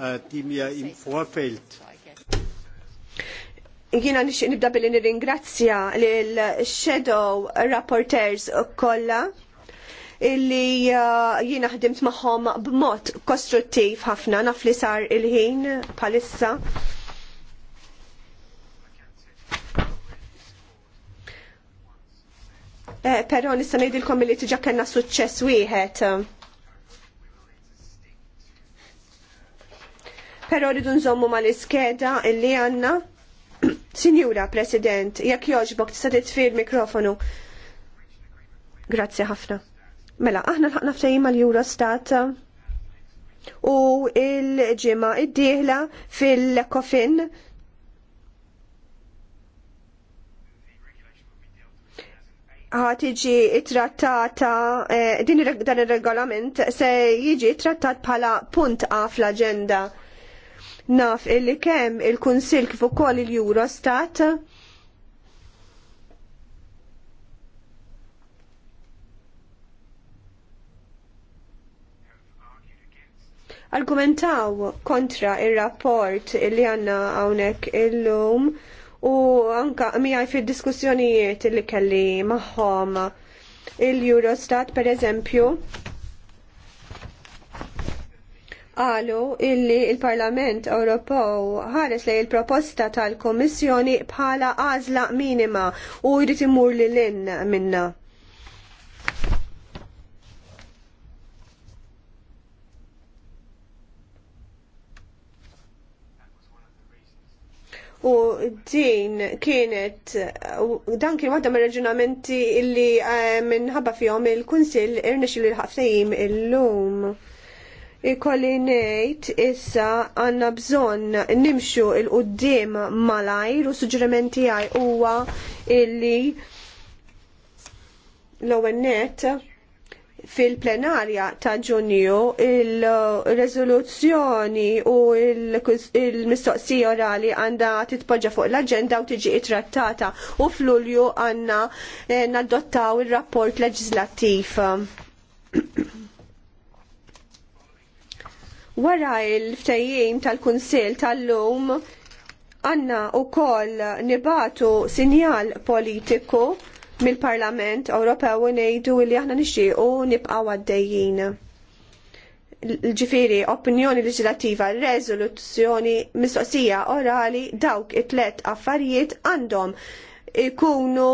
äh, die mir im Vorfeld Jina nix nibda billi nirringrazzja l-Shadow Rapporteurs kolla illi äh, jina ħdimt maħom b'mod kostruttiv ħafna naf li sar il-ħin palissa. Eh, però nista' ngħidilkom li tiġa kellna suċċess wieħed. Però rridu nżommu mal-iskeda illi għandna. Sinjura President, jekk jogħġbok tista' l mikrofonu. Grazzi ħafna. Mela, aħna l-ħakna ftajim mal-Eurostat u il-ġimma id-dieħla fil-Kofin ħatiġi trattata eh, din dan ir-regolament se jiġi trattat bħala punt A fl-aġenda. Naf illi kemm il-Kunsill kif ukoll il-Eurostat argumentaw kontra il-rapport li għanna għawnek il-lum u anka miħaj fid diskussjonijiet li kelli maħħom il-Eurostat per eżempju għalu illi il-Parlament Ewropew ħares li il-proposta tal-Komissjoni bħala għażla minima u jrid imur lil minna. u din kienet dan kien waħda mir reġunamenti illi eh, minħabba fihom il-Kunsill irnexxu l ħaftajim illum. Ikolli ngħid issa għandna bżonn nimxu il qudiem malajr u suġġerimenti għaj huwa illi l-ewwel nett fil-plenarja ta' ġunju il-rezoluzzjoni u il-mistoqsija orali għanda titpoġġa fuq l-agenda u tiġi ittrattata u f'Lulju għanna eh, nadottaw il-rapport leġislattiv. Wara il ftejjim tal-Kunsil tal-lum għanna u koll nibatu sinjal politiku mill-Parlament Ewropew u ngħidu li aħna nixtiequ nibqgħu għaddejjin. Ġifieri opinjoni leġislattiva, rezoluzzjoni, mistoqsija orali dawk it-tlet affarijiet għandhom ikunu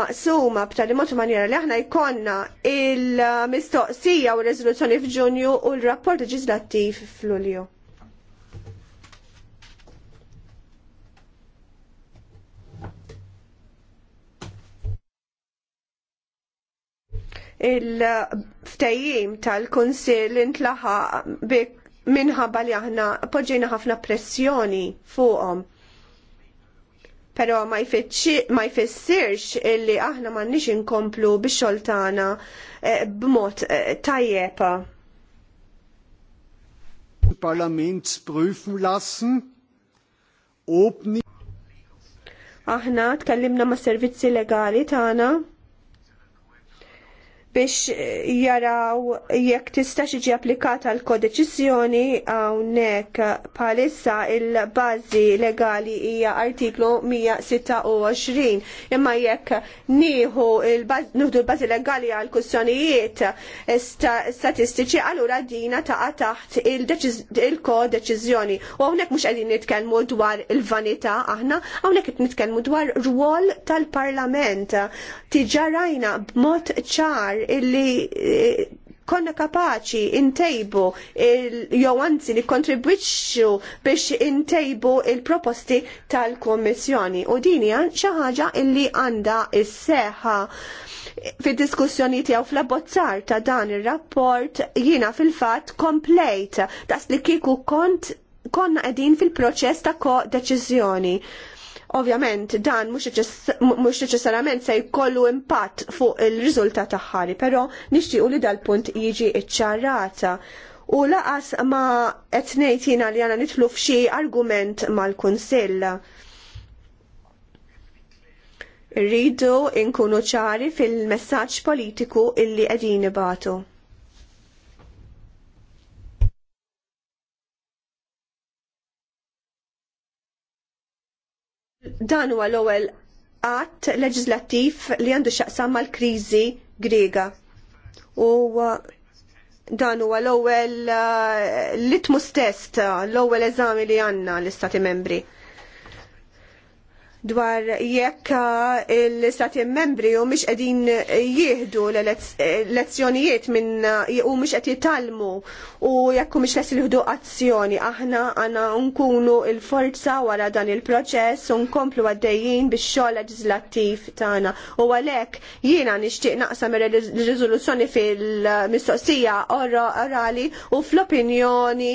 maqsuma b'tali mod maniera li aħna jkollna il-mistoqsija u r-rezoluzzjoni f'Ġunju u l-rapport leġislattiv f'Lulju. il-ftajim tal-Kunsil intlaħa minħabba li aħna poġġejna ħafna pressjoni fuqhom. Pero ma jfissirx illi aħna ma nix inkomplu bix xoltana eh, b'mod eh, tajjeb. Parlament prüfen lassen, ob Aħna tkellimna ma' servizzi legali tagħna biex eh, jaraw jekk tista' xiġi applikata l kodeċiżjoni hawnhekk bħalissa il-bażi legali hija artiklu 126 imma jekk nieħu nieħdu l-bażi legali għal kussjonijiet statistiċi allura dina taqa' taħt il-kodeċiżjoni u hawnhekk mhux qegħdin nitkellmu dwar il-vanità aħna hawnhekk qed nitkellmu dwar rwol tal-Parlament tiġarajna b'mod ċar illi eh, konna kapaċi intejbu jew anzi li kontribwiċu biex intejbu il-proposti tal-Kommissjoni. U din hija xi ħaġa illi għandha s-seħħa fid diskussjoni tiegħu fl-abbozzar ta' dan ir-rapport jiena fil-fatt komplejt tas li kieku kont konna qegħdin fil-proċess ta' ko deċiżjoni. Ovvjament dan mhux neċessarjament se jkollu impatt fuq il-riżultat aħħari, però nixtiequ li dal-punt jiġi iċċarrata. U laqas ma qed ngħid jiena li għana nitlu f'xi argument mal-Kunsill rridu nkunu ċari fil-messaġġ politiku illi qegħdin ibatu. Dan huwa l-ewwel att leġislattiv li għandu x'jaqsam mal-kriżi Griega. U uh, dan huwa l-ewwel uh, litmus test, uh, l-ewwel eżami li għandna l-Istati Membri dwar jekk uh, l-istati membri u mhux qegħdin jieħdu l-lezzjonijiet minn uh, u mhux qed jitalmu u jekk mhux qed jieħdu azzjoni aħna għandna nkunu l-forza wara dan il-proċess u nkomplu għaddejjin bix-xogħol leġislattiv tagħna u għalhekk jiena nixtieq naqsam ir-riżoluzzjoni fil-mistoqsija orali u fl-opinjoni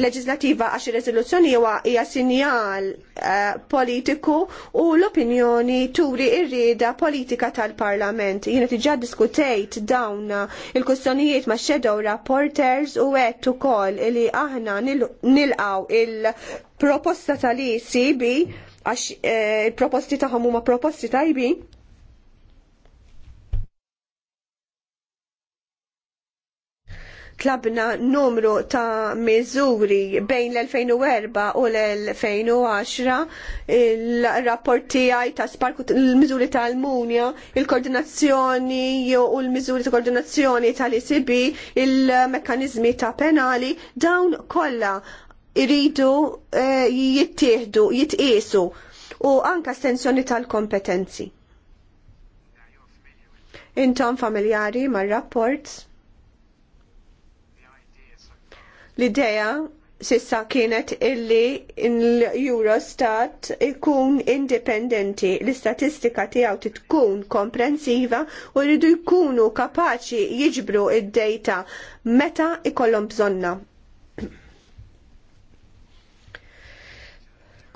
leġislativa għax ir-riżoluzzjoni hija sinjal eh, politiku u l-opinjoni turi ir-rieda politika tal-Parlament. Jiena diġà diskutejt dawn il-kustonijiet ma' shadow rapporters u għedt ukoll li aħna nilqaw il-proposta tal-ECB għax eh, il-proposti tagħhom huma proposti tajbi tlabna numru ta' miżuri bejn l-2004 u l-2010, il-rapporti għaj ta' sparku l-miżuri ta' Almunja, il-koordinazzjoni u l-miżuri ta' koordinazzjoni tal-ICB, il mekanizmi ta' penali, dawn kollha iridu eh, jittieħdu, jitqiesu u anka estensjoni tal-kompetenzi. Intom familjari mar-rapport? L-idea sissa kienet illi l-Eurostat ikun indipendenti, l-istatistika tiegħu titkun komprensiva u rridu jkunu kapaċi jiġbru id-data meta ikollhom bżonna.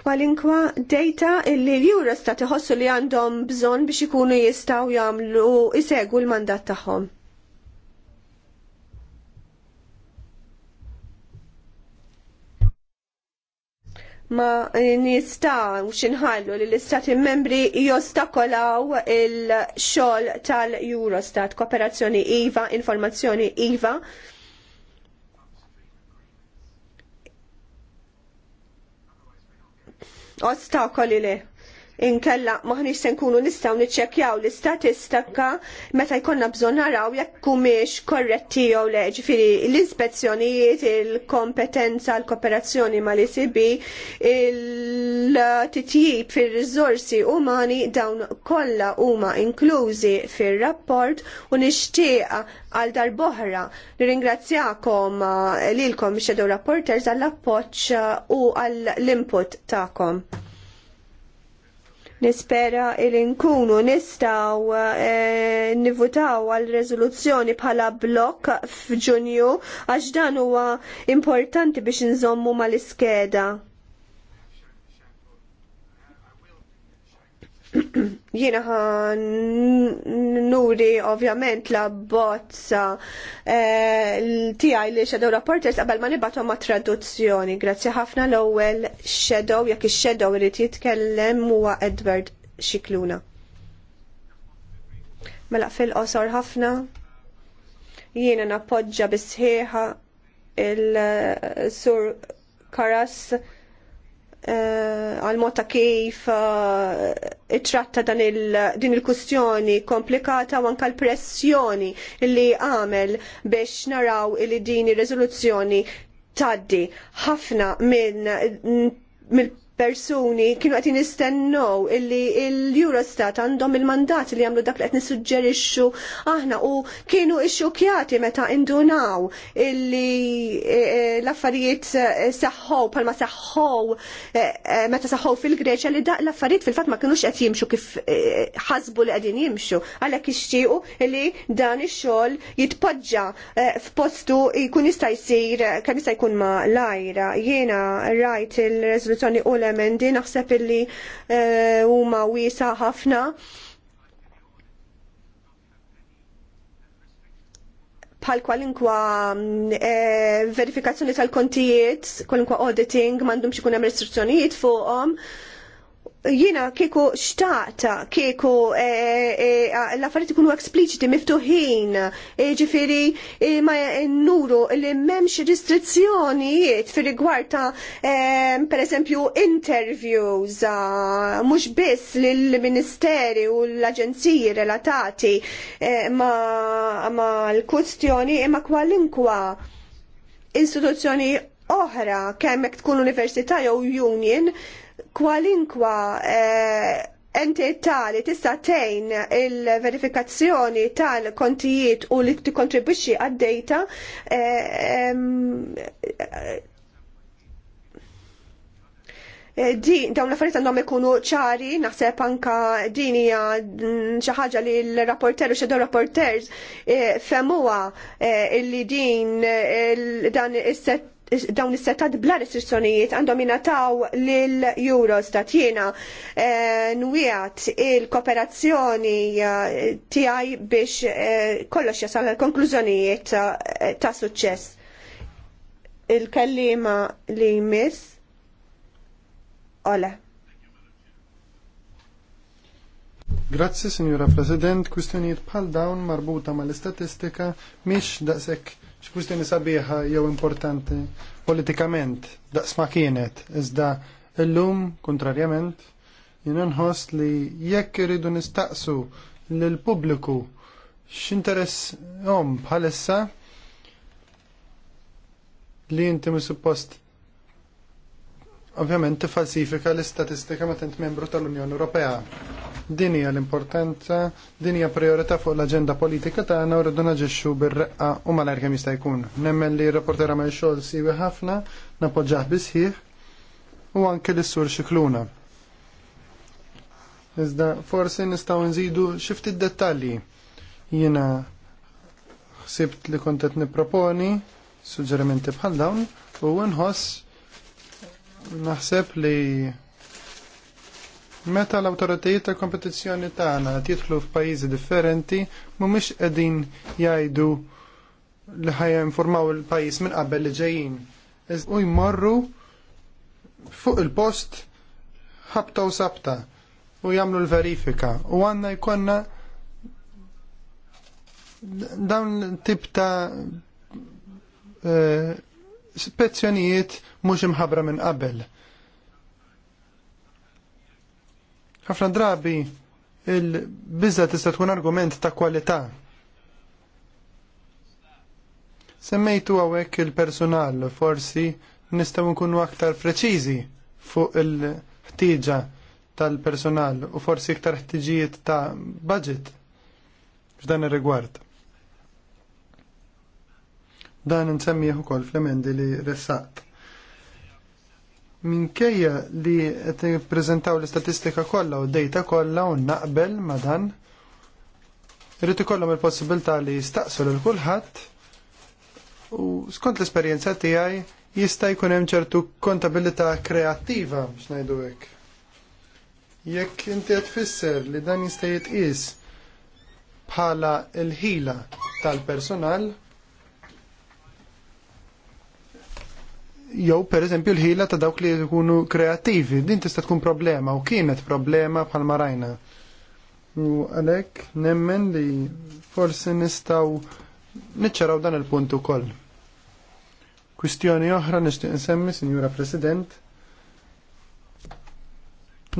Kwalinkwa data illi l-Eurostat iħossu li għandhom bżonn biex ikunu jistgħu jagħmlu jsegu l-mandat tagħhom. ma nistaw xinħallu li l-istati membri jostakolaw il-xol tal-Eurostat, kooperazzjoni IVA, informazzjoni IVA. Ostakoli li inkella maħniġ se nkunu nistgħu niċċekkjaw l-istatistika meta jkollna bżonn naraw jekk kumiex korretti jew le, ġifieri l-ispezzjonijiet, il-kompetenza, l-kooperazzjoni mal-ICB, il-titjib fir-riżorsi umani dawn kollha huma inklużi fir-rapport u nixtieqa għal darboħra nirringrazzjakom eh, lilkom shadow rapporters għall-appoġġ eh, u għall-input tagħkom. Nispera il nkunu nistaw eh, nivutaw għal rezoluzzjoni bħala blok f'Ġunju għax dan huwa importanti biex nżommu mal-iskeda. Jiena nuri ovvjament la bozza eh, tiegħi li Shadow Reporters qabel ma nibgħathom ma' traduzzjoni. Grazzi ħafna l-ewwel Shadow Jak ix-Shadow irid jitkellem huwa Edward Xikluna. Mela fil-qosor ħafna jiena nappoġġa bisħieħa il-sur Karas Eh, għal mota ta' kif eh, it-tratta din il-kustjoni komplikata u anka l-pressjoni li għamel biex naraw li din ir-riżoluzzjoni taddi ħafna minn persuni kienu għati nistennow illi l-Eurostat għandhom il-mandat li għamlu dak li qed nissuġġerixxu aħna u kienu ixxukjati meta indunaw illi eh, eh, l-affarijiet eh, saħħow palma saħħow meta saħħow fil-Greċja li dak l-affarijiet fil-fatt ma kienux qed jimxu kif ħasbu li qegħdin jimxu għalhekk ixtiequ illi dan ix jitpoġġa f'postu jkun jista' jsir kemm jista' jkun ma' lajra. Jiena rajt il rezoluzzjoni u l naħseb illi eh, huma wiesa ħafna. bħal kwalinkwa eh, verifikazzjoni tal-kontijiet, kwalinkwa auditing, mandum xikun hemm restrizzjonijiet fuqhom. -um jina kieku xtaqta, kieku eh, eh, eh, l-affariet ikunu ekspliċiti miftuħin, ġifiri ma nuru li memx restrizzjonijiet fi rigwarta, per esempio, interviews, ah, mux biss l-ministeri u l-aġenziji relatati ma, l-kustjoni imma kwalinkwa istituzzjoni oħra kemm tkun università jew union kwalinkwa eh, entità li tista' tgħin il-verifikazzjoni tal-kontijiet u li tikkontribwixxi għad-data eh, eh, di dawn l-affarijiet għandhom ikunu ċari, naħseb anka din hija mm, xi ħaġa li l-rapporter u xedew rapporters femuha illi din dan is-set dawn is-setat bla restrizzjonijiet għandhom jingħataw lil Eurostat jiena eh, nwiegħat il-kooperazzjoni eh, tiegħi biex eh, kollox jasal konklużjonijiet ta' suċċess. Il-kellima li jmiss Ole. Grazzi, Signora President. Kwistjonijiet bħal dawn marbuta mal-istatistika miex daqshekk x'kwistjoni sabiħa jew importanti politikament daqs ma kienet iżda illum kontrarjament jien nħoss li jekk iridu nistaqsu lill pubbliku x'interess hom bħalissa li inti suppost ovvjament tifalsifika l-istatistika ma tent membru tal-Unjoni Ewropea. Din hija l-importanza, din hija priorità fuq l-aġenda politika tagħna u rridu naġixxu bir-reqqa u malajr kemm jista' jkun. Nemmen li reportera ma' għamel xogħol siwi ħafna, napoġġah bisħieħ u anke l-sur xikluna. Iżda forsi nistgħu nżidu xi ftit dettalji. Jiena ħsibt li kont qed nipproponi suġġerimenti bħal dawn u nħoss naħseb li Meta l-awtoritajiet tal-kompetizzjoni tagħna titlu jidħlu f'pajjiżi differenti mhumiex qegħdin jgħidu li ħajja informaw il-pajjiż minn qabel li ġejjin. U jmorru fuq il-post ħabta u sabta u jagħmlu l-verifika u għandna jkollna dawn tip ta' eh, spezzjonijiet mhux imħabbra minn qabel Ħafna drabi il-bizza tista' tkun argument ta' kwalità. Semmejtu għawek il-personal, forsi nistaw nkunu aktar preċiżi fuq il-ħtieġa tal-personal u forsi iktar ħtiġijiet ta' budget f'dan ir-rigward. Dan insemmih ukoll fl-emendi li ressaqt minkejja li qed prezentaw l-istatistika kollha u d-dejta kollha u naqbel ma dan, irrid ikollhom il-possibilità li jistaqsu lil kulħadd u skont l-esperjenza tiegħi jista' jkun hemm ċertu kontabilità kreattiva biex ngħidu hekk. Jekk inti qed tfisser li dan jista' jitqies bħala l-ħila tal-personal, jew pereżempju l-ħila ta' dawk li jkunu kreattivi, din tista' tkun problema u kienet problema bħal marajna. U għalhekk nemmen li forsi nistgħu niċċaraw dan il-punt ukoll. Kwistjoni oħra nixtieq insemmi, Sinjura President,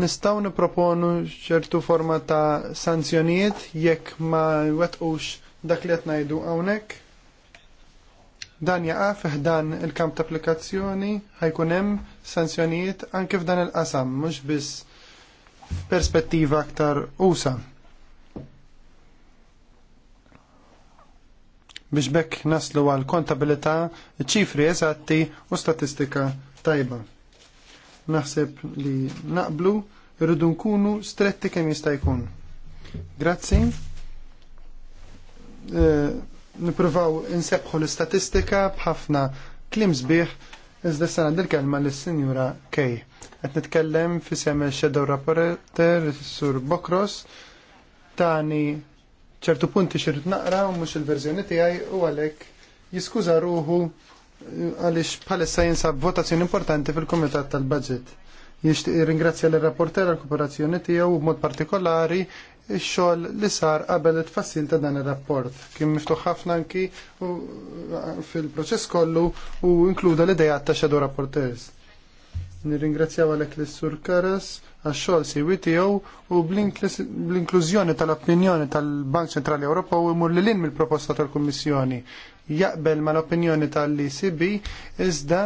nistaw niproponu ċertu forma ta' sanzjonijiet jekk ma wetqux dak li qed ngħidu hawnhekk Dan jaqa' fiħdan il-kamp ta' applikazzjoni ħajkun hemm sanzjonijiet anke f'dan il-qasam, mhux biss perspettiva aktar usa. Biex bekk naslu għal kontabilità, ċifri eżatti u statistika tajba. Naħseb li naqblu rridu nkunu stretti kemm jista' jkun. Grazzi. Uh, nipruvaw insebħu l-istatistika bħafna klim sbieħ iżda sena dil-kelma l-Sinjura Kej. Qed nitkellem fi semel Shadow Rapporter Sur Bokros tani ċertu punti xirrit naqra u mhux il-verżjoni tiegħi u għalhekk jiskuża ruħu għaliex bħalissa jinsab votazzjoni importanti fil-Kumitat tal-Budget. Jixtieq ringrazzja l-rapporter għal kooperazzjoni tiegħu u b'mod partikolari ix-xogħol li sar qabel it-tfassil ta' dan ir-rapport. Kien miftuħ ħafna anki fil-proċess kollu u inkluda l ideja ta' xedu rapporters. Nirringrazzjaw għalek lis sur Karas għax-xogħol siwi tiegħu u bl-inklużjoni tal-opinjoni tal-Bank Centrali Ewropa u imur l-in mill-proposta tal-Kummissjoni. Jaqbel mal-opinjoni tal-ECB iżda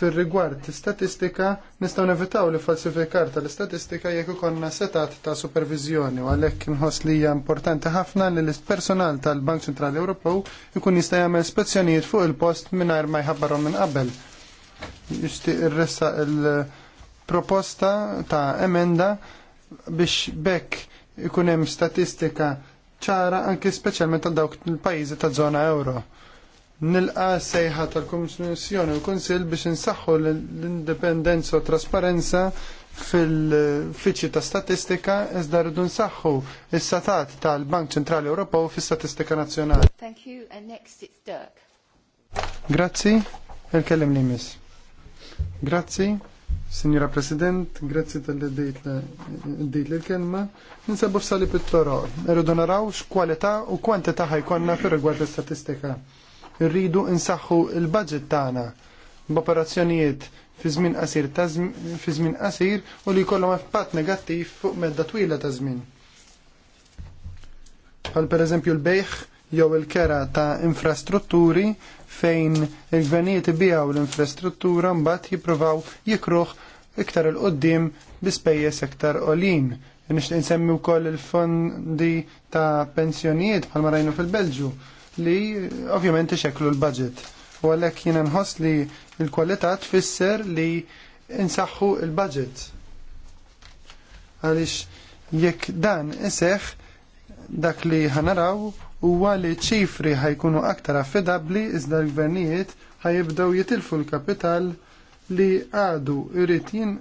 Fir-rigward statistika nistgħu nevitaw li falsifikar tal-istatistika jekk ikollna setat ta' supervizjoni u għalhekk inħoss li hija importanti ħafna li l-personal tal-Bank Ċentrali Ewropew ikun jista' jagħmel spezzjonijiet fuq il-post mingħajr ma jħabbarhom minn qabel. Jixtieq irressa il-proposta ta' emenda biex bekk ikun hemm statistika ċara anke speċjalment għal dawk il-pajjiżi ta' żona euro nilqa sejħa tal-Komissjoni u Konsil biex insaħħu l-indipendenza u trasparenza fil-fiċi ta' statistika iżda rridu nsaħħu is-satat tal-Bank Ċentrali Ewropew fis-Statistika Nazzjonali. Thank you and next it's Dirk. Grazzi, il-kellim li mis. Grazzi, Signora President, grazzi tal-dejt l-kelma. Ninsabu f'sali pittoro, irridu naraw x'kwalità u kwantità ħajkonna fir-rigward l-istatistika rridu insaħħu il-budget tagħna b'operazzjonijiet fi żmien qasir fi żmien qasir u li jkollhom impatt negattiv fuq medda twila ta' żmien. Bħal pereżempju l-bejħ jew il-kera ta' infrastrutturi fejn il-gvernijiet ibijaw l-infrastruttura mbagħad jippruvaw jikruħ iktar il-qoddim spejjeż iktar qolin. Nixtieq insemmi wkoll il-fondi ta' pensjonijiet bħalma rajnu fil-Belġu li ovvjament ixeklu l-budget. U għalhekk jiena nħoss li l-kwalità tfisser li insaħħu l-budget. Għaliex jekk dan iseħħ dak li ħanaraw huwa li ċifri ħajkunu aktar affidabli iżda l-gvernijiet ħajibdew jitilfu l-kapital li għadu irritin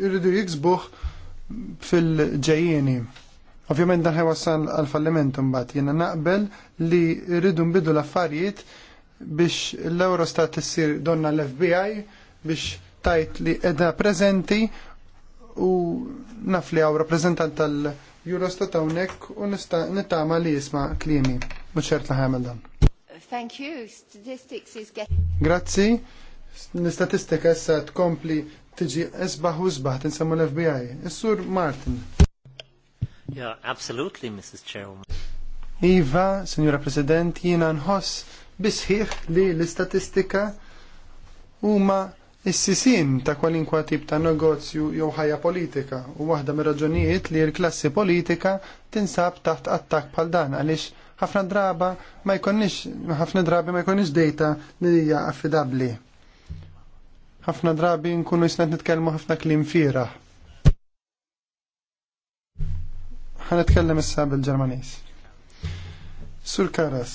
irridu jiksbuh fil-ġejjieni. Ovvjament dan ħewassal għal falliment bat jiena naqbel li rridu nbidu l-affarijiet biex l-Eurostat issir donna l-FBI biex tajt li edha prezenti u naf li għaw rappresentant tal-Eurostat għonek u nittama li jisma klimi. Muċert laħamel dan. Thank you. Statistics is getting... Grazzi. L-istatistika issa tkompli tiġi esbaħ u sbaħ tinsemmu l-FBI. Is-sur Martin. Yeah, absolutely, Mrs. Chairwoman. Iva, Signora President, jiena nħoss bisħiħ li l-istatistika huma is ta' kwalinkwa tip ta' negozju jew ħajja politika u waħda mir raġunijiet li l-klassi politika tinsab taħt attak bħal dan għaliex ħafna draba ma jkonniex ħafna drabi ma jkonniex dejta li hija affidabbli. Ħafna drabi nkunu jisnet nitkellmu ħafna klim fira. Ħanetkellem issa bil-Ġermaniż. Sur Karas.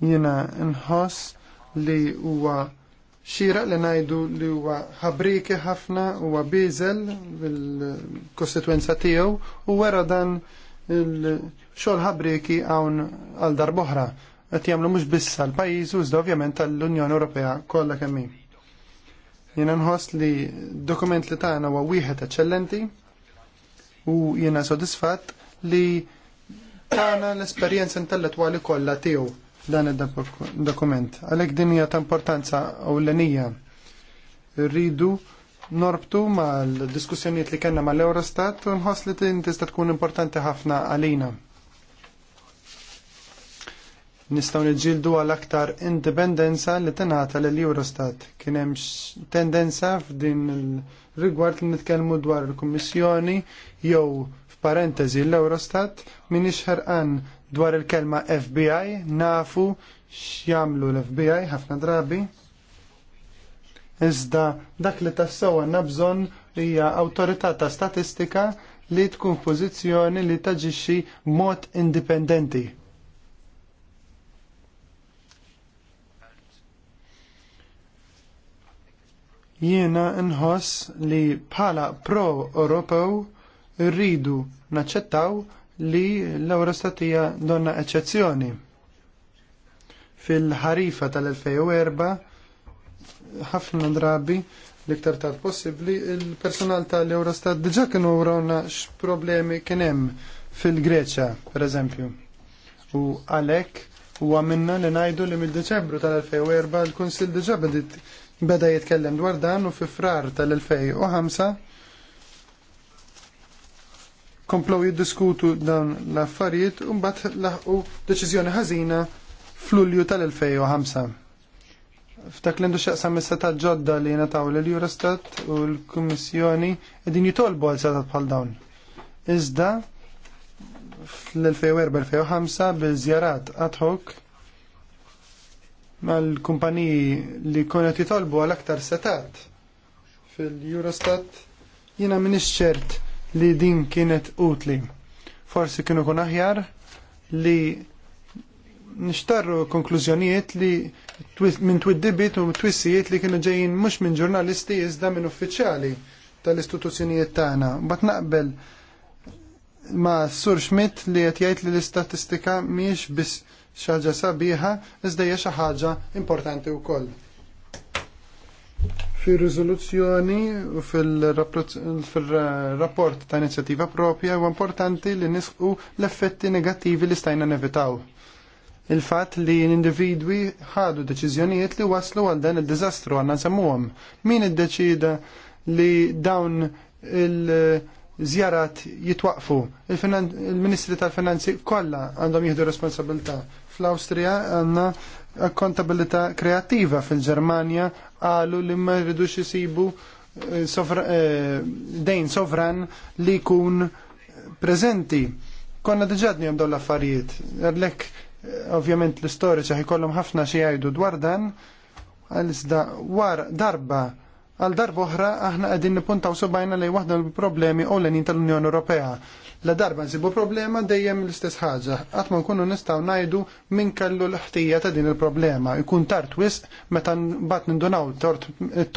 Jiena nħoss li huwa xira li najdu li huwa ħabriki ħafna huwa bizel bil kostituenza tiegħu u wara dan il-xogħol ħabriki hawn għal darboħra qed jagħmlu mhux biss għall-pajjiż u ovvjament tal-Unjoni Ewropea kollha kemm hi. Jiena nħoss li dokument li tagħna huwa wieħed eċċellenti u jiena sodisfatt li tana l-esperienza intellettuali kollha tiegħu dan id-dokument. Għalhekk din hija ta' importanza ewlenija. Rridu norbtu mal-diskussjonijiet li kellna mal-Eurostat u nħoss li din tista' tkun importanti ħafna għalina. Nistgħu niġġieldu għal aktar indipendenza li tingħata lill Eurostat. Kien tendenza f'din il-rigward li nitkellmu dwar il-Kummissjoni jew Parentesi l-Eurostat min ixħarqan dwar il-kelma FBI nafu x'jamlu l-FBI ħafna drabi. Iżda dak li tassew għandna bżonn hija awtorità ta' statistika li tkun pożizzjoni li taġixxi mod indipendenti. jiena nħoss li bħala pro europew rridu naċċettaw li l-Eurostat hija donna eċċezzjoni. Fil-ħarifa tal-2004 ħafna drabi l-iktar tal possibbli il-personal tal-Eurostat diġa kienu wrawna x'problemi kien hemm fil-Greċja, pereżempju. U għalhekk huwa minna li ngħidu li mid-Deċembru tal-2004 l-Kunsill diġa beda jitkellem dwar dan u fi frar tal-2005 komplow jiddiskutu dawn l-affarijiet un bat laħqu deċiżjoni ħażina fl-Ulju tal-2005. F'dak l-indu xaqsa is ġodda li nataw l-Eurostat u l-Kummissjoni qegħdin jitolbu għal setat bħal dawn. Iżda fl-2004-2005 bil-żjarat ad hoc mal-kumpaniji li konet jitolbu għal aktar setat fil-Eurostat jiena minix ċert li din kienet utli. Forsi kienu kun aħjar li nixtarru konklużjonijiet li minn twiddibit u twissijiet li kienu ġejjin mhux minn ġurnalisti iżda minn uffiċjali tal-istituzzjonijiet tagħna. Bat naqbel ma' Sur Schmidt li qed jgħid li l-istatistika mhijiex biss xaġa sabiħa iżda hija xi ħaġa importanti wkoll. Fi rizoluzzjoni u fil-rapport ta' inizjattiva propja u importanti li nisqu l-effetti negativi li stajna nevitaw. Il-fat li l-individwi ħadu deċiżjonijiet li waslu għal dan il-dizastru għanna semmuhom. Min id-deċida li dawn il-żjarat jitwaqfu? Il-Ministri tal-Finanzi kollha għandhom jieħdu responsabilta. Fl-Awstrija għandna kontabilità kreattiva fil-Ġermanja qalu li ma jridux isibu eh, eh, dejn sovran li jkun preżenti. Konna diġadni għamdaw l-affarijiet. Għallek, eh, ovvjament, l-istoriċa ħikollhom ħafna xi jgħidu dwar dan, għal-isda war darba għal darba oħra aħna qegħdin nipuntaw subajna li waħda l-problemi ewlenin tal-Unjoni Ewropea La darba nsibu problema dejjem l-istess ħaġa, qatt ma nkunu nistgħu ngħidu min kellu l-ħtija ta' din il-problema. Ikun tard wisq meta mbagħad nindunaw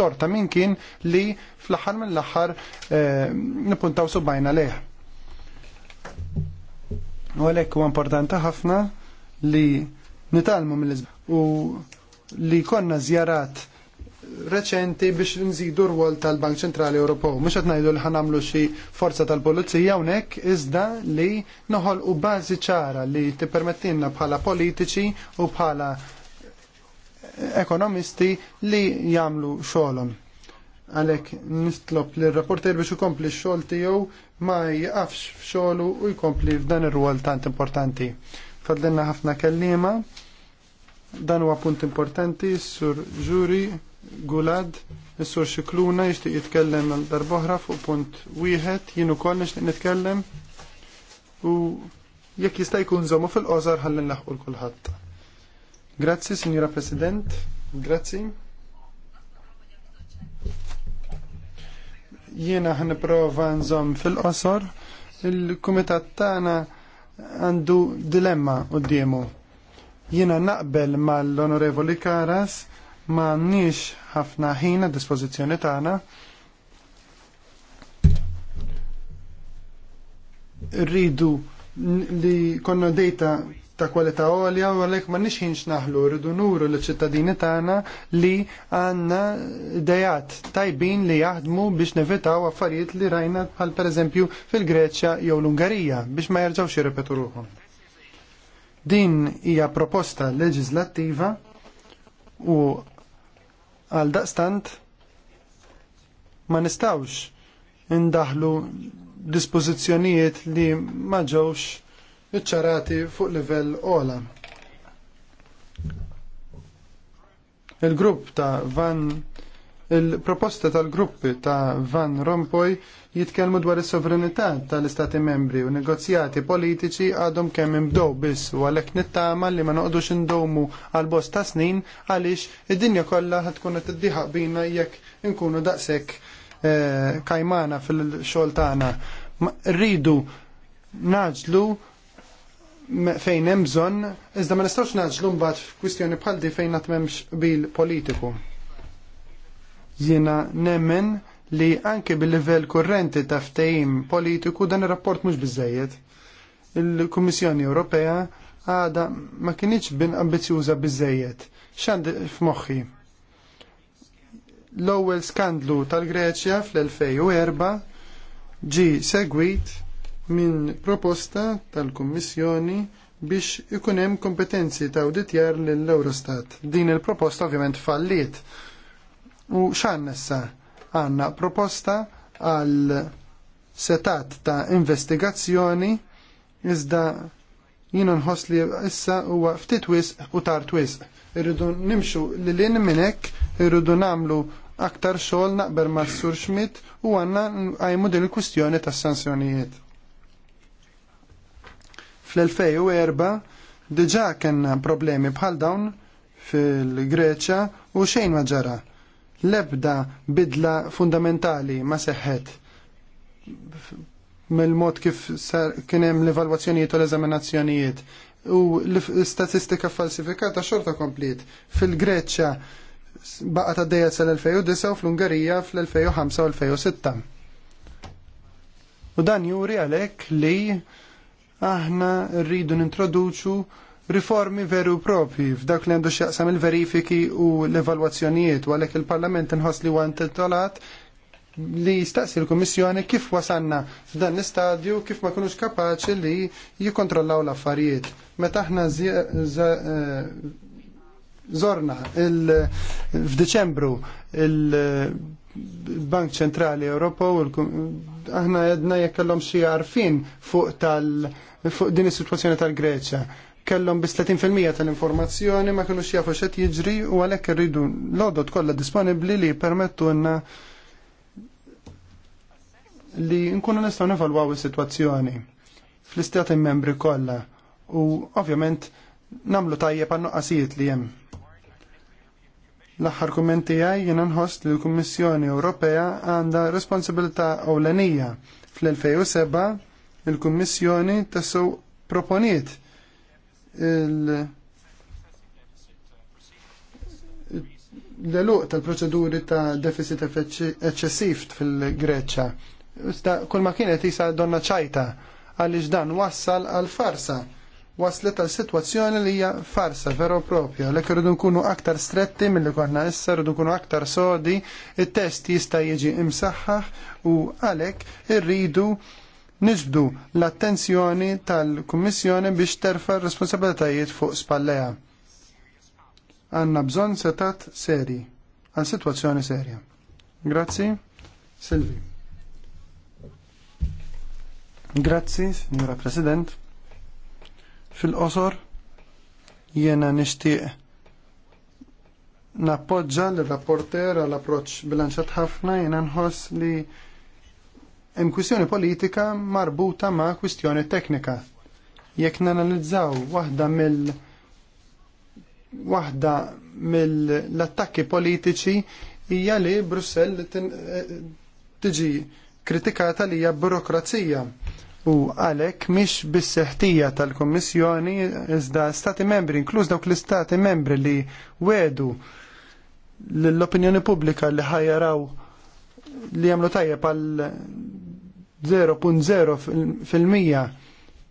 torta minn kien li fl-aħħar mill-aħħar eh, nipuntaw subajna leħ. U għalhekk huwa importanti ħafna li nitalmu mill-izbal u li konna zjarat reċenti biex nżidu r-wol tal-Bank Ċentrali Ewropew. Mhux qed ngħidu li ħanamlu xi forza tal-pulizija hawnhekk iżda li u bażi ċara li tippermettilna bħala politiċi u bħala eh, ekonomisti li jagħmlu Għalek Għalhekk li r rapporter biex u x-xogħol tiegħu ma jgħafx f'xogħlu u jkompli f'dan ir-rwol tant importanti. Fadlenna ħafna kellima dan huwa punt importanti sur ġuri Gulad, Is-sur Xikluna jixtieq jitkellem għal darboħra fuq punt wieħed, jien ukoll nixtieq nitkellem u jekk jista' jkun żommu fil-qosar ħalli nlaħqu l-kulħadd. Grazzi, Signora President, grazzi. Jiena ħniprofa nżomm fil-qosor, il-kumitat tagħna għandu dilemma qudiemu. Jiena naqbel mal-Onorevoli Karas ma nix ħafna ħin a dispożizzjoni tagħna. Rridu li konna dejta ta' kwalità għolja u għalek ma nix ħinx naħlu, rridu nuru l-ċittadini tagħna li għanna dejat tajbin li jaħdmu biex nevitaw affarijiet li rajna bħal per eżempju fil-Greċja jew l-Ungarija biex ma jerġawx jirrepetu ruhom. Din hija proposta leġislattiva u Għal daqstant ma nistawx indaħlu dispożizzjonijiet li ma ġewx iċċarati fuq livell ola. Il-grupp ta' Van Il-proposta tal-gruppi ta' Van Rompuy jitkellmu dwar is-sovranità tal-Istati membri u negozjati politiċi għadhom kemm imdow biss u għalhekk nittama li ma noqdux indomu għal bost ta' snin għaliex id-dinja kollha tkun qed iddieħaq bina jekk inkunu daqshekk eh, kajmana fil-xogħol tagħna. Rridu naġlu fejn hemm bżonn, iżda ma nistgħux naġlu mbagħad f'kwistjoni bħal di fejn qatt m'hemmx bil politiku. Jiena nemmen li anke bil-livell kurrenti ta' ftehim politiku dan ir-rapport mhux biżejjed. Il-Kummissjoni Ewropea għada ma kienieċ bin ambizjuża biżejjed. Xand f'moħħi. L-ewwel skandlu tal-Greċja fl-2004 ġi segwit minn proposta tal-Kummissjoni biex ikun hemm kompetenzi ta' awditjar lill-Eurostat. Din il-proposta ovvjament falliet U xannessa għanna proposta għal setat ta' investigazzjoni iżda jina nħos li issa huwa ftit wisq u tar wisq. Irridu nimxu li l-in minnek, irridu namlu aktar xogħol naqber ma' Sur Schmidt u għanna għajmu din il-kustjoni ta' sanzjonijiet. Fl-2004 diġa kena problemi bħal dawn fil-Greċja u xejn ma ġara l-ebda bidla fundamentali ma seħħet mill-mod kif kien hemm l-evalwazzjonijiet u l-eżaminazzjonijiet u l-istatistika falsifikata xorta komplit fil-Greċċa baqa ta' dejja sal-2009 u fl-Ungarija fl-2005 u 2006. U dan juri għalhekk li aħna rridu nintroduċu riformi veru propi f'dak li għandu xaqsam il-verifiki u l-evalwazzjonijiet u għalhekk il-Parlament nħos li huwa intitolat li jistaxi l-Kummissjoni kif wasanna f'dan l-istadju kif ma kunux kapaċi li jikontrollaw l-affarijiet. Meta aħna eh, zorna f'Deċembru il-Bank Ċentrali Ewropew aħna jedna jekk kellhom xi għarfien fuq tal fuq din is-sitwazzjoni tal-Greċja kellhom bis 30% tal-informazzjoni ma kinux jafu xed jiġri u għalhekk irridu l-għodot kollha disponibbli li permettuna li nkunu nistgħu nevalwaw is-sitwazzjoni fl-istati membri kollha u ovvjament namlu tajjeb għan nuqqasijiet li hemm. L-aħħar kummenti għaj jena nħost li l-Kummissjoni Ewropea għandha responsabilità ewlenija fl-2007 il-Kummissjoni tassew proponiet l-eluq tal-proċeduri ta' deficit eċċessiv fil greċa Iżda kull ma kienet jisa donna ċajta għaliex dan wassal għal farsa. Waslet għal situazzjoni li hija farsa vero propja, Lek rridu nkunu aktar stretti mill-li konna issa, rridu nkunu aktar sodi, il test jista' jiġi imsaħħaħ u għalhekk irridu niġbdu l-attenzjoni tal-Kummissjoni biex terfa responsabilitajiet fuq spalleja. Għanna bżon setat seri, għal situazzjoni serja. Grazzi, Silvi. Grazzi, signora President. Fil-qosor, jena nishtiq nappoġġa l-rapporter għal approċ bilanċat ħafna jena nħoss li hemm kwistjoni politika marbuta ma' kwistjoni teknika. Jekk nanalizzaw waħda mill waħda mill-attakki politiċi hija li Brussell eh, tiġi kritikata li hija burokrazija u għalhekk mhix bis-seħtija tal-Kummissjoni iżda stati membri inkluż dawk l-istati membri li wedu l-opinjoni pubblika li ħajjaraw li jagħmlu tajjeb għal 0.0% fil-mija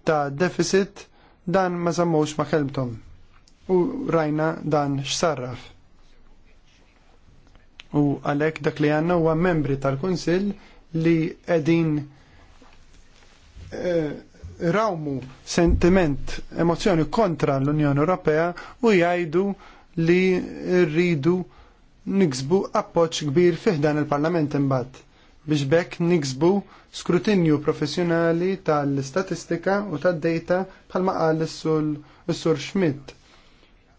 ta' deficit dan ma sammux ma' kelbtom. U rajna dan x'sarraf. U għalek dak li għanna huwa membri tal-Kunsill li edin eh, rawmu sentiment, emozjoni kontra l-Unjoni Ewropea u jgħidu li rridu niksbu appoċ kbir fiħdan il-Parlament imbagħad biex bekk niksbu skrutinju professjonali tal-statistika u tad-data bħalma qal is-sur Schmidt.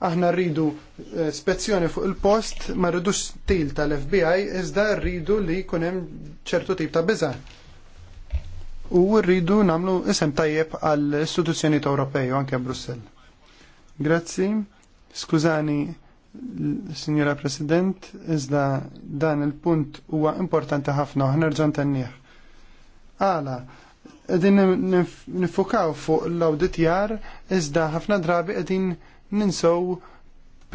Aħna rridu eh, spezzjoni fuq il-post ma rridux stil tal-FBI iżda rridu li jkun hemm ċertu tip ta' biża' u rridu namlu isem tajjeb għall istituzzjonijiet Ewropej u anke Brussell. Grazzi, skużani Signora President, iżda dan il-punt huwa importanti ħafna u ħnerġan tennieh. Għala, qegħdin nifukaw fuq l-awditjar iżda ħafna drabi qegħdin ninsow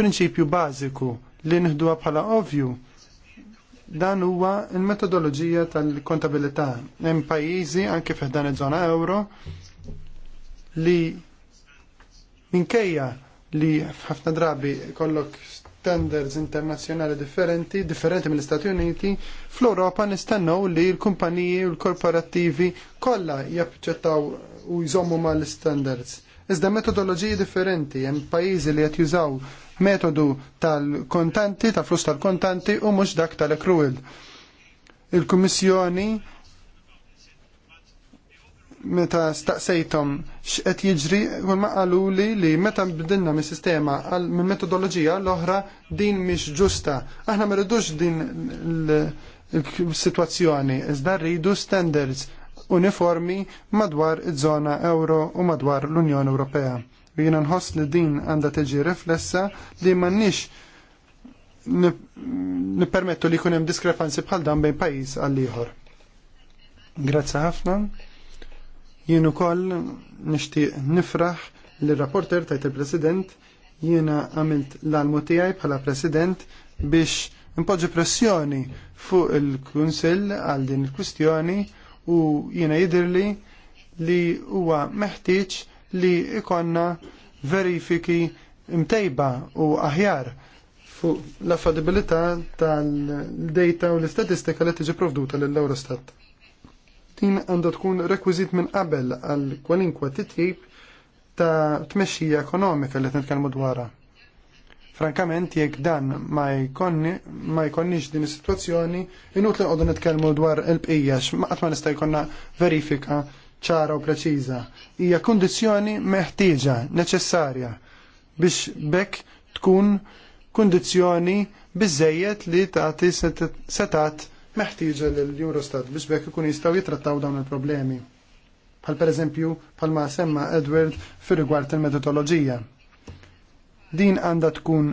prinċipju bażiku li nħduha bħala ovju. dan huwa il-metodoloġija tal-kontabilità. Hemm pajjiżi anke fih dan iż-żona euro li minkejja li ħafna drabi kollok standards internazzjonali differenti, differenti mill-Istati Uniti, fl-Europa nistennew li l-kumpaniji u l-korporattivi kollha jabċettaw u jżommu l standards Iżda metodoloġiji differenti, hemm pajjiżi li qed jużaw metodu tal-kontanti, tal-flus tal-kontanti u mhux dak tal-accrual. Il-Kummissjoni meta staqsejtom x'qed jiġri huma ma qaluli li meta bdilna mis-sistema għal minn metodoloġija l-oħra din mhix ġusta. Aħna ma rridux din l-sitwazzjoni, iżda rridu standards uniformi madwar iż-żona euro u madwar l-Unjoni Ewropea. Jiena nħoss li din għandha tiġi riflessa li m'għandniex nippermettu li kunem diskrepanzi bħal dan bejn pajis għall ieħor. Grazzi ħafna. Jien ukoll nixtieq nifraħ li rapporter tajt il-President jiena għamilt l-almu tiegħi bħala President biex impoġġi pressjoni fuq il-Kunsill għal din il-kwistjoni u jiena jidirli li huwa meħtieġ li ikonna verifiki imtejba u aħjar fuq l-affadibilità tal-data u l-istatistika li tiġi provduta l-Eurostat din għandu tkun rekwizit minn qabel għal kwalinkwa titjib ta' tmexxija ekonomika li nitkellmu dwarha. Frankament, jekk dan ma jkonniex din is-sitwazzjoni, inut li qogħdu nitkellmu dwar il ma qatt ma nista' jkollna verifika ċara u preċiża. Hija kundizzjoni meħtieġa, neċessarja biex bekk tkun kundizzjoni biżejjed li tagħti setat meħtieġa l-Eurostat biex bekk ikun jistgħu jitrattaw dawn il-problemi. eżempju, pereżempju bħalma semma Edward fir-rigward il-metodoloġija. Din għandha tkun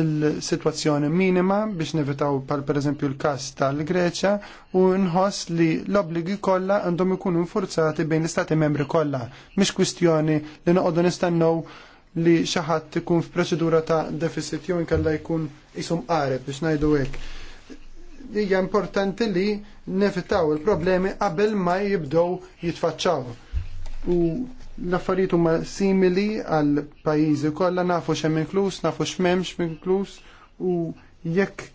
l-sitwazzjoni minima biex nevitaw bħal pereżempju l-każ tal-Greċja u nħoss li l-obbligi kollha għandhom ikunu infurzati bejn l-istati membri kollha, mhix kwistjoni li noqogħdu nistennew li xaħat ikun f'proċedura ta' deficit jew inkella jkun isum qareb biex ngħidu hekk hija importanti li nefittaw il-problemi qabel ma jibdew jitfaċċaw. U l-affarijiet huma simili għal pajjiżi kollha nafu x'hemm inkluż, nafu x'memx inkluż u jekk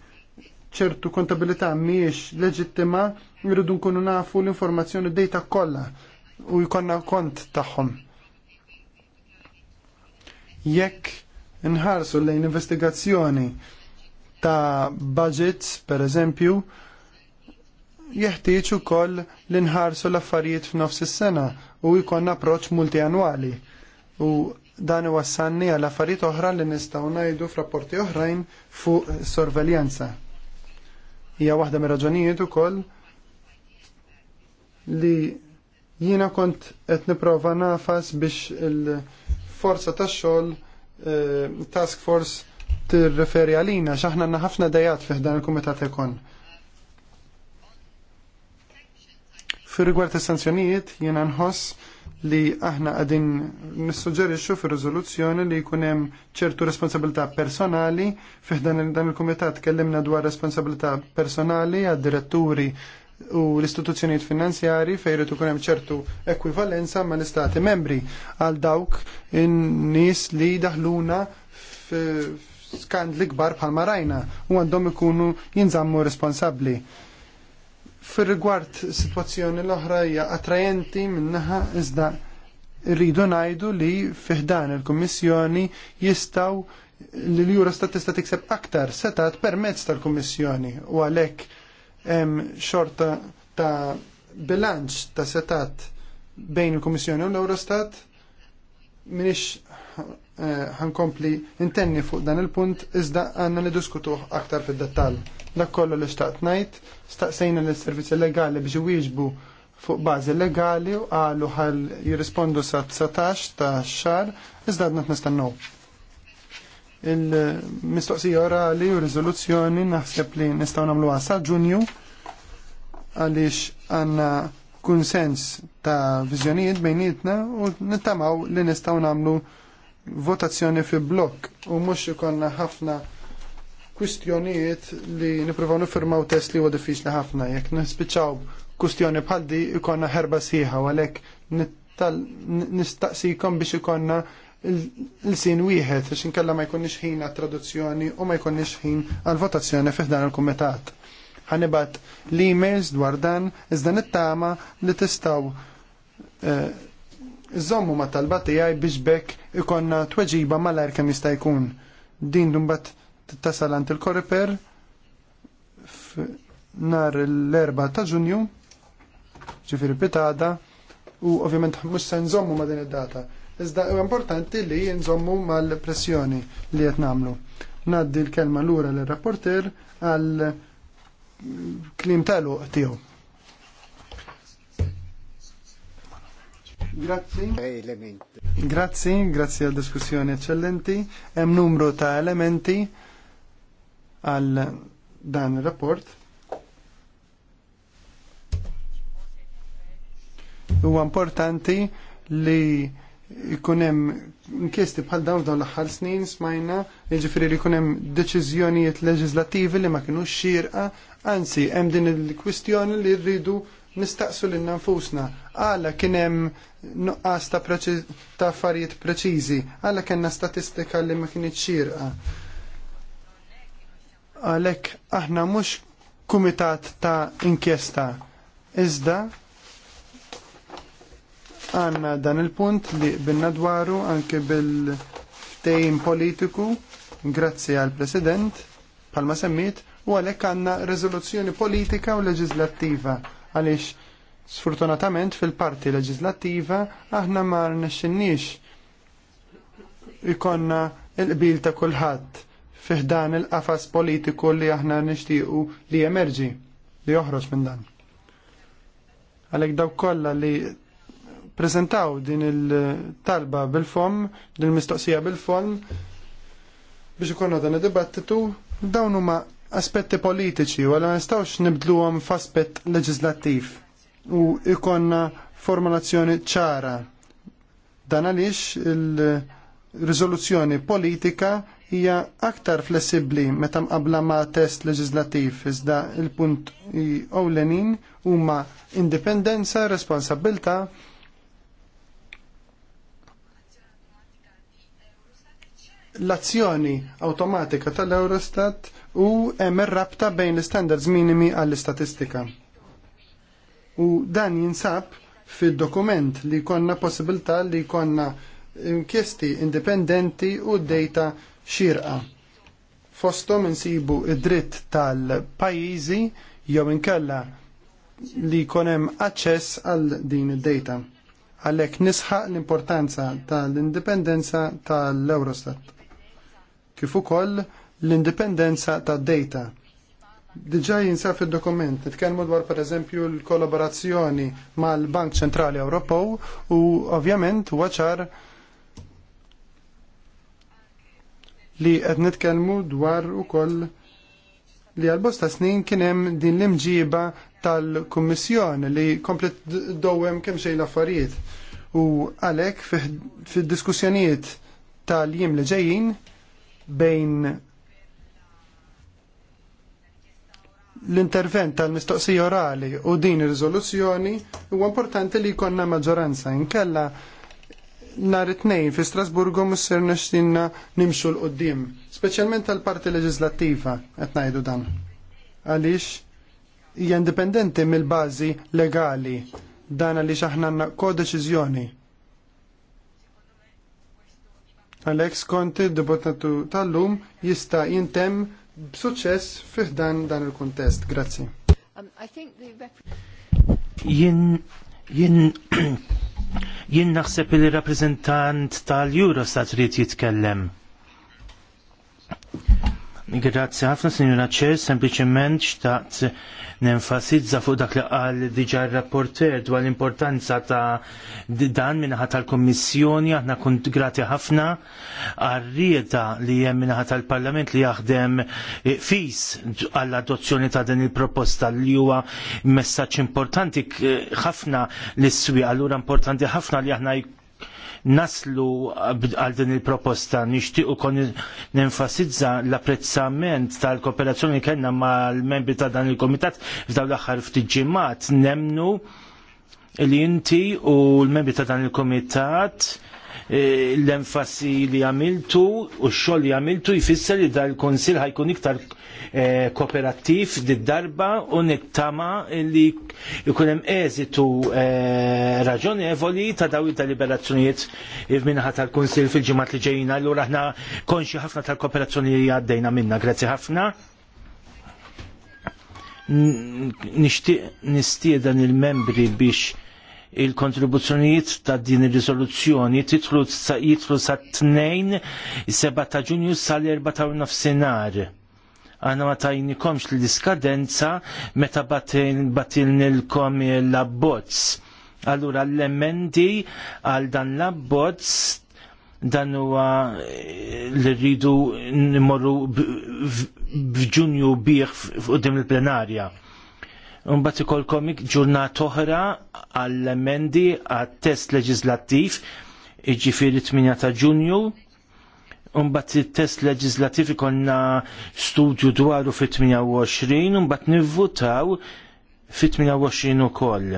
ċertu kontabilità mhijiex leġittima, jridu nkunu nafu l-informazzjoni dejta kollha u jkollna kont tagħhom. Jekk inħarsu lejn investigazzjoni ta' budgets, per eżempju, jeħtieġ ukoll li nħarsu l-affarijiet f'nofs is-sena u jkun approċċ multianwali. U dan wassanni għal affarijiet oħra li nistgħu ngħidu f'rapporti oħrajn fuq sorveljanza. Hija waħda mir-raġunijiet ukoll li jiena kont qed nipprova nafas biex il-forza tax-xogħol eh, task force tirreferi għalina x'aħna għandna ħafna dejat fih dan il-kumitat ikon. Fir rigward is-sanzjonijiet jiena nħoss li aħna nissuġġeri nissuġġerixxu fir-riżoluzzjoni li jkun hemm ċertu responsabilità personali fih dan il-kumitat kellimna dwar responsabilità personali għad-diretturi u l-istituzzjonijiet finanzjari fejn irid ikun hemm ċertu ekwivalenza mal istati membri għal dawk in-nies li daħluna skandli kbar bħal marajna u għandhom ikunu jinżammu responsabbli. Fir rigward situazzjoni l-oħra hija attrajenti minnaħa iżda rridu ngħidu li fiħdan il-Kummissjoni jistgħu li l-Eurostat tista' tikseb aktar setat permezz tal-Kummissjoni u għalhekk hemm xorta ta' bilanċ ta' setat bejn il-Kummissjoni u l-Eurostat minix ħankompli intenni fuq dan il-punt iżda għanna nidiskutuh aktar fid-dettall. Dak kollu li xtaqt ngħid, staqsejna l-servizzi legali biex jwieġbu fuq bażi legali u qalu ħal jirrispondu sa 19 ta' xar iżda għadna nistennew. Il-mistoqsija orali u riżoluzzjoni naħseb li nistgħu nagħmlu għasa Ġunju għaliex għandna kunsens ta' viżjonijiet bejnietna u nittamaw li nistgħu nagħmlu votazzjoni fi blokk u mhux ikonna ħafna kwistjonijiet li nippruvaw nifirmaw test li huwa diffiċli ħafna. Jekk nispiċċaw kwistjoni bħal di ikonna herba sħiħa u għalhekk nistaqsikom biex ikonna l-sin wieħed biex inkella ma jkunniex ħin għat traduzzjoni u ma jkunniex ħin għal votazzjoni fi dan il-kumitat. Ħanibat l-emails dwar dan iżda nittama li tistgħu eh, Iżommu ma talba tiegħi biex bekk ikonna tweġiba malajr kemm jista' jkun. Din dumbat tasal tasalant il-koriper nar l-4 ta' ġunju, ġifiri pitada, u ovvjament mux se nżommu ma' din id-data. Iżda u importanti li nżommu mal-pressjoni li qed nagħmlu. Naddi l-kelma lura l-rapporter għal klim tal-luq tiegħu. Grazzi. Grazzi, grazzi għal diskussjoni eccellenti. Hemm numru ta' elementi għal dan ir-rapport. Huwa importanti li ikunem inkjesti bħal dawn dawn l-aħħar snin smajna jiġifieri li jkun hemm deċiżjonijiet li ma kinux xirqa, anzi hemm din il-kwistjoni li rridu nistaqsu lil nfusna għala kien hemm nuqqas ta' affarijiet preċiżi, għala kellna statistika li ma kienet xirqa. Għalhekk aħna mhux kumitat ta' inkjesta iżda għanna dan il-punt li binna dwaru anke bil-ftejn politiku grazzi għal president palma semmit u għalek għanna rezoluzzjoni politika u leġislattiva għaliex sfortunatament fil-parti leġislattiva aħna ma nixxinniex ikonna il-qbil ta' kulħadd fiħdan il-qafas politiku li aħna nixtiequ li emerġi li joħroġ minn dan. Għalhekk dawk kollha li prezentaw din il-talba bil-fom, din il-mistoqsija bil-fom biex ikonna dan id-dibattitu dawn huma aspetti politiċi u għala nistawx nibdluhom f'aspett leġislattiv u ikonna formulazzjoni ċara. Dan għaliex il-riżoluzzjoni politika hija aktar flessibbli meta mqabbla ma' test leġislattiv iżda il-punt ewlenin huma indipendenza, responsabilta l-azzjoni awtomatika tal-Eurostat u hemm ir-rabta bejn l istandards minimi għall-istatistika. U dan jinsab fil-dokument li konna possibilità li konna inkjesti indipendenti u d-data xirqa. Fostom insibu id-dritt tal-pajizi jew inkella li konem aċċess għal din id-data. Għalek nisħaq l-importanza tal-indipendenza tal-Eurostat. Kif ukoll koll l-indipendenza ta' data. Diġa jinsaf il-dokument, nitkellmu dwar per eżempju l-kollaborazzjoni mal-Bank Ċentrali Ewropew u ovvjament waċar li qed nitkellmu dwar ukoll li għal-bosta snin kien hemm din l-imġiba tal-Kummissjoni li komplet dowem kemm xejn l-affarijiet. U għalek fid-diskussjonijiet tal-jiem li ġejjin bejn l-intervent tal-mistoqsija orali u din ir-riżoluzzjoni huwa importanti li jkollna maġġoranza inkella nhar it-tnejn fi Strasburgu misser nextinna nimxu l qudiem speċjalment tal-parti leġislattiva qed ngħidu dan. Għaliex hija indipendenti mill-bażi legali dan għaliex aħna għandna kodeċiżjoni. Alex Conte, deputatu tal-lum, jista' jintem b'suċċess fih dan dan il-kuntest. Grazzi. Um, jien jien jien naħseb il rappreżentant tal-Eurostat rrid jitkellem. Grazzi ħafna, Sinjura Ċer, sempliciment xtaqt nenfasizza fuq dak li qal diġà r-rapporter dwar l-importanza ta' dan minnaħat tal-Kommissjoni, aħna kunt grati ħafna għarrieta li hemm minnaħat tal-Parlament li jaħdem fis għall-adozzjoni ta' din il-proposta li huwa messaġġ importanti ħafna l-iswi, allura importanti ħafna li aħna naslu għal din il-proposta nixtieq ukoll nenfasizza l-apprezzament tal-kooperazzjoni li kellna mal-membri ta' dan il-komitat f'dawn l-aħħar ftit ġimgħat nemnu li inti u l-membri ta' dan il-komitat e, l-enfasi li għamiltu u x-xogħol li għamiltu jfisser li dal-Konsil ħajkun iktar Eh, kooperattiv darba u nittama li jkun hemm eżitu eh, raġonevoli ta' daw il liberazzjonijiet minnaħa tal-Kunsil fil ġimat li ġejjin allura aħna konxi ħafna tal-kooperazzjoni li għaddejna minna. Grazzi ħafna nistiedan il-membri biex il-kontribuzzjonijiet ta' din ir-riżoluzzjoni titlu sa' jitlu sa' 2 7 ta' ġunju sal-4 ta' nofsinhar għana ma tajnikomx l-diskadenza meta batilnilkom l-abbozz. Allura l-emendi għal dan l-abbozz dan huwa eh, li rridu nimorru b'ġunju bih f'qudiem il-plenarja. Unbat ikolkom ġurnat oħra għall-emendi għat-test leġislattiv iġifiri 8 ta' ġunju Unbat il-test leġizlativ konna studju dwaru fit-28, unbat nivvutaw fit-28 u koll.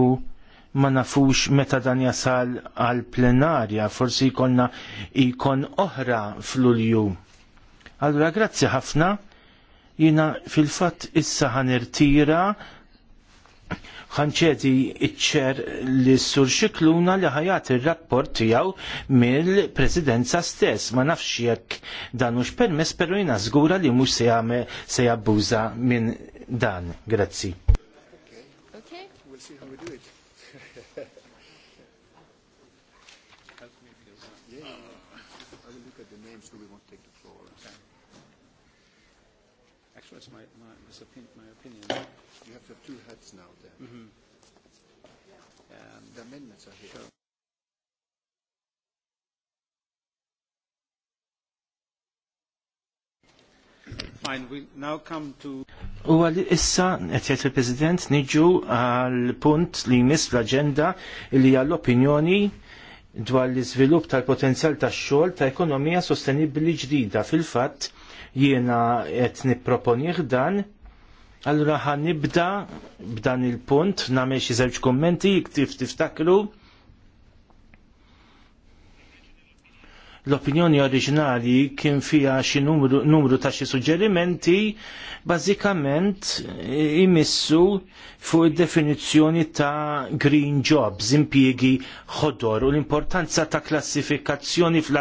U ma nafux meta dan jasal għal plenarja, forsi konna ikon oħra fl-ulju. Allora, grazzi ħafna, jina fil-fat issa ħanirtira ħanċedi iċċer li sur xikluna li ħajat il-rapport tijaw mill-presidenza stess. Ma nafx jekk dan mux permess, pero jina zgura li mux se jabbuża minn dan. Grazzi. U għal issa, għetjet il-President, niġu għal punt li jmiss l-agenda li għall opinjoni dwar l-izvilup tal-potenzjal tax xogħol ta' ekonomija sostenibbli ġdida. Fil-fatt jiena qed nipproponih dan. Allura ħan nibda b'dan il-punt nagħmel xi kommenti, jiktif kif tiftakru L-opinjoni oriġinali kien fija xi numru, numru ta' xi suġġerimenti bażikament imissu fuq id-definizzjoni ta' green jobs, impjiegi ħodor u l-importanza ta' klassifikazzjoni fl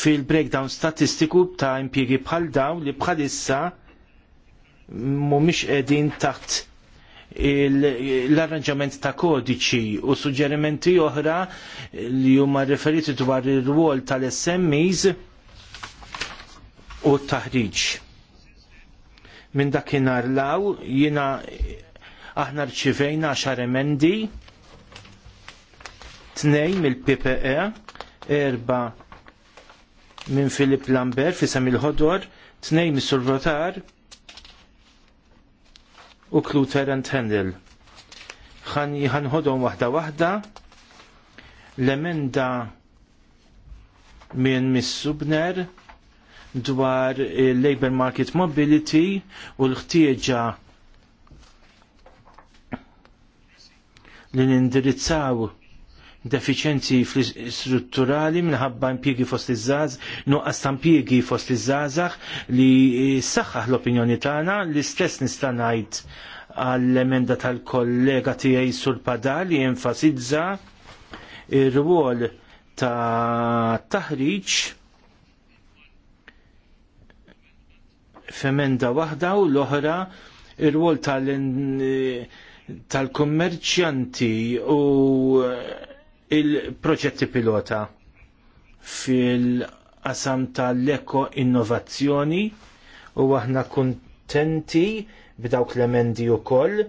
fil-breakdown statistiku ta' impjiegi bħal dawn li bħalissa mhumiex qegħdin taħt l-arranġament ta' kodiċi u suġġerimenti oħra li huma riferiti dwar ir-rwol tal-SMEs u t-taħriġ. Minn dakinhar law jiena aħna rċivejna għaxar emendi tnejn mill-PPE, erba minn Filip Lambert fi il ħodor, tnejn mis-Survotar, u Kluter and Handel. Xan jħanħodhom waħda waħda l-emenda minn Miss Subner dwar il-Labor Market Mobility u l-ħtieġa li nindirizzaw deficienzi strutturali minħabba impiegi fost iż-żaż, nuqqas ta' impjiegi fost iż-żażax li saħħaħ l-opinjoni tagħna l-istess nista' ngħid għall-emenda tal-kollega tiegħi sur Padal li enfasizza ir-rwol ta' taħriġ f'emenda waħda u l-oħra ir-rwol tal eh, tal u il-proġetti pilota fil-qasam tal-eko innovazzjoni u aħna kontenti b'dawk l-emendi u koll.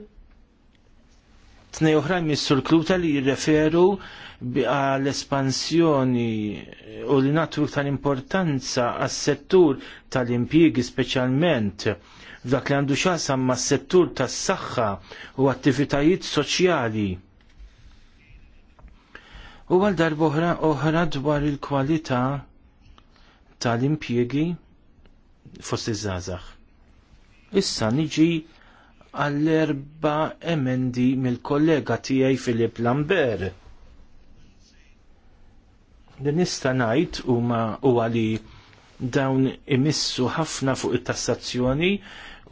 Tnej uħrajn missur kluta li jirreferu għal-espansjoni u li natur tal-importanza għas-settur tal-impjiegi speċjalment f'dak li għandu xasam ma' settur tas-saħħa u attivitajiet soċjali U għal darboħra oħra dwar il-kwalità tal-impjegi fost iż-żazax. Issa niġi għall-erba emendi mill-kollega tiegħi Filip Lambert. Din nista' ngħid huma huwa li dawn imissu ħafna fuq it-tassazzjoni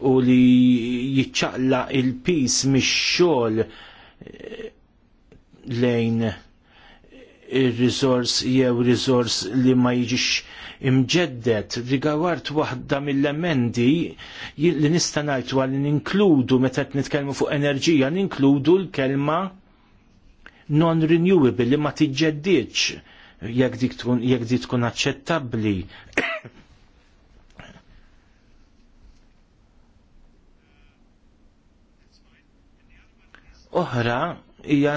u li jiċċaqla il-pis mix-xogħol eh, lejn il-rizors jew rizors li ma jiġix imġeddet. Rigawart waħda mill-emendi li nista' ngħidu għal ninkludu meta qed nitkellmu fuq enerġija ninkludu l-kelma non-renewable li ma tiġġeddiċ jekk dik tkun jekk dik tkun aċċettabbli. Oħra hija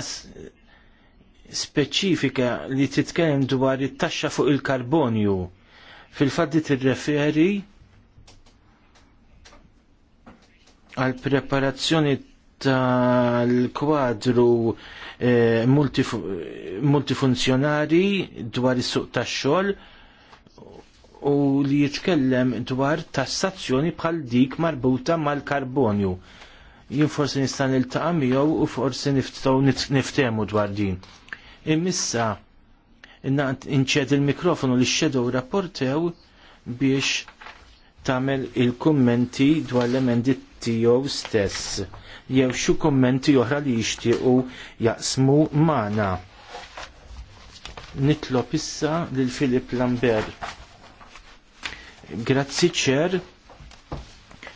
speċifika li titkellem dwar it-taxxa fuq il-karbonju fil-faddi tirreferi għal preparazzjoni tal-kwadru eh, multifunzjonari dwar is-suq tax-xogħol u li jitkellem dwar tassazzjoni bħal dik marbuta mal-karbonju. Jien forsi nista' niltaqa' miegħu u forsi niftgħu niftehmu dwar din inna inċed il-mikrofonu li xedow rapportew biex tamel il-kommenti dwar l-emendi tijow stess jew xi kommenti oħra li jixtiequ jaqsmu Mana. Nitlob issa lil Filip Lambert. Grazzi ċer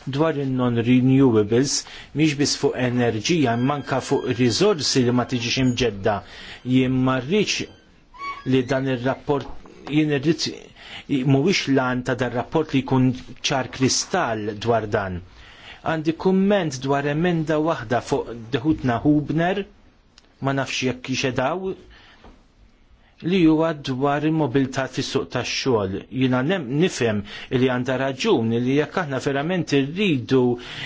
dwar il-non renewables miex bis fuq enerġija manka fuq risorsi li ma tiġix imġedda jien rriċ li dan il-rapport jien rriċ mhuwiex lan ta' dan rapport li jkun ċar kristall dwar dan. Għandi kumment dwar emenda waħda fuq deħutna Hubner ma nafx jekk jixedaw li huwa dwar il-mobilità fis-suq tax-xogħol. Jiena nifhem li għandha raġun li jekk aħna verament irridu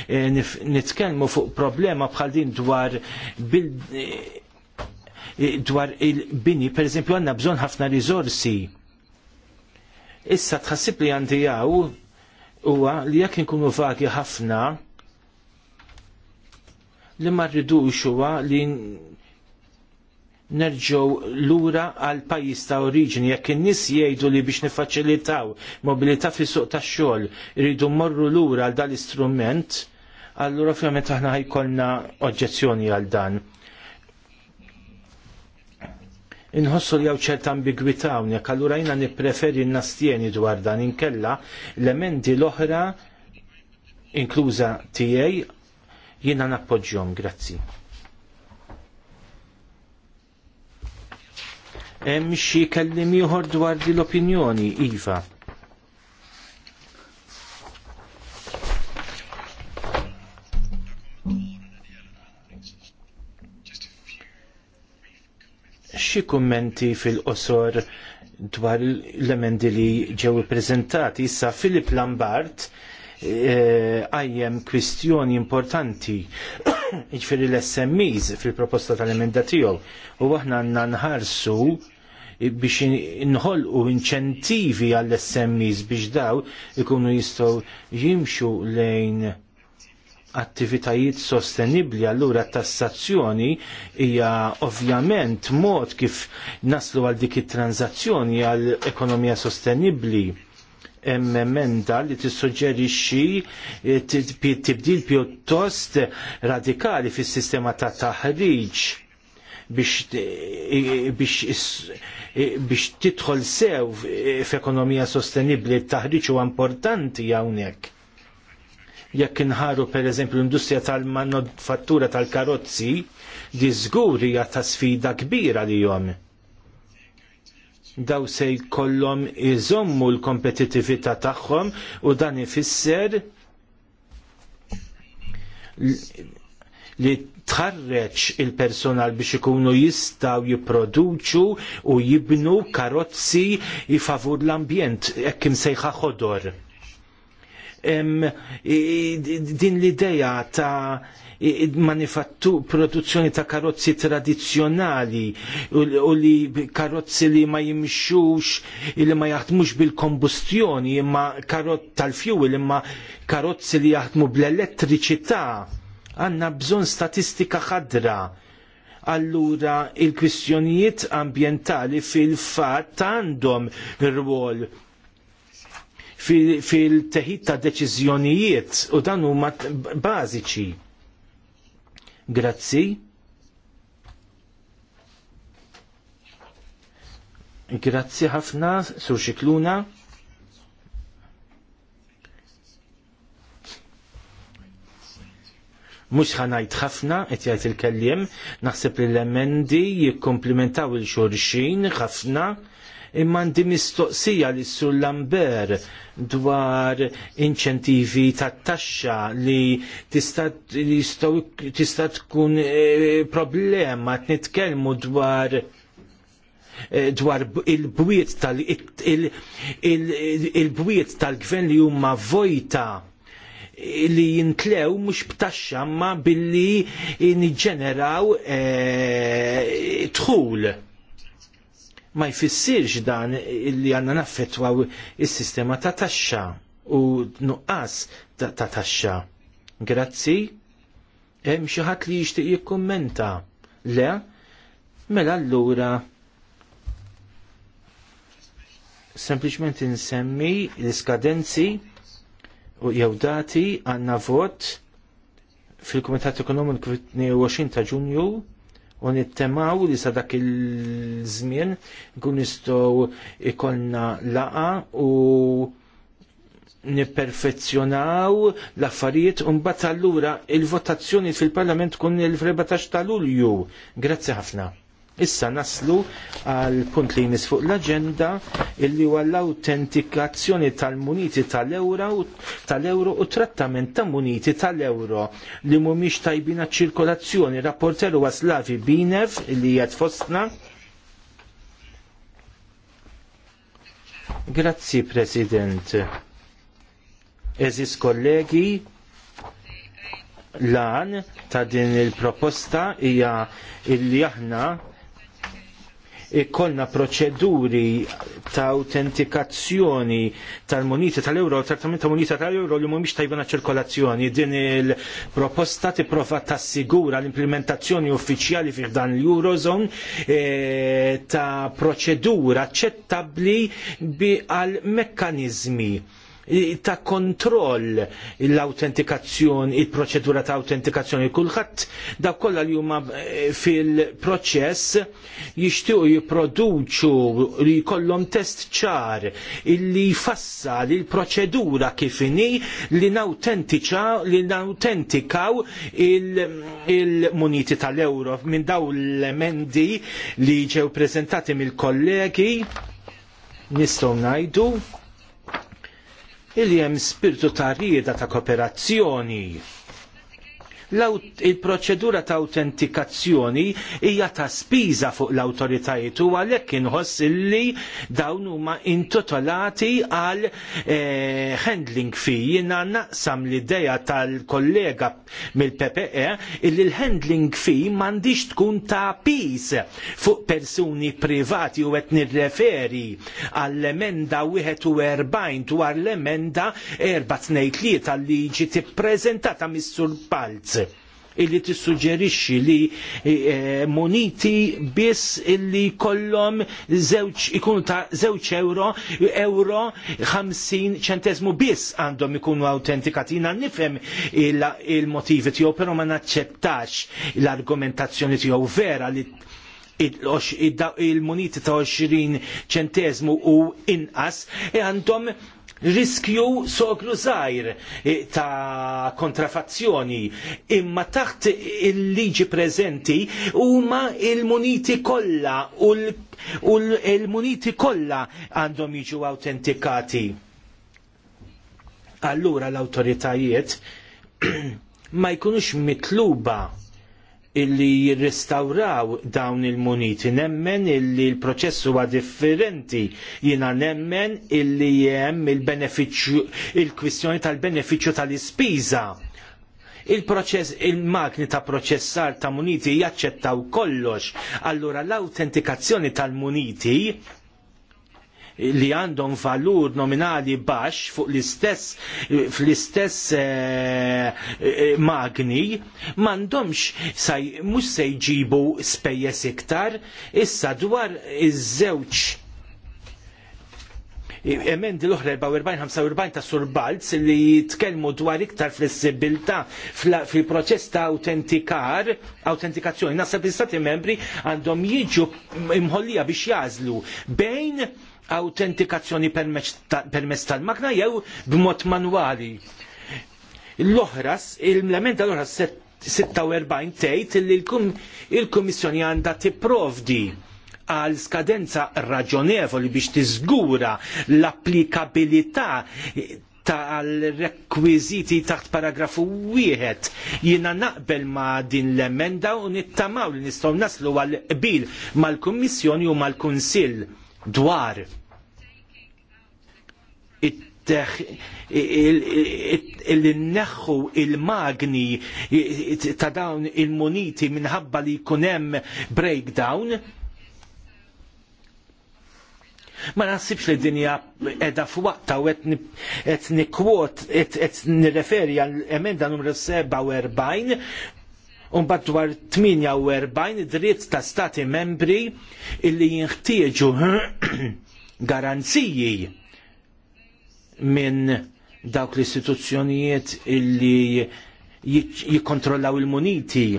eh, nitkellmu fuq problema bħal din dwar bil eh, dwar il-bini, per eżempju, għanna bżon ħafna riżorsi. Issa tħassib li għandi għaw huwa li jekk nkunu vagi ħafna li ma rridux huwa li nerġgħu lura għal pajjiż ta' oriġini jekk in-nies jgħidu li biex nifaċilitaw mobilità fis-suq tax-xogħol iridu mmorru lura għal dan l-istrument, allura ovvjament aħna ħajkolna oġġezzjoni għal dan inħossu li għaw ċert ambigwita unek, allura jina nipreferi n nastjeni dwar dan inkella l-emendi l-oħra inkluza tijaj jina nappoġġjom, grazzi. hemm xi kellim ieħor dwar di l-opinjoni, Iva. Xi kummenti fil-qosor dwar l-emendi li ġew ippreżentati issa Filip Lambart eh, għajjem e, kwistjoni importanti iġfiri l-SMEs fil-proposta tal-emenda tiegħu u aħna għandna nħarsu biex inħol u inċentivi għall-SMEs biex daw ikunu jistaw jimxu lejn attivitajiet sostenibli allura tassazzjoni hija ovvjament mod kif naslu għal dik it-tranzazzjoni għal ekonomija sostenibli emmenda li tissuġġerixxi tibdil pjuttost radikali fis-sistema ta' taħriġ biex biex E, biex tidħol sew e, f'ekonomija sostenibbli t-taħriġ huwa importanti hawnhekk. Jekk inħaru pereżempju l-industrija tal-manufattura tal-karozzi, di żgur hija ta' sfida kbira li jom. Daw se jkollhom iżommu l-kompetittività tagħhom u dan ifisser li tħarreġ il-personal biex ikunu jistaw jipproduċu u jibnu karozzi jifavur l-ambjent, ekkim sejħa ħodor. Din l-ideja ta' manifattu produzzjoni ta' karozzi tradizjonali u li karozzi li ma jimxux, li ma jaħdmux bil-kombustjoni, imma karozzi tal-fjuwil, imma karozzi li jaħdmu bl-elettriċità Għanna bżon statistika ħadra. Allura il-kwistjonijiet ambientali fil-fat għandhom rwol fil-teħid ta' deċiżjonijiet u dan huma bażiċi. Grazzi. Grazzi ħafna, Sur Xikluna. mux ħanajt ħafna, et jgħajt il-kellim, naħseb li l-emendi jikkomplimentaw il-xorxin ħafna, imma di mistoqsija li sur Lambert dwar inċentivi ta' taxxa li tista' tkun e, problema t-nitkelmu dwar e, dwar il-bwiet tal-gvern li huma vojta li jintlew mhux b'taxxa ma billi niġġeneraw eh, dħul. Ma jfissirx dan li għandna naffettwaw is-sistema ta' taxxa u nuqqas ta' taxxa. Grazzi. Hemm xi ħadd li jixtieq jikkummenta. Le, mela allura sempliċement insemmi l-iskadenzi u jew dati għandna vot fil-Kumitat Ekonomiku 22 ta' Ġunju u nittemaw li sa dak il-żmien nkun nistgħu ikollna laqa u nipperfezzjonaw l-affarijiet u mbagħad allura il-votazzjoni fil-Parlament tkun il-14 ta' Lulju. Grazzi ħafna. Issa naslu għal punt li jmiss fuq l-agenda illi huwa l-autentikazzjoni tal-muniti tal-euro tal u trattament ta' muniti tal-euro li mhumiex tajbin ċirkolazzjoni rapporter huwa Binev illi jgħat fostna. Grazzi President. Eżis kollegi, lan ta' din il-proposta hija illi aħna ikollna proċeduri ta' autentikazzjoni tal-monita tal-euro, trattament ta' monita tal-euro li mhumiex tajbuna ċirkolazzjoni. Din il-proposta tipprova tassigura l-implementazzjoni uffiċjali fih dan l-Eurozone e, ta' proċedura aċċettabbli għal mekkaniżmi ta' kontroll l-autentikazzjoni, il-proċedura ta' autentikazzjoni kulħadd da' kollha li huma eh, fil-proċess jixtiequ jipproduċu li jkollhom test ċar illi jfassa li l-proċedura kif inhi li nautentiċa li nautentikaw il-muniti il tal-euro minn daw l-emendi li ġew prezentati mill-kollegi nistgħu ngħidu il-jem spiritu ta' rieda ta' kooperazzjoni il-proċedura ta' autentikazzjoni hija ta' spiża fuq l-awtoritajiet u għalhekk inħoss illi dawn huma intutolati għal eh, handling fee. Jiena naqsam l-idea tal-kollega mill-PPE illi l-handling fee m'għandix tkun ta' pis fuq persuni privati u qed nirreferi għall-emenda 41 dwar l-emenda 423 tal-liġi tippreżentata mis-sur Palz illi tissuġġerixxi li eh, eh, moniti biss illi kollhom żewġ ikunu ta' żewġ euro, euro 50 ċentesmu biss għandhom ikunu autentikati. Jina nifhem il-motivi tiegħu, però ma naċċettax l-argumentazzjoni tiegħu vera li il-moniti ta' 20 ċentesmu u inqas e għandhom riskju soklu żgħir eh, ta' kontrafazzjoni imma taħt il-liġi preżenti huma il-muniti kollha u l-muniti kollha għandhom jiġu autentikati. Allura l-awtoritajiet ma jkunux mitluba illi jirrestawraw dawn il-muniti. Nemmen illi l-proċess huwa differenti. Jina nemmen illi jem il-beneficju, il-kwistjoni tal-beneficju tal-ispiża. Il-proċess, il-makni ta' proċessar ta' muniti jaċċettaw kollox. Allura l-autentikazzjoni tal-muniti li għandhom valur nominali baxx fuq l-istess fl-istess eh, eh, magni m'għandhomx saj mhux se jġibu spejjeż iktar issa dwar iż-żewġ emendi l-oħra 44-45 ta' Surbalz li jitkellmu dwar iktar flessibilità fil-proċess ta' autentikar, autentikazzjoni. Nasab l-istati membri għandhom jiġu imħollija biex jazlu bejn autentikazzjoni permess tal-makna jew b'mod manwali. L-oħras, il lamenta l oħras 46 tgħid li l-Kummissjoni għandha tipprovdi għal skadenza raġonevoli biex tiżgura l-applikabilità tal-rekwiziti taħt paragrafu wieħed jina naqbel ma' din l-emenda u nittamaw li nistgħu naslu għal qbil mal-Kummissjoni u mal-Kunsill dwar teħ il neħħu il-magni ta' dawn il-muniti minħabba li kunem breakdown. Ma nasibx li dinja edha f'waqta u qed nikkwot qed nirreferi għal emenda numru 47 Unbat dwar 48 dritt ta' stati membri illi jinħtieġu garanziji minn dawk l-istituzzjonijiet illi jikkontrollaw il-muniti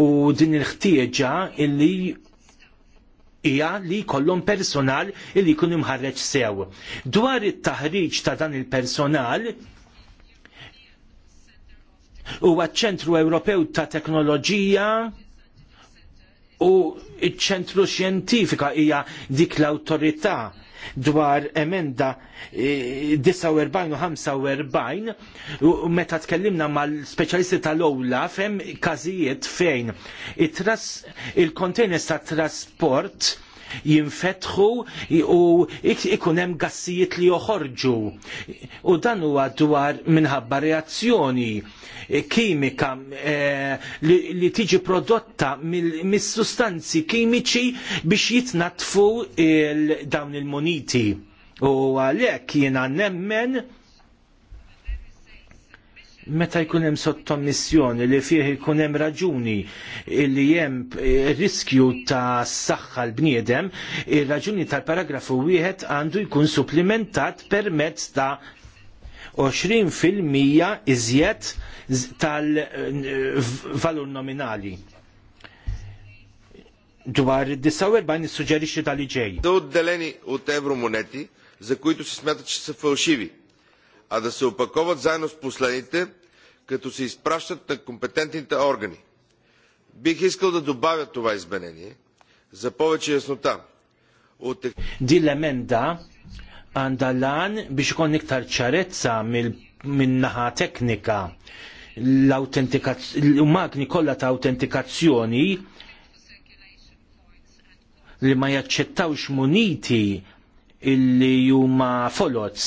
u din il-ħtieġa illi hija li kollum personal illi jkun imħarreġ sew. Dwar it-taħriġ ta' dan il-personal huwa ċ-Ċentru Ewropew ta' Teknoloġija u ċ-Ċentru Xjentifika hija dik l-awtorità dwar emenda 49 e, u 45 u meta tkellimna mal-speċjalisti tal-owla fem każijiet fejn il-containers tat trasport jinfetħu u ikun hemm gassijiet li joħorġu. U dan huwa dwar minħabba reazzjoni kimika eh, li, tiġi prodotta mis-sustanzi kimiċi biex jitnatfu dawn il-moniti. U għalhekk jiena nemmen meta jkun hemm sottomissjoni li fih ikun hemm raġuni li hemm eh, riskju ta' saħħa l-bniedem, ir-raġuni tal-paragrafu wieħed għandu jkun supplimentat permezz ta' 20% iżjed tal-valur nominali. Dwar id-49 suġġerixxi tal-iġej. Dawd deleni u tevru moneti, za които се смятат, че а да се опаковат заедно с последните, като се изпращат на компетентните органи. Бих искал да добавя това изменение за повече яснота. От... Дилеменда għandalan biex ikon iktar ċarezza minnaħa teknika l-magni kollha ta' autentikazzjoni li ma jaċċettawx muniti illi juma folots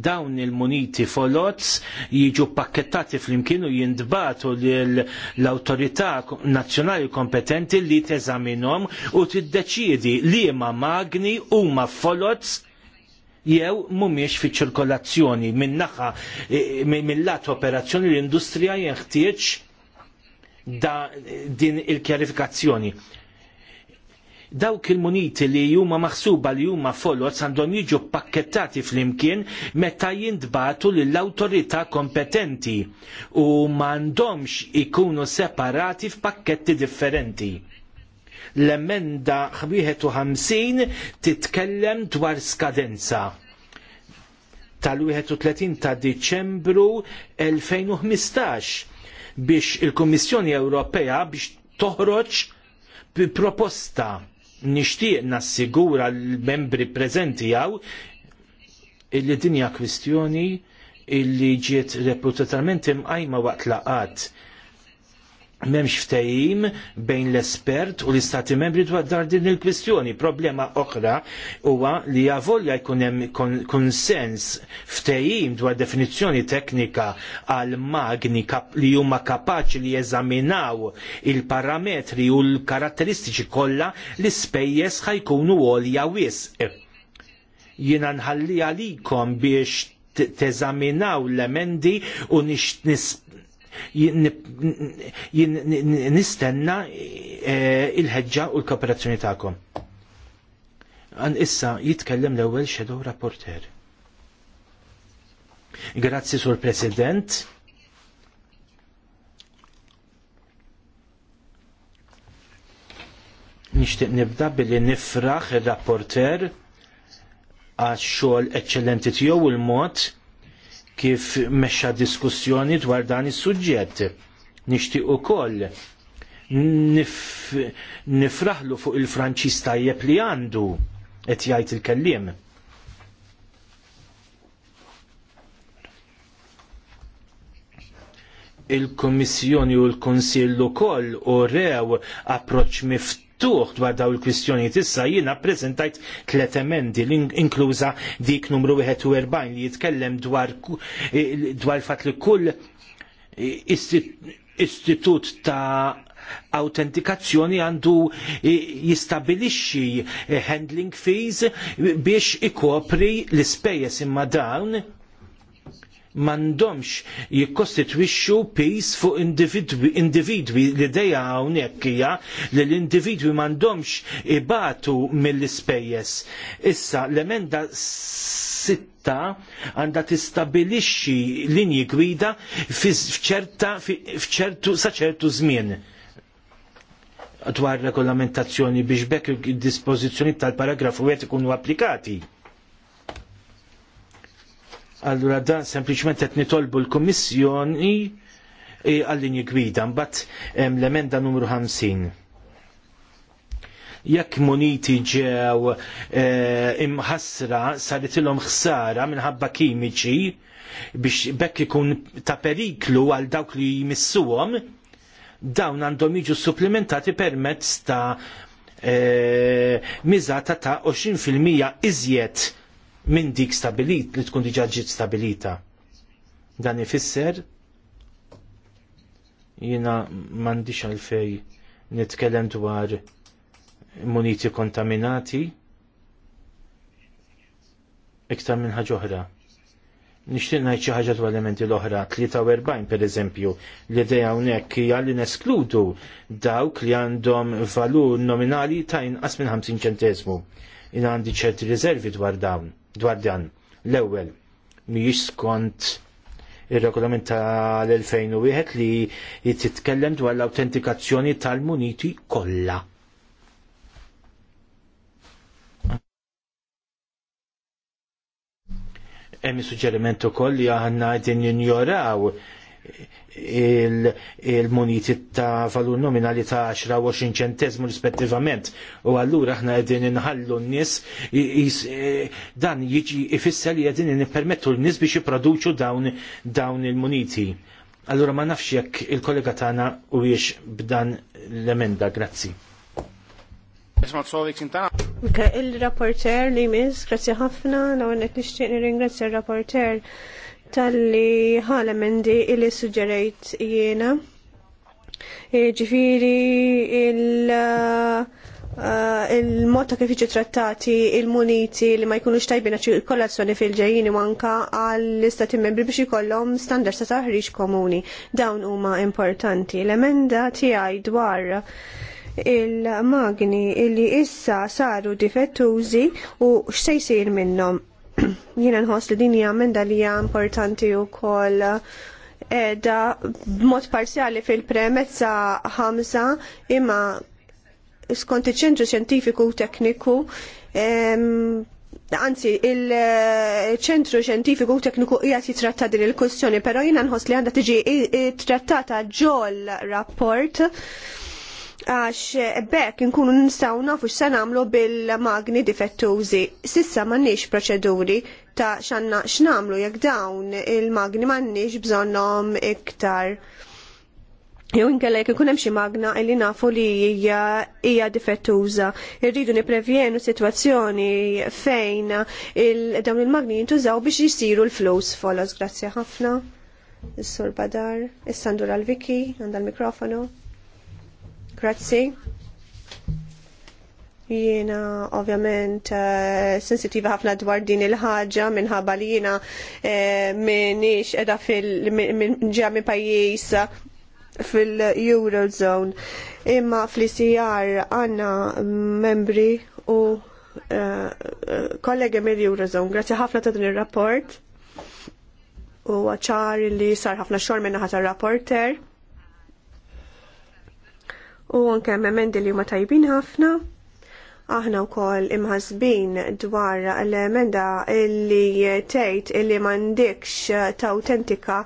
dawn il-muniti folots jiġu pakkettati fl-imkien u jindbatu l-autorità nazzjonali kompetenti li teżaminom u tiddeċiedi li ma magni u ma folots jew mumiex fi ċirkolazzjoni minnaħa naħa e, lat operazzjoni l-industrija jeħtieġ din il-kjarifikazzjoni dawk il-muniti li huma maħsuba li huma folot għandhom jiġu pakkettati flimkien meta jintbatu lill awtorità kompetenti u m'għandhomx ikunu separati f'pakketti differenti. L-emenda 51 titkellem dwar skadenza tal-31 ta' Diċembru 2015 biex il-Kummissjoni Ewropea biex toħroġ proposta nixtieq nassigura l-membri prezenti għaw illi dinja kwistjoni illi ġiet reputatament imqajma waqt laqat memx ftajim bejn l-espert u l-istati membri dwar din il-kwistjoni. Problema oħra huwa li javolja jkun hemm konsens ftajim dwar definizzjoni teknika għal magni li huma kapaċi li jeżaminaw il-parametri u l-karatteristiċi kollha li spejjeż ħajkunu għolja wisq. Jiena nħalli għalikom biex teżaminaw l-emendi u nistenna e, il-ħeġġa u l-kooperazzjoni ta'kom. Għan issa jitkellem l-ewwel Shadow Rapporter. Grazzi sur President. Nixtieq nibda billi nifraħ il rapporter għax xogħol eċċellenti tiegħu il-mod kif mexxa diskussjoni dwar dan is-suġġett. Nixtieq ukoll nifraħlu fuq il-Franċis tajjeb li għandu qed jgħid il-kelliem. il-Komissjoni u l-Konsillu koll u rew approċ miftuħ miftuħ dwar daw il-kwistjoni issa jiena prezentajt tlet emendi inkluża dik numru 41 li jitkellem dwar dwar fatt li kull istitut ta' autentikazzjoni għandu jistabilixxi handling fees biex ikopri l-ispejjeż imma dawn m'għandhomx jikkostitwixxu pis fuq individwi, individwi l idea hawnhekk hija li l-individwi m'għandhomx ibatu mill-ispejjeż. Issa l-emenda sitta għandha tistabilixxi linji gwida f'ċerta f'ċertu sa ċertu żmien dwar regolamentazzjoni biex bekk id-dispożizzjoni tal-paragrafu għet ikunu applikati. Allura dan sempliċement qed nitolbu l-Kummissjoni e, għall-linji gwida, mbagħad l-emenda numru 50. Jekk muniti ġew e, imħassra saret ilhom ħsara minħabba kimiċi biex bekk ikun ta' periklu għal dawk li jmissuhom, dawn għandhom jiġu supplementati permezz ta' e, miżata ta' 20% iżjed minn dik stabilit li tkun diġa ġiet stabilita. Dan ifisser jiena m'għandix għalfej nitkellem dwar muniti kontaminati iktar minn ħaġa oħra. Nixtieq ngħid xi ħaġa dwar elementi l-oħra, 43 pereżempju, l-idea hawnhekk hija li neskludu dawk li għandhom valur nominali ta' inqas minn 50 ċentesmu. Jien għandi ċerti riservi dwar dawn dwar dan. L-ewwel mhijiex skont ir-regolament tal-2001 li jittitkellem dwar l autentikazzjoni tal-muniti kollha. Hemm suġġeriment ukoll li aħna id ninjoraw il-muniti il ta' valur nominali ta' 10-20 ċentesmu rispettivament. U allura aħna għedin inħallu n-nis, e, dan jiġi ifissa li għedin nippermettu l-nis biex jiproduċu dawn, dawn il-muniti. Allura ma nafx jekk il-kollega tagħna u jiex b'dan l-emenda, grazzi. Il-rapporter li mis, grazzi ħafna, l-għonek nishtiq nir il-rapporter tal-li ħalemendi illi suġġerajt jiena. E, ġifiri il- uh, il-mod ta' kif jiġu trattati il-muniti li ma jkunux tajbin għax kollazzjoni fil-ġejjini manka għall-istati membri biex ikollhom standards ta' taħriġ komuni. Dawn huma importanti. L-emenda tiegħi dwar il-magni li issa saru difettużi u x'se jsir minnhom Jiena nħoss li din hija emenda li hija importanti wkoll eh, edha b'mod parzjali fil-premezza ħamsa imma skont iċ-ċentru xjentifiku u tekniku Anzi, il-ċentru xjentifiku u tekniku hija jitratta din il-kwestjoni, però jiena nħoss li għandha tiġi trattata ġol rapport għax bekk nkunu nistaw nafu x'sa nagħmlu bil-magni difettużi. Sissa m'għandniex proċeduri ta' xanna x'namlu jekk dawn il-magni m'għandniex bżonnhom iktar. Jew inkella jekk ikun hemm xi magna li nafu li hija hija difettuża. Irridu nipprevjenu sitwazzjoni fejn il dawn il-magni jintużaw biex jisiru l-flus folos. Grazzi ħafna. Is-sur Badar, is-Sandur Alviki, għandha l-mikrofonu. Grazzi. Jiena ovvjament uh, sensitiva ħafna dwar din il-ħaġa minħabba li jiena m'iniex eh, minix edha fil minn ġa minn pajjiż fil-Eurozone. Imma fl-ICR għandna membri u uh, kollegi mill-Eurozone. Grazzi ħafna ta' din ir rapport u għacħar li sar ħafna xor minna ħata rapporter u anke emendi li huma tajbin ħafna. Aħna wkoll imħasbin dwar l-emenda li tgħid illi m'għandekx ta' autentika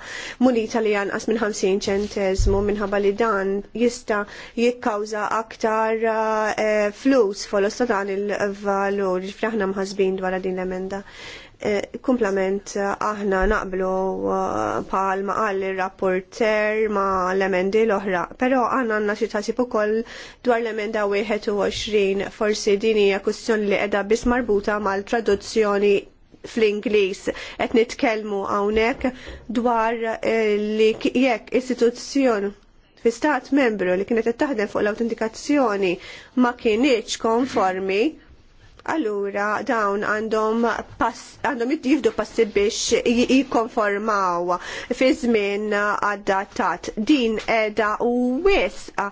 munita li janqas minn 50 ċentezmu minħabba li dan jista' jikkawża aktar eh, flus folos ta' dan il-valur. Ġifri aħna mħasbin dwar din l-emenda. Kumplament aħna naqblu uh, pal ma għall rapporter ma l-emendi l-oħra, pero għanna għanna xi u ukoll dwar l-emenda 21 forsi din hija li qiegħda biss marbuta mal-traduzzjoni fl-Ingliż qed nitkellmu hawnhekk dwar eh, li jekk istituzzjon fi stat membru li kienet taħdem fuq l-autentikazzjoni ma kienieċ konformi Allura dawn għandhom għandhom jifdu passi biex jikonformaw fi żmien għaddatat. Din edha u wiesa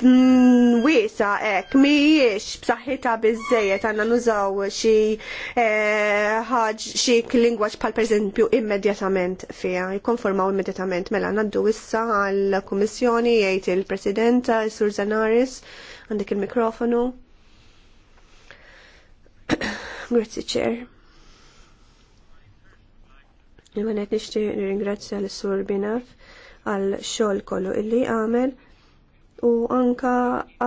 mm, wisa hekk mhijiex b'saħħitha bizzejet għandna nużaw xi eh, ħagġ xie xi pal bħal pereżempju immedjatament fiha, jikkonformaw immedjatament mela ngħaddu wissa għall-Kummissjoni jgħid il-President Sur Zanaris għandek il-mikrofonu. Grazzi ċer. Għanet nishti ringrazzja l-sur Binaf għal xol kollu illi għamel u anka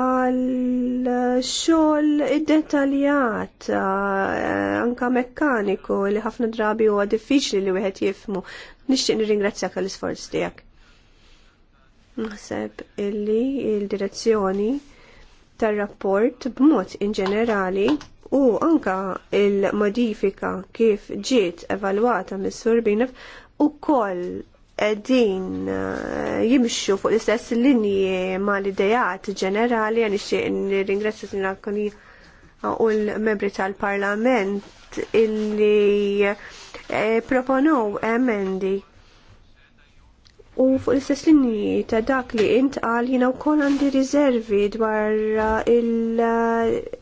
għal xol id-detaljat eh, anka mekkaniku li ħafna drabi huwa diffiċli li wieħed jifmu. Nixtieq nirringrazzjak għall isforz tiegħek. Naħseb illi il-direzzjoni tar-rapport b'mod in ġenerali u anka il-modifika kif ġiet evalwata mis-Sur Binef u koll din eh, jimxu fuq l-istess linji ma l-idejat ġenerali għan ixtieq ringrazzja sinakoni u l-membri tal-parlament illi eh, proponow emendi u fuq l-istess linji ta' dak li għal jina wkoll għandi riservi dwar eh, il-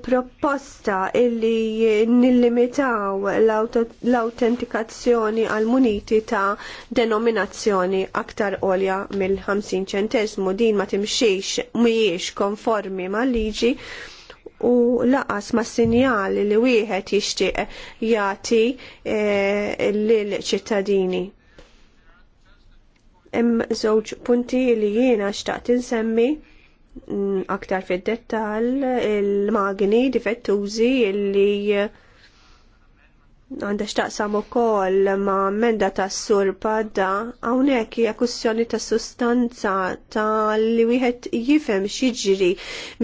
proposta illi nillimitaw l-autentikazzjoni għal muniti ta' denominazzjoni aktar olja mill-50 ċentesmu din ma timxiex mhijiex konformi ma' liġi u laqas ma' sinjali li wieħed jixtieq jati eh, lil ċittadini. Hemm żewġ punti li jiena xtaqt insemmi aktar fid dettall il-magni difettużi illi għandha xtaqsam ukoll ma' menda tas sur padda hawnhekk hija kwistjoni ta' sustanza ta' li wieħed jifhem xiġri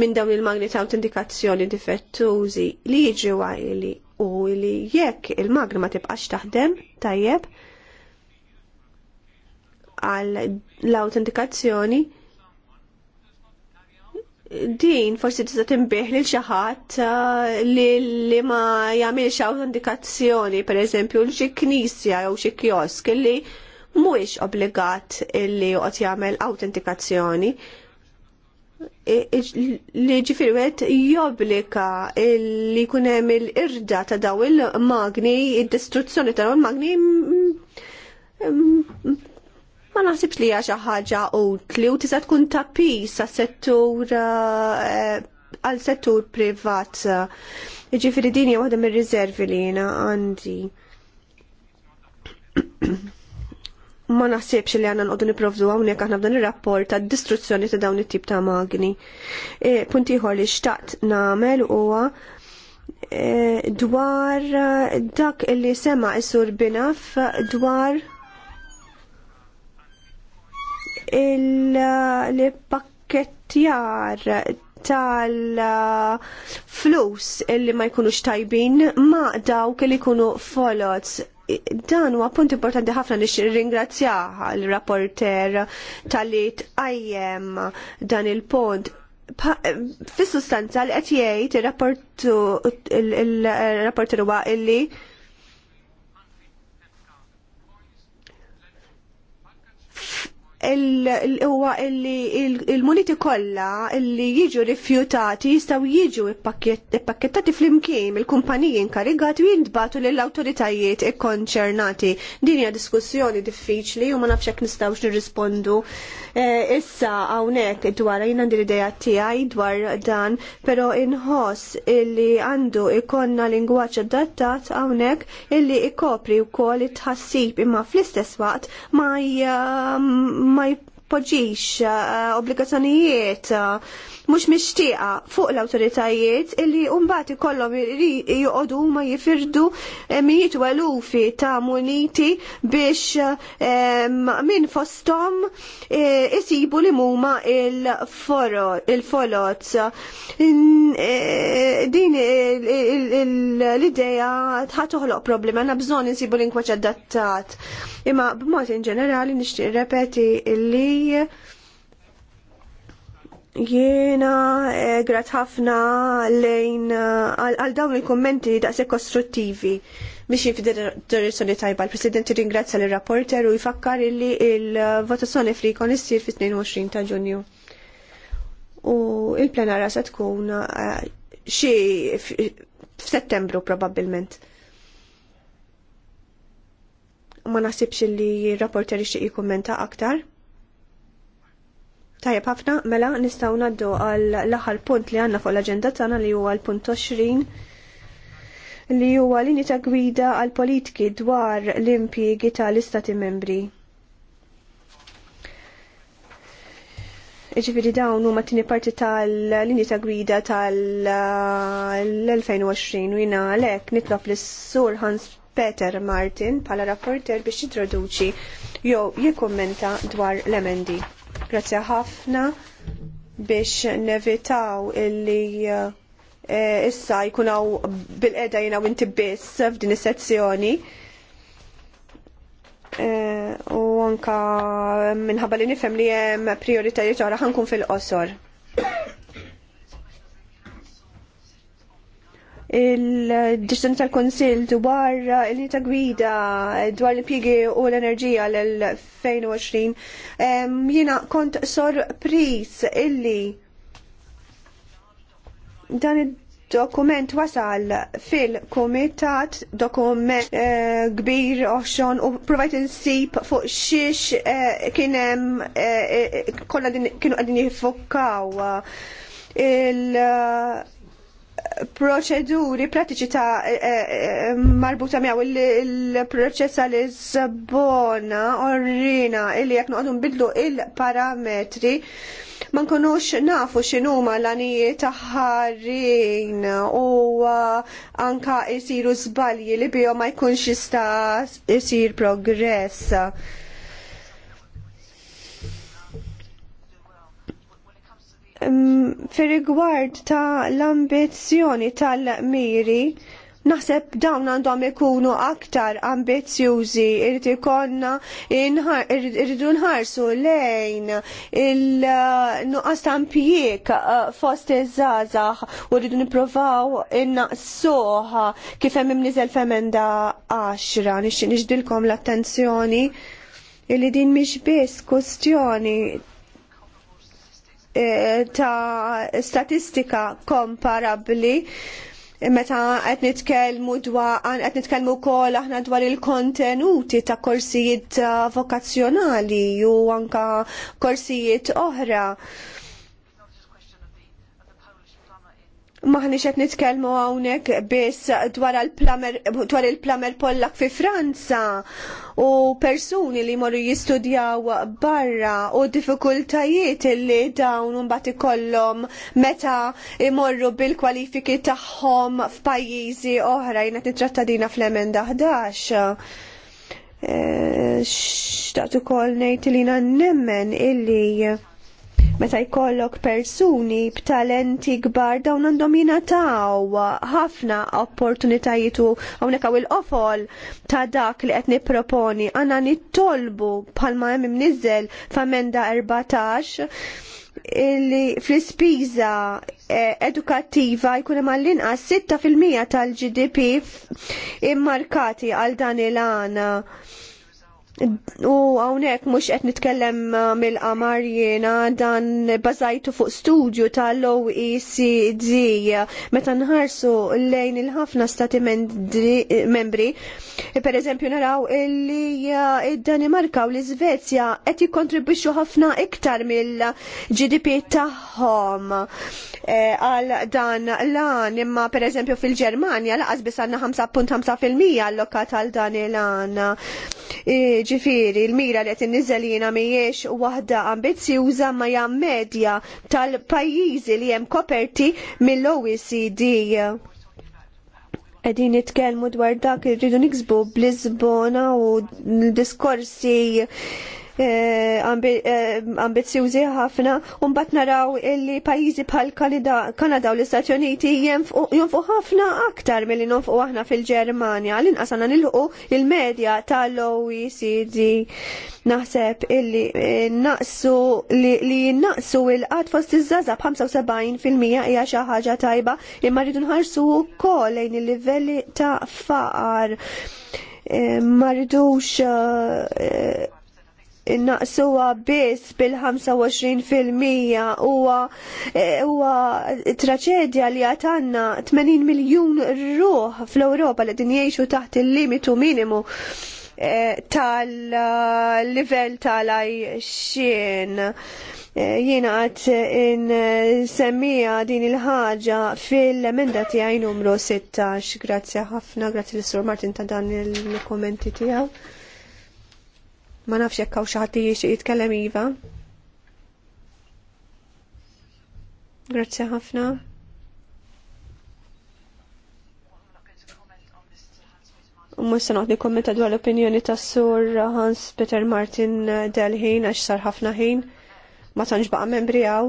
minn dawn il-magni ta' autentikazzjoni difettużi li jiġri għajli u li jekk il-magni ma tibqax taħdem tajjeb għal l-autentikazzjoni din forsi tista' tinbih lil xi ħadd uh, li ma jagħmilx awtentikazzjoni pereżempju l xi knisja jew xi kiosk li mhuwiex obbligat li joqgħod jagħmel awtentikazzjoni li ġifiri għed joblika li kunem il-irda ta' daw il-magni, il-distruzzjoni ta' daw il-magni mm, mm, ma naħsibx li hija xi ħaġa utli u tista' tkun ta' pis settur eh, għal settur privat. Ġifiri dini waħda il riservi li jena għandi. Ma naħsibx li għanna nqodu niprovdu għawnek għahna għu għu rapport għu distruzzjoni ta' dawn it-tip ta' magni. E, Puntiħor li xtaqt namel huwa eh, dwar dak li sema' is-sur binaf dwar il-pakketjar tal-flus illi ma jkunux tajbin ma dawk li kunu folots dan huwa punt importanti ħafna nix ringrazzjaha l-rapporter tal-li tqajjem dan il-punt. Fis-sustanza li qed jgħid ir-rapporter huwa illi il-muniti kollha illi jiġu rifjutati jistgħu jiġu ippakkettati flimkien il-kumpaniji inkarigati u jintbatu lill-awtoritajiet ikkonċernati. Din hija diskussjoni diffiċli u ma nafx hekk nistgħux nirrispondu eh, issa hawnhekk dwar jien għandi l-idea tiegħi dwar dan, pero inħoss illi għandu ikonna lingwaġġ adattat hawnhekk illi ikopri wkoll it-tħassib imma fl-istess waqt ma ma jpoġġix eh, obbligazzjonijiet eh, mhux mixtieqa fuq l-awtoritajiet illi mbagħad ikollhom joqogħdu huma jifirdu eh, mijiet walufi ta' muniti biex eh, min fosthom eh, isibu li muma il-folot. Din l-idea ħad toħloq problema, għandna bżonn insibu lingwaġġ adattat. Imma b'mod in ġenerali nixtieq repeti illi Jiena eh, grat ħafna lejn eh, għal dawn il-kommenti daqshekk kostruttivi biex fid-direzzjoni tajba. Il-President ringrazzja l rapporter u jfakkar li il-votazzjoni frikon issir fit-22 ta' Ġunju. U il-plenara se tkun eh, xi f'Settembru probabbilment. Ma naħsibx li rapporter ixtieq jikkummenta aktar. Tajjeb ħafna, mela nistgħu naddu għal laħal aħħar punt li għandna fuq l-aġenda tagħna li huwa l-punt 20 li huwa linji ta' gwida għal politiki dwar l-impjiegi tal-istati membri. Iġifieri dawn huma tieni parti tal-linji ta' gwida tal-2020 u jina għalhekk nitlob lis-sur Hans Peter Martin bħala rapporter biex jitroduċi jew jikkummenta dwar l-emendi. Grazie ħafna biex nevitaw illi eh, issa jkunaw bil-qeda jina winti biss f'din is-sezzjoni. Eh, u anka minħabba li nifhem li hemm prioritajiet oħra ħankun fil-qosor. il-ġestjoni tal-Konsil dwar li ta' gwida dwar l-impjegi u l-enerġija l-2020. Jina kont sorpris illi dan il-dokument wasal fil-komitat dokument eh, kbir oħxon u provajt insib fuq xiex eh, kienem eh, kolla kienu għadin jifokkaw il- proċeduri pratiċi ta' e, e, e, marbuta miegħu il-proċess għal Lisbona orrina illi jekk noqogħdu nbidlu il-parametri ma nkunux nafu x'inhuma l-għanijiet ħarin u uh, anka jsiru żbalji li bihom ma jkunx jista' jsir progress fir-rigward ta' l-ambizzjoni tal-miri naħseb dawn għandhom ikunu aktar ambizjużi irrid ikonna irridu nħarsu lejn il-nuqqas tampijek eh, fost iż-żgħażagħ u rridu nippruvaw innaqsuha kif hemm imniżel f'emenda 10 nixtieq nixdilkom l-attenzjoni illi din mhix biss kwestjoni Eh, ta' statistika komparabli meta qed nitkellmu dwar qed nitkellmu wkoll aħna dwar il-kontenuti ta' korsijiet eh, vokazzjonali u anka korsijiet oħra. maħni xed nitkelmu għawnek bis dwar il-plamer pollak fi Franza u persuni li moru jistudjaw barra u diffikultajiet li dawn mbagħad ikollhom meta imorru bil-kwalifiki tagħhom f'pajjiżi oħra jina titratta dina fl-emenda 11 eh, Xtaqtu ukoll ngħid li nemmen illi Meta jkollok persuni b'talenti kbar dawn għandhom jingħataw ħafna opportunitajiet u hawnhekk hawn il-qofol ta' dak li qed nipproponi għandna nittolbu bħalma hemm imniżżel f'amenda 14 illi fl-ispiża eh, edukattiva jkun hemm għall-inqas 6% tal-GDP immarkati għal dan il-għana. U għawnek mux qed nitkellem uh, mill-qamar jena dan bazajtu fuq studju tal-OECD meta nħarsu lejn il-ħafna stati membri. Per eżempju naraw illi uh, id-Danimarka u l-Svezja qed jikkontribwixxu ħafna iktar mill-GDP tagħhom uh, għal dan lan imma per eżempju fil-Ġermanja laqas bisanna għandna 5.5% allokat għal dan il-lan. Ġifiri, il-mira li nizzalina niżelina mhijiex waħda ambizjuza ma jam medja tal-pajjiżi li hemm koperti mill-OECD. Qegħdin nitkellmu dwar dak li rridu niksbu blizbona u l-diskorsi Eh, eh, ambizjużi ħafna u mbagħad naraw illi pajjiżi bħal Kanada u l-Istati Uniti jonfqu ħafna aktar milli nonfqu aħna fil-Ġermanja l inqasana nilħu il-medja tal-OECD naħseb illi eh, naqsu li naqsu il-qad fost iż-żaza b'75% hija xi ħaġa tajba imma rridu nħarsu wkoll lejn il-livelli ta' faqar ma rridux naqsuwa biss bil-25% huwa eh, huwa traċedja li għatanna 80 miljun ruħ fl-Ewropa li din jgħixu taħt il-limitu minimu eh, tal-livell tal xien eh, Jiena għat in semmija din il-ħaġa fil-emenda tijaj numru 16. Grazie ħafna, grazie l-Sur Martin ta' dan il-kommenti tijaw. Ma nafx jekk hawn xi ħadd jitkellem iva. Grazzi ħafna. Mux se noqgħod nikkommenta dwar l-opinjoni tas-sur Hans Peter Martin Delħin għax sar ħafna ħin ma tantx baqa' membri għaw.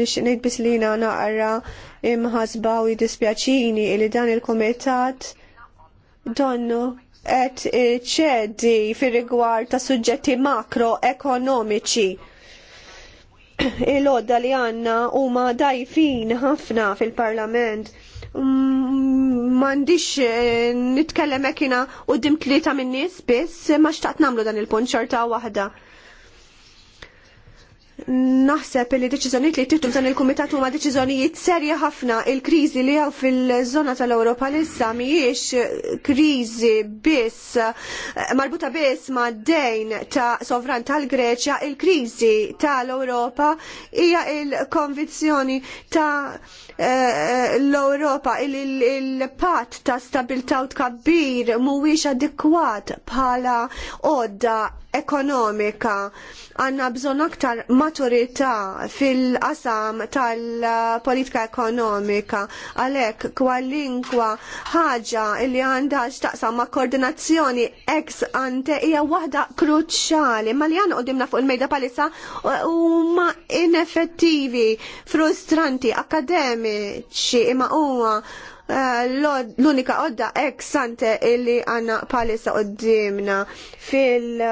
Nixtieq ngħid biss li jiena naqra imħasba u jiddispjaċini li dan il-kumitat donnu qed ċedi fir-rigward ta' suġġetti makroekonomiċi il-odda li għanna u ma dajfin ħafna fil-parlament. Mandix mm, eh, nitkellem ekina u dim tlieta minn nis biss ma xtaqt namlu dan il-punt xorta wahda naħseb li deċiżjonijiet li tittu dan il-Kumitat huma deċiżjonijiet serji ħafna il-kriżi li hawn fil-żona tal-Ewropa issa mhijiex kriżi biss eh, marbuta biss ma' dejn ta' sovran tal-Greċja, il-kriżi tal-Ewropa hija il-konvizzjoni ta' eh, l-Ewropa il-pat ta' stabilta' u tkabbir mhuwiex adekwat bħala għodda ekonomika għanna bżon aktar maturità fil-qasam tal-politika ekonomika għalek kwalinkwa ħaġa li għandha xtaqsam ma' koordinazzjoni ex ante hija waħda kruċċali ma li għanna għodimna fuq il-mejda palissa u ma ineffettivi, frustranti, akademiċi imma huwa l-unika odda ek sante illi għanna palissa qoddimna fil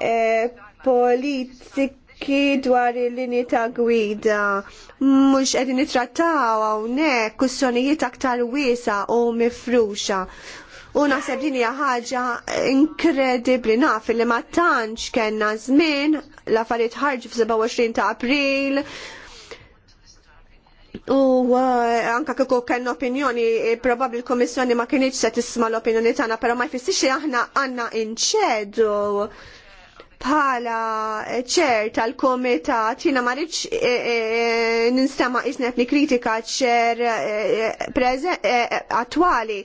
eh, politik ki dwar il-lini ta' gwida mux edin nitrattaw għawnek kussonijiet aktar wisa u mifruxa. U naħseb din hija ħaġa inkredibbli naf li ma tantx kellna żmien l-affarijiet ħarġu f'27 ta' April U uh, anka kieku kellna opinjoni, eh, probabbli l-Komissjoni ma kienieċ se tisma' l-opinjoni tagħna, però ma jfissirx li aħna għandna inċedu bħala ċer tal-komitat jiena ma rridx e, e, kritika ċer attwali.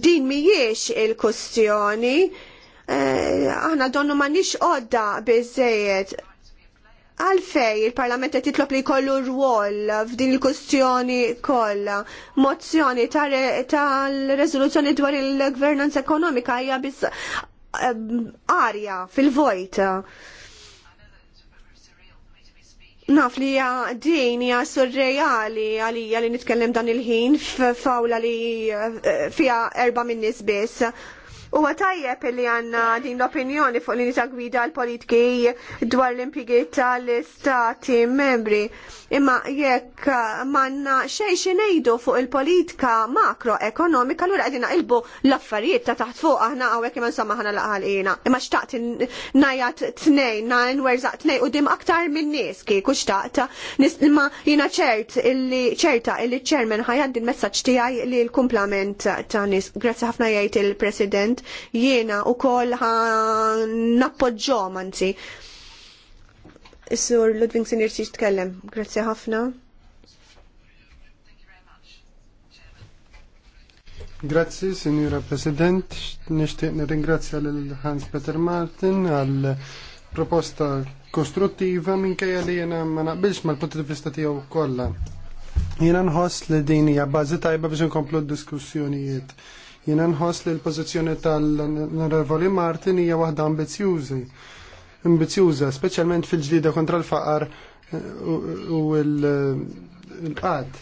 Din mhijiex il-kustjoni aħna donnu ma nix odda bizzejiet għalfej il-Parlament qed jitlob li jkollu rwol f'din il-kustjoni kollha. Mozzjoni tal-reżoluzzjoni dwar il-gvernanza ekonomika hija biss ehm, arja fil-vojt. Naf li hija din hija surreali għalija li nitkellem dan il-ħin f'awla li eh, fiha erba' min nies biss U għatajjeb li għanna din l-opinjoni fuq l-inita gwida l-politiki dwar l impigiet tal-istati membri. Imma jekk uh, manna xej xinejdu fuq il-politika makroekonomika l għedina ilbu l-affarijiet ta' taħt fuq aħna jek imma samma ħana laqħalina. Imma xtaqt najat t-nejn, najn werzaq t-nejn u dim aktar minn nies ku xtaqt. Imma jina ċert illi ċerta illi ċermen ħajan din messaċ tijaj li l-kumplament ta' nis. Grazie ħafna jajt il-president jiena u kol nappoġġom anzi Is-sur Sinir irċi tkellem. Grazzi ħafna. Grazzi, Signora President. Nishtiq nirringrazzja lil Hans Peter Martin għal proposta kostruttiva minkejja li jena ma naqbilx mal-punti di vista tiegħu kollha. Jena nħoss li din hija bażi tajba biex nkomplu d-diskussjonijiet Jiena nħoss li l-pozizjoni tal-Onorevoli Martin hija waħda ambizjużi imbizzjuża, speċjalment fil-ġlida kontra l-faqar eh, u eh, l-qad.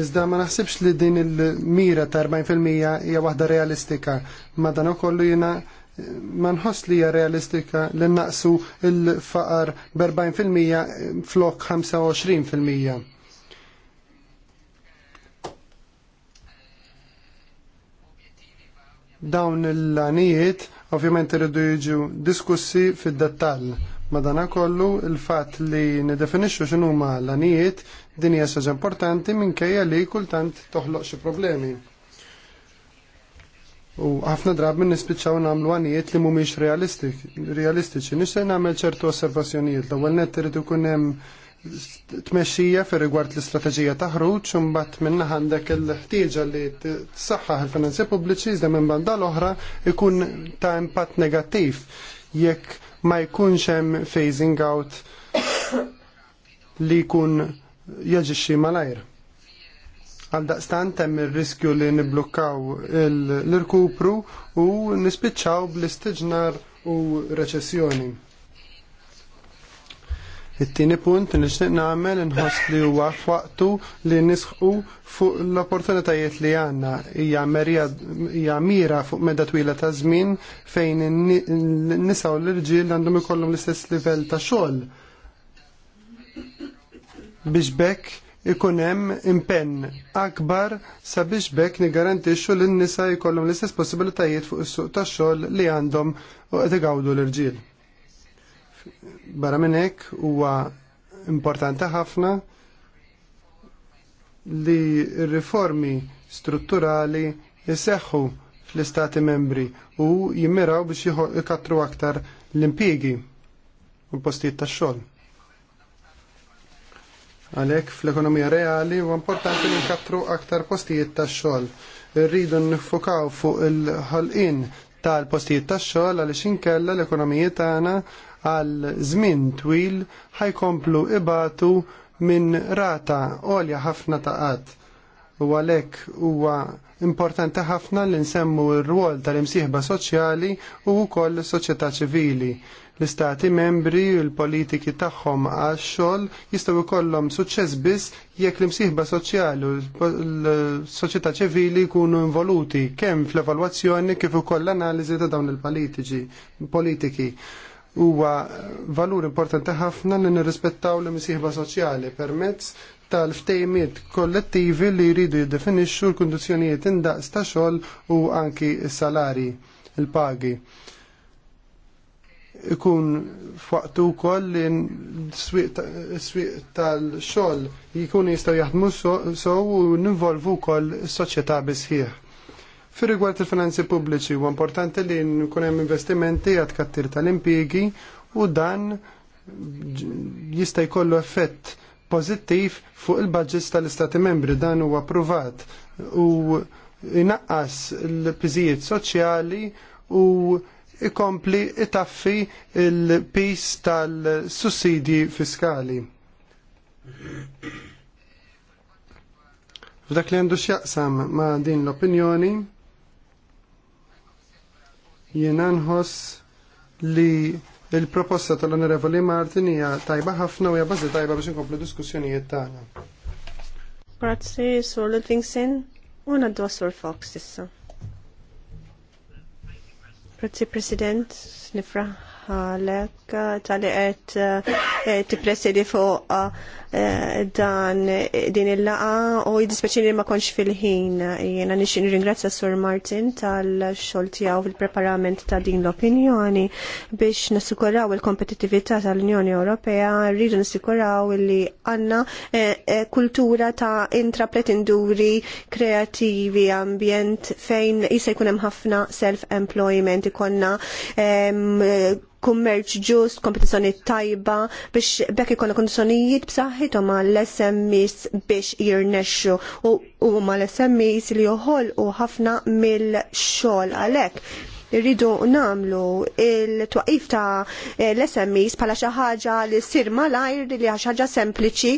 Iżda ma naħsibx li din il-mira ta' 40% hija waħda realistika. Madan ukollu jiena eh, ma nħoss li hija realistika li naqsu l faqar b'40% flok 25%. Dawn il-lanijiet ovvjament irridu jiġu diskussi fid-dettall. Madana kollu il-fat li nidefinixxu x'inhuma l-anijiet din hija xaġa importanti minkejja li kultant toħloq xi problemi. U ħafna drab minn nispiċċaw nagħmlu għanijiet li mhumiex realistiċi. Nixtieq nagħmel ċertu osservazzjonijiet. L-ewwel nett irid ikun hemm tmexxija fir rigward l-istrateġija ta' ħruġ u mbagħad minna għandek il-ħtieġa li tsaħħaħ il-finanzi pubbliċi iżda minn banda l-oħra ikun ta' impatt negattiv jekk ma jkunx hemm phasing out li jkun jaġixxi malajr. Għal daqstant hemm ir-riskju li niblukkaw l-irkupru u nispiċċaw bl-istiġnar u reċessjoni. It-tieni punt li nixtieq nagħmel inħoss li huwa f'waqtu li nisħu fuq l-opportunitajiet li għandna hija mira fuq medda twila ta' żmien fejn in-nisa u l-irġiel għandhom ikollhom l-istess livell ta' xogħol. Biex bekk ikun hemm impenn akbar sabiex bekk nigarantixxu lin nisa jkollhom l-istess possibilitajiet fuq is-suq tax-xogħol li għandhom u qed igawdu l-irġiel. Barra minn hekk huwa importanti ħafna li r-riformi strutturali jseħħu fl-istati membri u jimmiraw biex jikattru aktar l-impjiegi u postijiet tax-xogħol. Għalhekk fl-ekonomija reali huwa importanti li nkattru aktar postijiet tax-xogħol. Irridu nifukaw fuq il-ħolqien tal-postijiet tax-xogħol għaliex inkella l-ekonomija tagħna għal żmien twil ħajkomplu ibatu minn rata għolja ħafna ta' qatt. U għalhekk huwa importanti ħafna li nsemmu r-rwol tal-imsieħba soċjali u wkoll soċjetà ċivili. L-istati membri u l-politiki tagħhom għax-xogħol jistgħu jkollhom suċċess biss jekk l-imsieħba soċjali u l-soċjetà ċivili jkunu involuti kemm fl-evalwazzjoni kif ukoll l-analiżi ta' dawn il-politiki huwa valur importanti ħafna li nirrispettaw l-imsieħba soċjali permezz tal-ftejmiet kollettivi li jridu jiddefinixxu l-kundizzjonijiet indaqs ta' xogħol u anki s-salari, il-pagi. Ikun f'waqtu wkoll li s-swieq tal-xogħol jkunu jistgħu jaħdmu sew u ninvolvu wkoll is-soċjetà bis-sħiħ. Fir rigward il-finanzi pubbliċi huwa importanti li nkun hemm investimenti għad kattir tal-impjiegi u dan jista' jkollu effett pożittiv fuq il-budgets tal-Istati membri dan huwa approvat u inaqqas l-piżijiet soċjali u ikompli itaffi il-pis tal-sussidji fiskali. F'dak li għandu x'jaqsam ma' din l-opinjoni, Jiena nħoss li il-proposta tal-Onorevoli Martin hija tajba ħafna u hija bażi tajba biex inkomplu diskussjonijiet tagħna. Grazzi, Sur Livingston, u naddu Sur Fox issa. Grazzi, President, nifraħalek tal-li qed eh, eh, tippresedi fuq eh, Eh, dan eh, din il-laqa u jiddispeċin li ma konx fil-ħin. Jena nixin ringrazzja Sur Martin tal-xol tiegħu fil-preparament ta' din l-opinjoni biex nasikuraw il-kompetitività tal-Unjoni Ewropea, rridu nassikuraw li għanna eh, kultura ta' intrapretenduri kreativi, ambjent fejn jisa jkun hemm ħafna self-employment, ikonna kummerċ ġust, kompetizzjoni tajba biex bekk ikollna kondizzjonijiet b'saħħithom għall-SMEs biex jirnexxu u huma l-SMEs li joħolqu ħafna mill-xogħol għalhekk. Irridu namlu il-twaqif ta' l-SMEs bħala xi ħaġa li ssir malajr li għax ħaġa sempliċi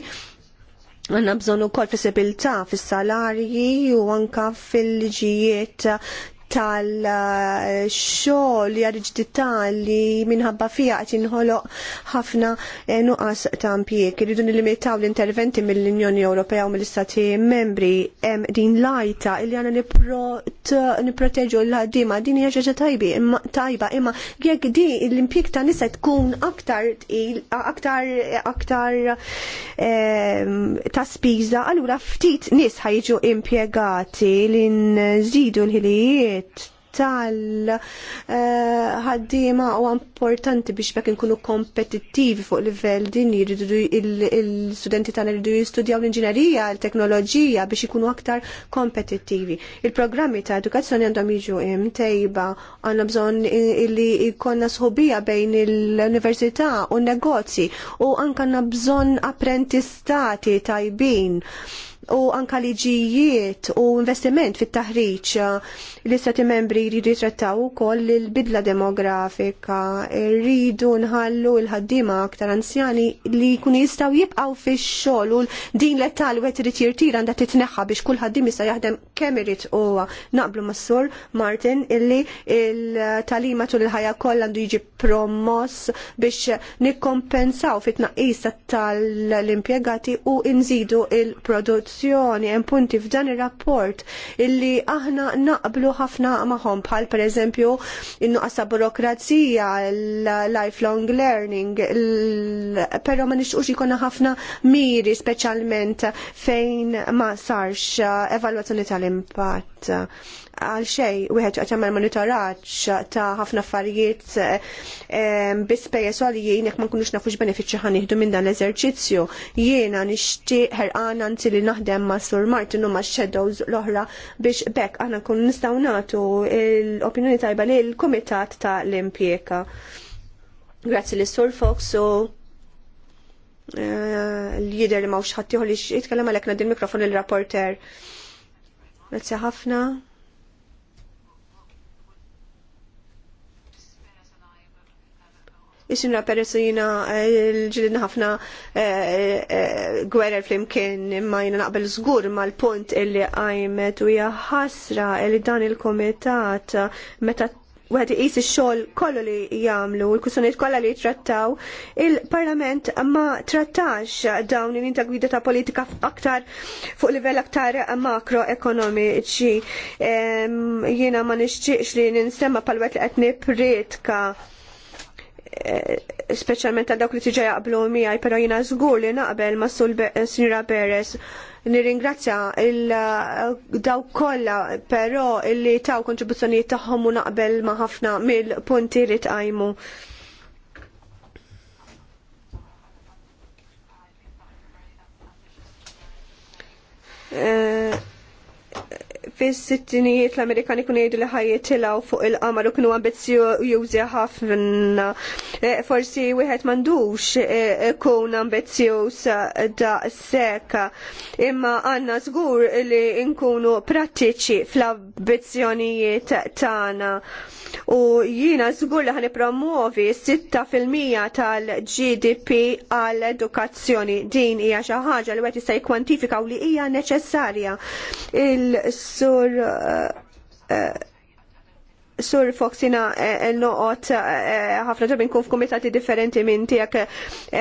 għanna bżonu kol flessibilità fis salarji u anka fil-liġijiet tal-xogħol ja riġdità li minħabba fija qed jinħoloq ħafna eh, nuqqas ta' impjieg. Irridu nilimitaw l-interventi mill-Unjoni Ewropea u mill-Istati Membri hemm din lajta li għandna nipproteġu l-ħaddiema din hija ħaġa tajbi imma tajba imma jekk di l-impjieg ta' nisa tkun aktar aktar aktar ehm, ta' spiża allura ftit nies ħajġu impjegati li nżidu l-ħilijiet id tal-ħaddima uh, u importanti biex bekk nkunu kompetittivi fuq livell din il-studenti tagħna jridu jistudjaw l-inġinerija, l-teknoloġija biex ikunu aktar kompetittivi. Il-programmi ta' edukazzjoni għandhom jiġu imtejba għandna bżonn li jkollna sħubija bejn l-università u n negozji u anke għandna bżonn apprentistati tajbin u anka liġijiet u investiment fit-taħriġ li stati membri jridu jitrattaw ukoll il-bidla demografika, rridu nħallu l-ħaddiema aktar anzjani li jkunu jistgħu jibqgħu fix-xogħol u din l-età li irid jirtira għandha titneħħa biex kull ħaddiem jista' jaħdem kemm irid huwa naqblu mas-sur Martin illi il-talima tul il-ħajja kollha għandu jiġi promoss biex nikkompensaw fit-tnaqqis tal-impjegati u nżidu il-prodott korruzzjoni hemm punti f'dan ir-rapport illi aħna naqblu ħafna magħhom bħal pereżempju in-nuqqas burokrazija, lifelong learning, però ma nixtiequx jkollna ħafna miri speċjalment fejn ma sarx evalwazzjoni tal-impatt għal xej, wieħed qed jagħmel monitoraġġ ta' ħafna affarijiet bi għal jien jekk ma nkunux nafux benefiċċji ħan nieħdu minn dan l-eżerċizzju. Jiena nixtieq ħerqan nti li naħdem ma' Sur Martin u ma' Shadows l-oħra biex bekk aħna nkun nistgħu nagħtu l-opinjoni tajba lil kumitat ta' l-impjeka. Grazzi li Sur Fox u eh, l-jider li mawx ħattijħu li xħitkallam għalek din mikrofon il-rapporter. Grazzi ħafna. Ixinra peressu jina eh, ġilidna ħafna eh, eh, gwerer flimkien imma jina naqbel zgur ma l-punt illi għajmet u jaħasra illi dan il-komitat meta għed jis il-xol kollu li jamlu, l-kusunit kolla li trattaw, il-parlament ma trattax dawn il-inta gwida ta' politika aktar fuq livell aktar makroekonomiċi. Jena ma nixċiqx li ninsemma pal-wet li għetni pritka Eh, specialment ta dawk li tiġa jaqblu miegħi, però jiena żgur li naqbel ma' sul eh, Sinjura Peres Nirringrazzja il-daw eh, kollha, però illi taw kontribuzzjonijiet tagħhom u naqbel ma' ħafna mill-punti li tqajmu. Uh, fis-sittinijiet l-Amerikani kun jgħidu li ħajjitilgħu fuq il-qamar u kienu ambizzjużi ħafna. E, forsi wieħed m'għandux e, ikun ambizzjuż daqshekk. Imma għandna żgur li nkunu prattiċi fl-ambizzjonijiet tagħna. U jiena żgur li ħanipromuovi 6% tal-GDP għall-edukazzjoni. Din hija xi ħaġa li wieħed jista' jikkwantifika u li hija neċessarja. Il Sur eh, eh, Sur Foxina eh, noqot ħafna ġabin kun komitati differenti minn tijak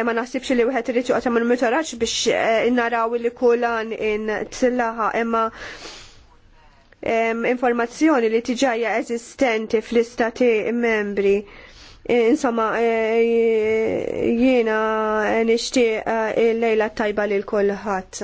ma naħsibx li wieħed irid joqgħod tagħmel monitoraġġ biex narawi li kulan in tillaħa imma informazzjoni li tiġajja eżistenti fl-istati membri. E, insomma, e, jiena nixtieq il-lejla tajba lil kulħadd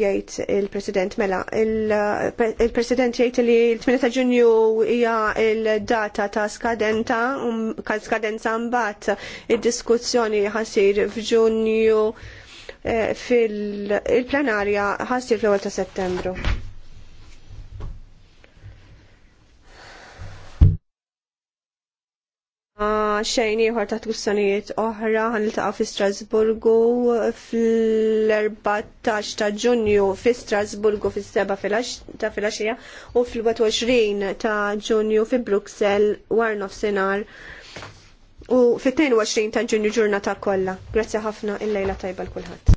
jgħid il-President mela. Il-President jgħid li l-8 ta' Ġunju hija il-data ta' skadenta, um, skadenza mbagħad id-diskussjoni ħasir f'Ġunju eh, fil-plenarja ħasir fl-ewwel ta' Settembru. xejn ieħor ta' twissonijiet oħra ħaniltaqa' fi Strasburgu fl-14 ta' Ġunju fi Strasburgu fis-7 ta' filgħaxija u fil-21 ta' Ġunju fi Bruxelles war nofsinhar u fit-22 ta' Ġunju ġurnata kollha. Grazzi ħafna il-lejla tajba l-kulħadd.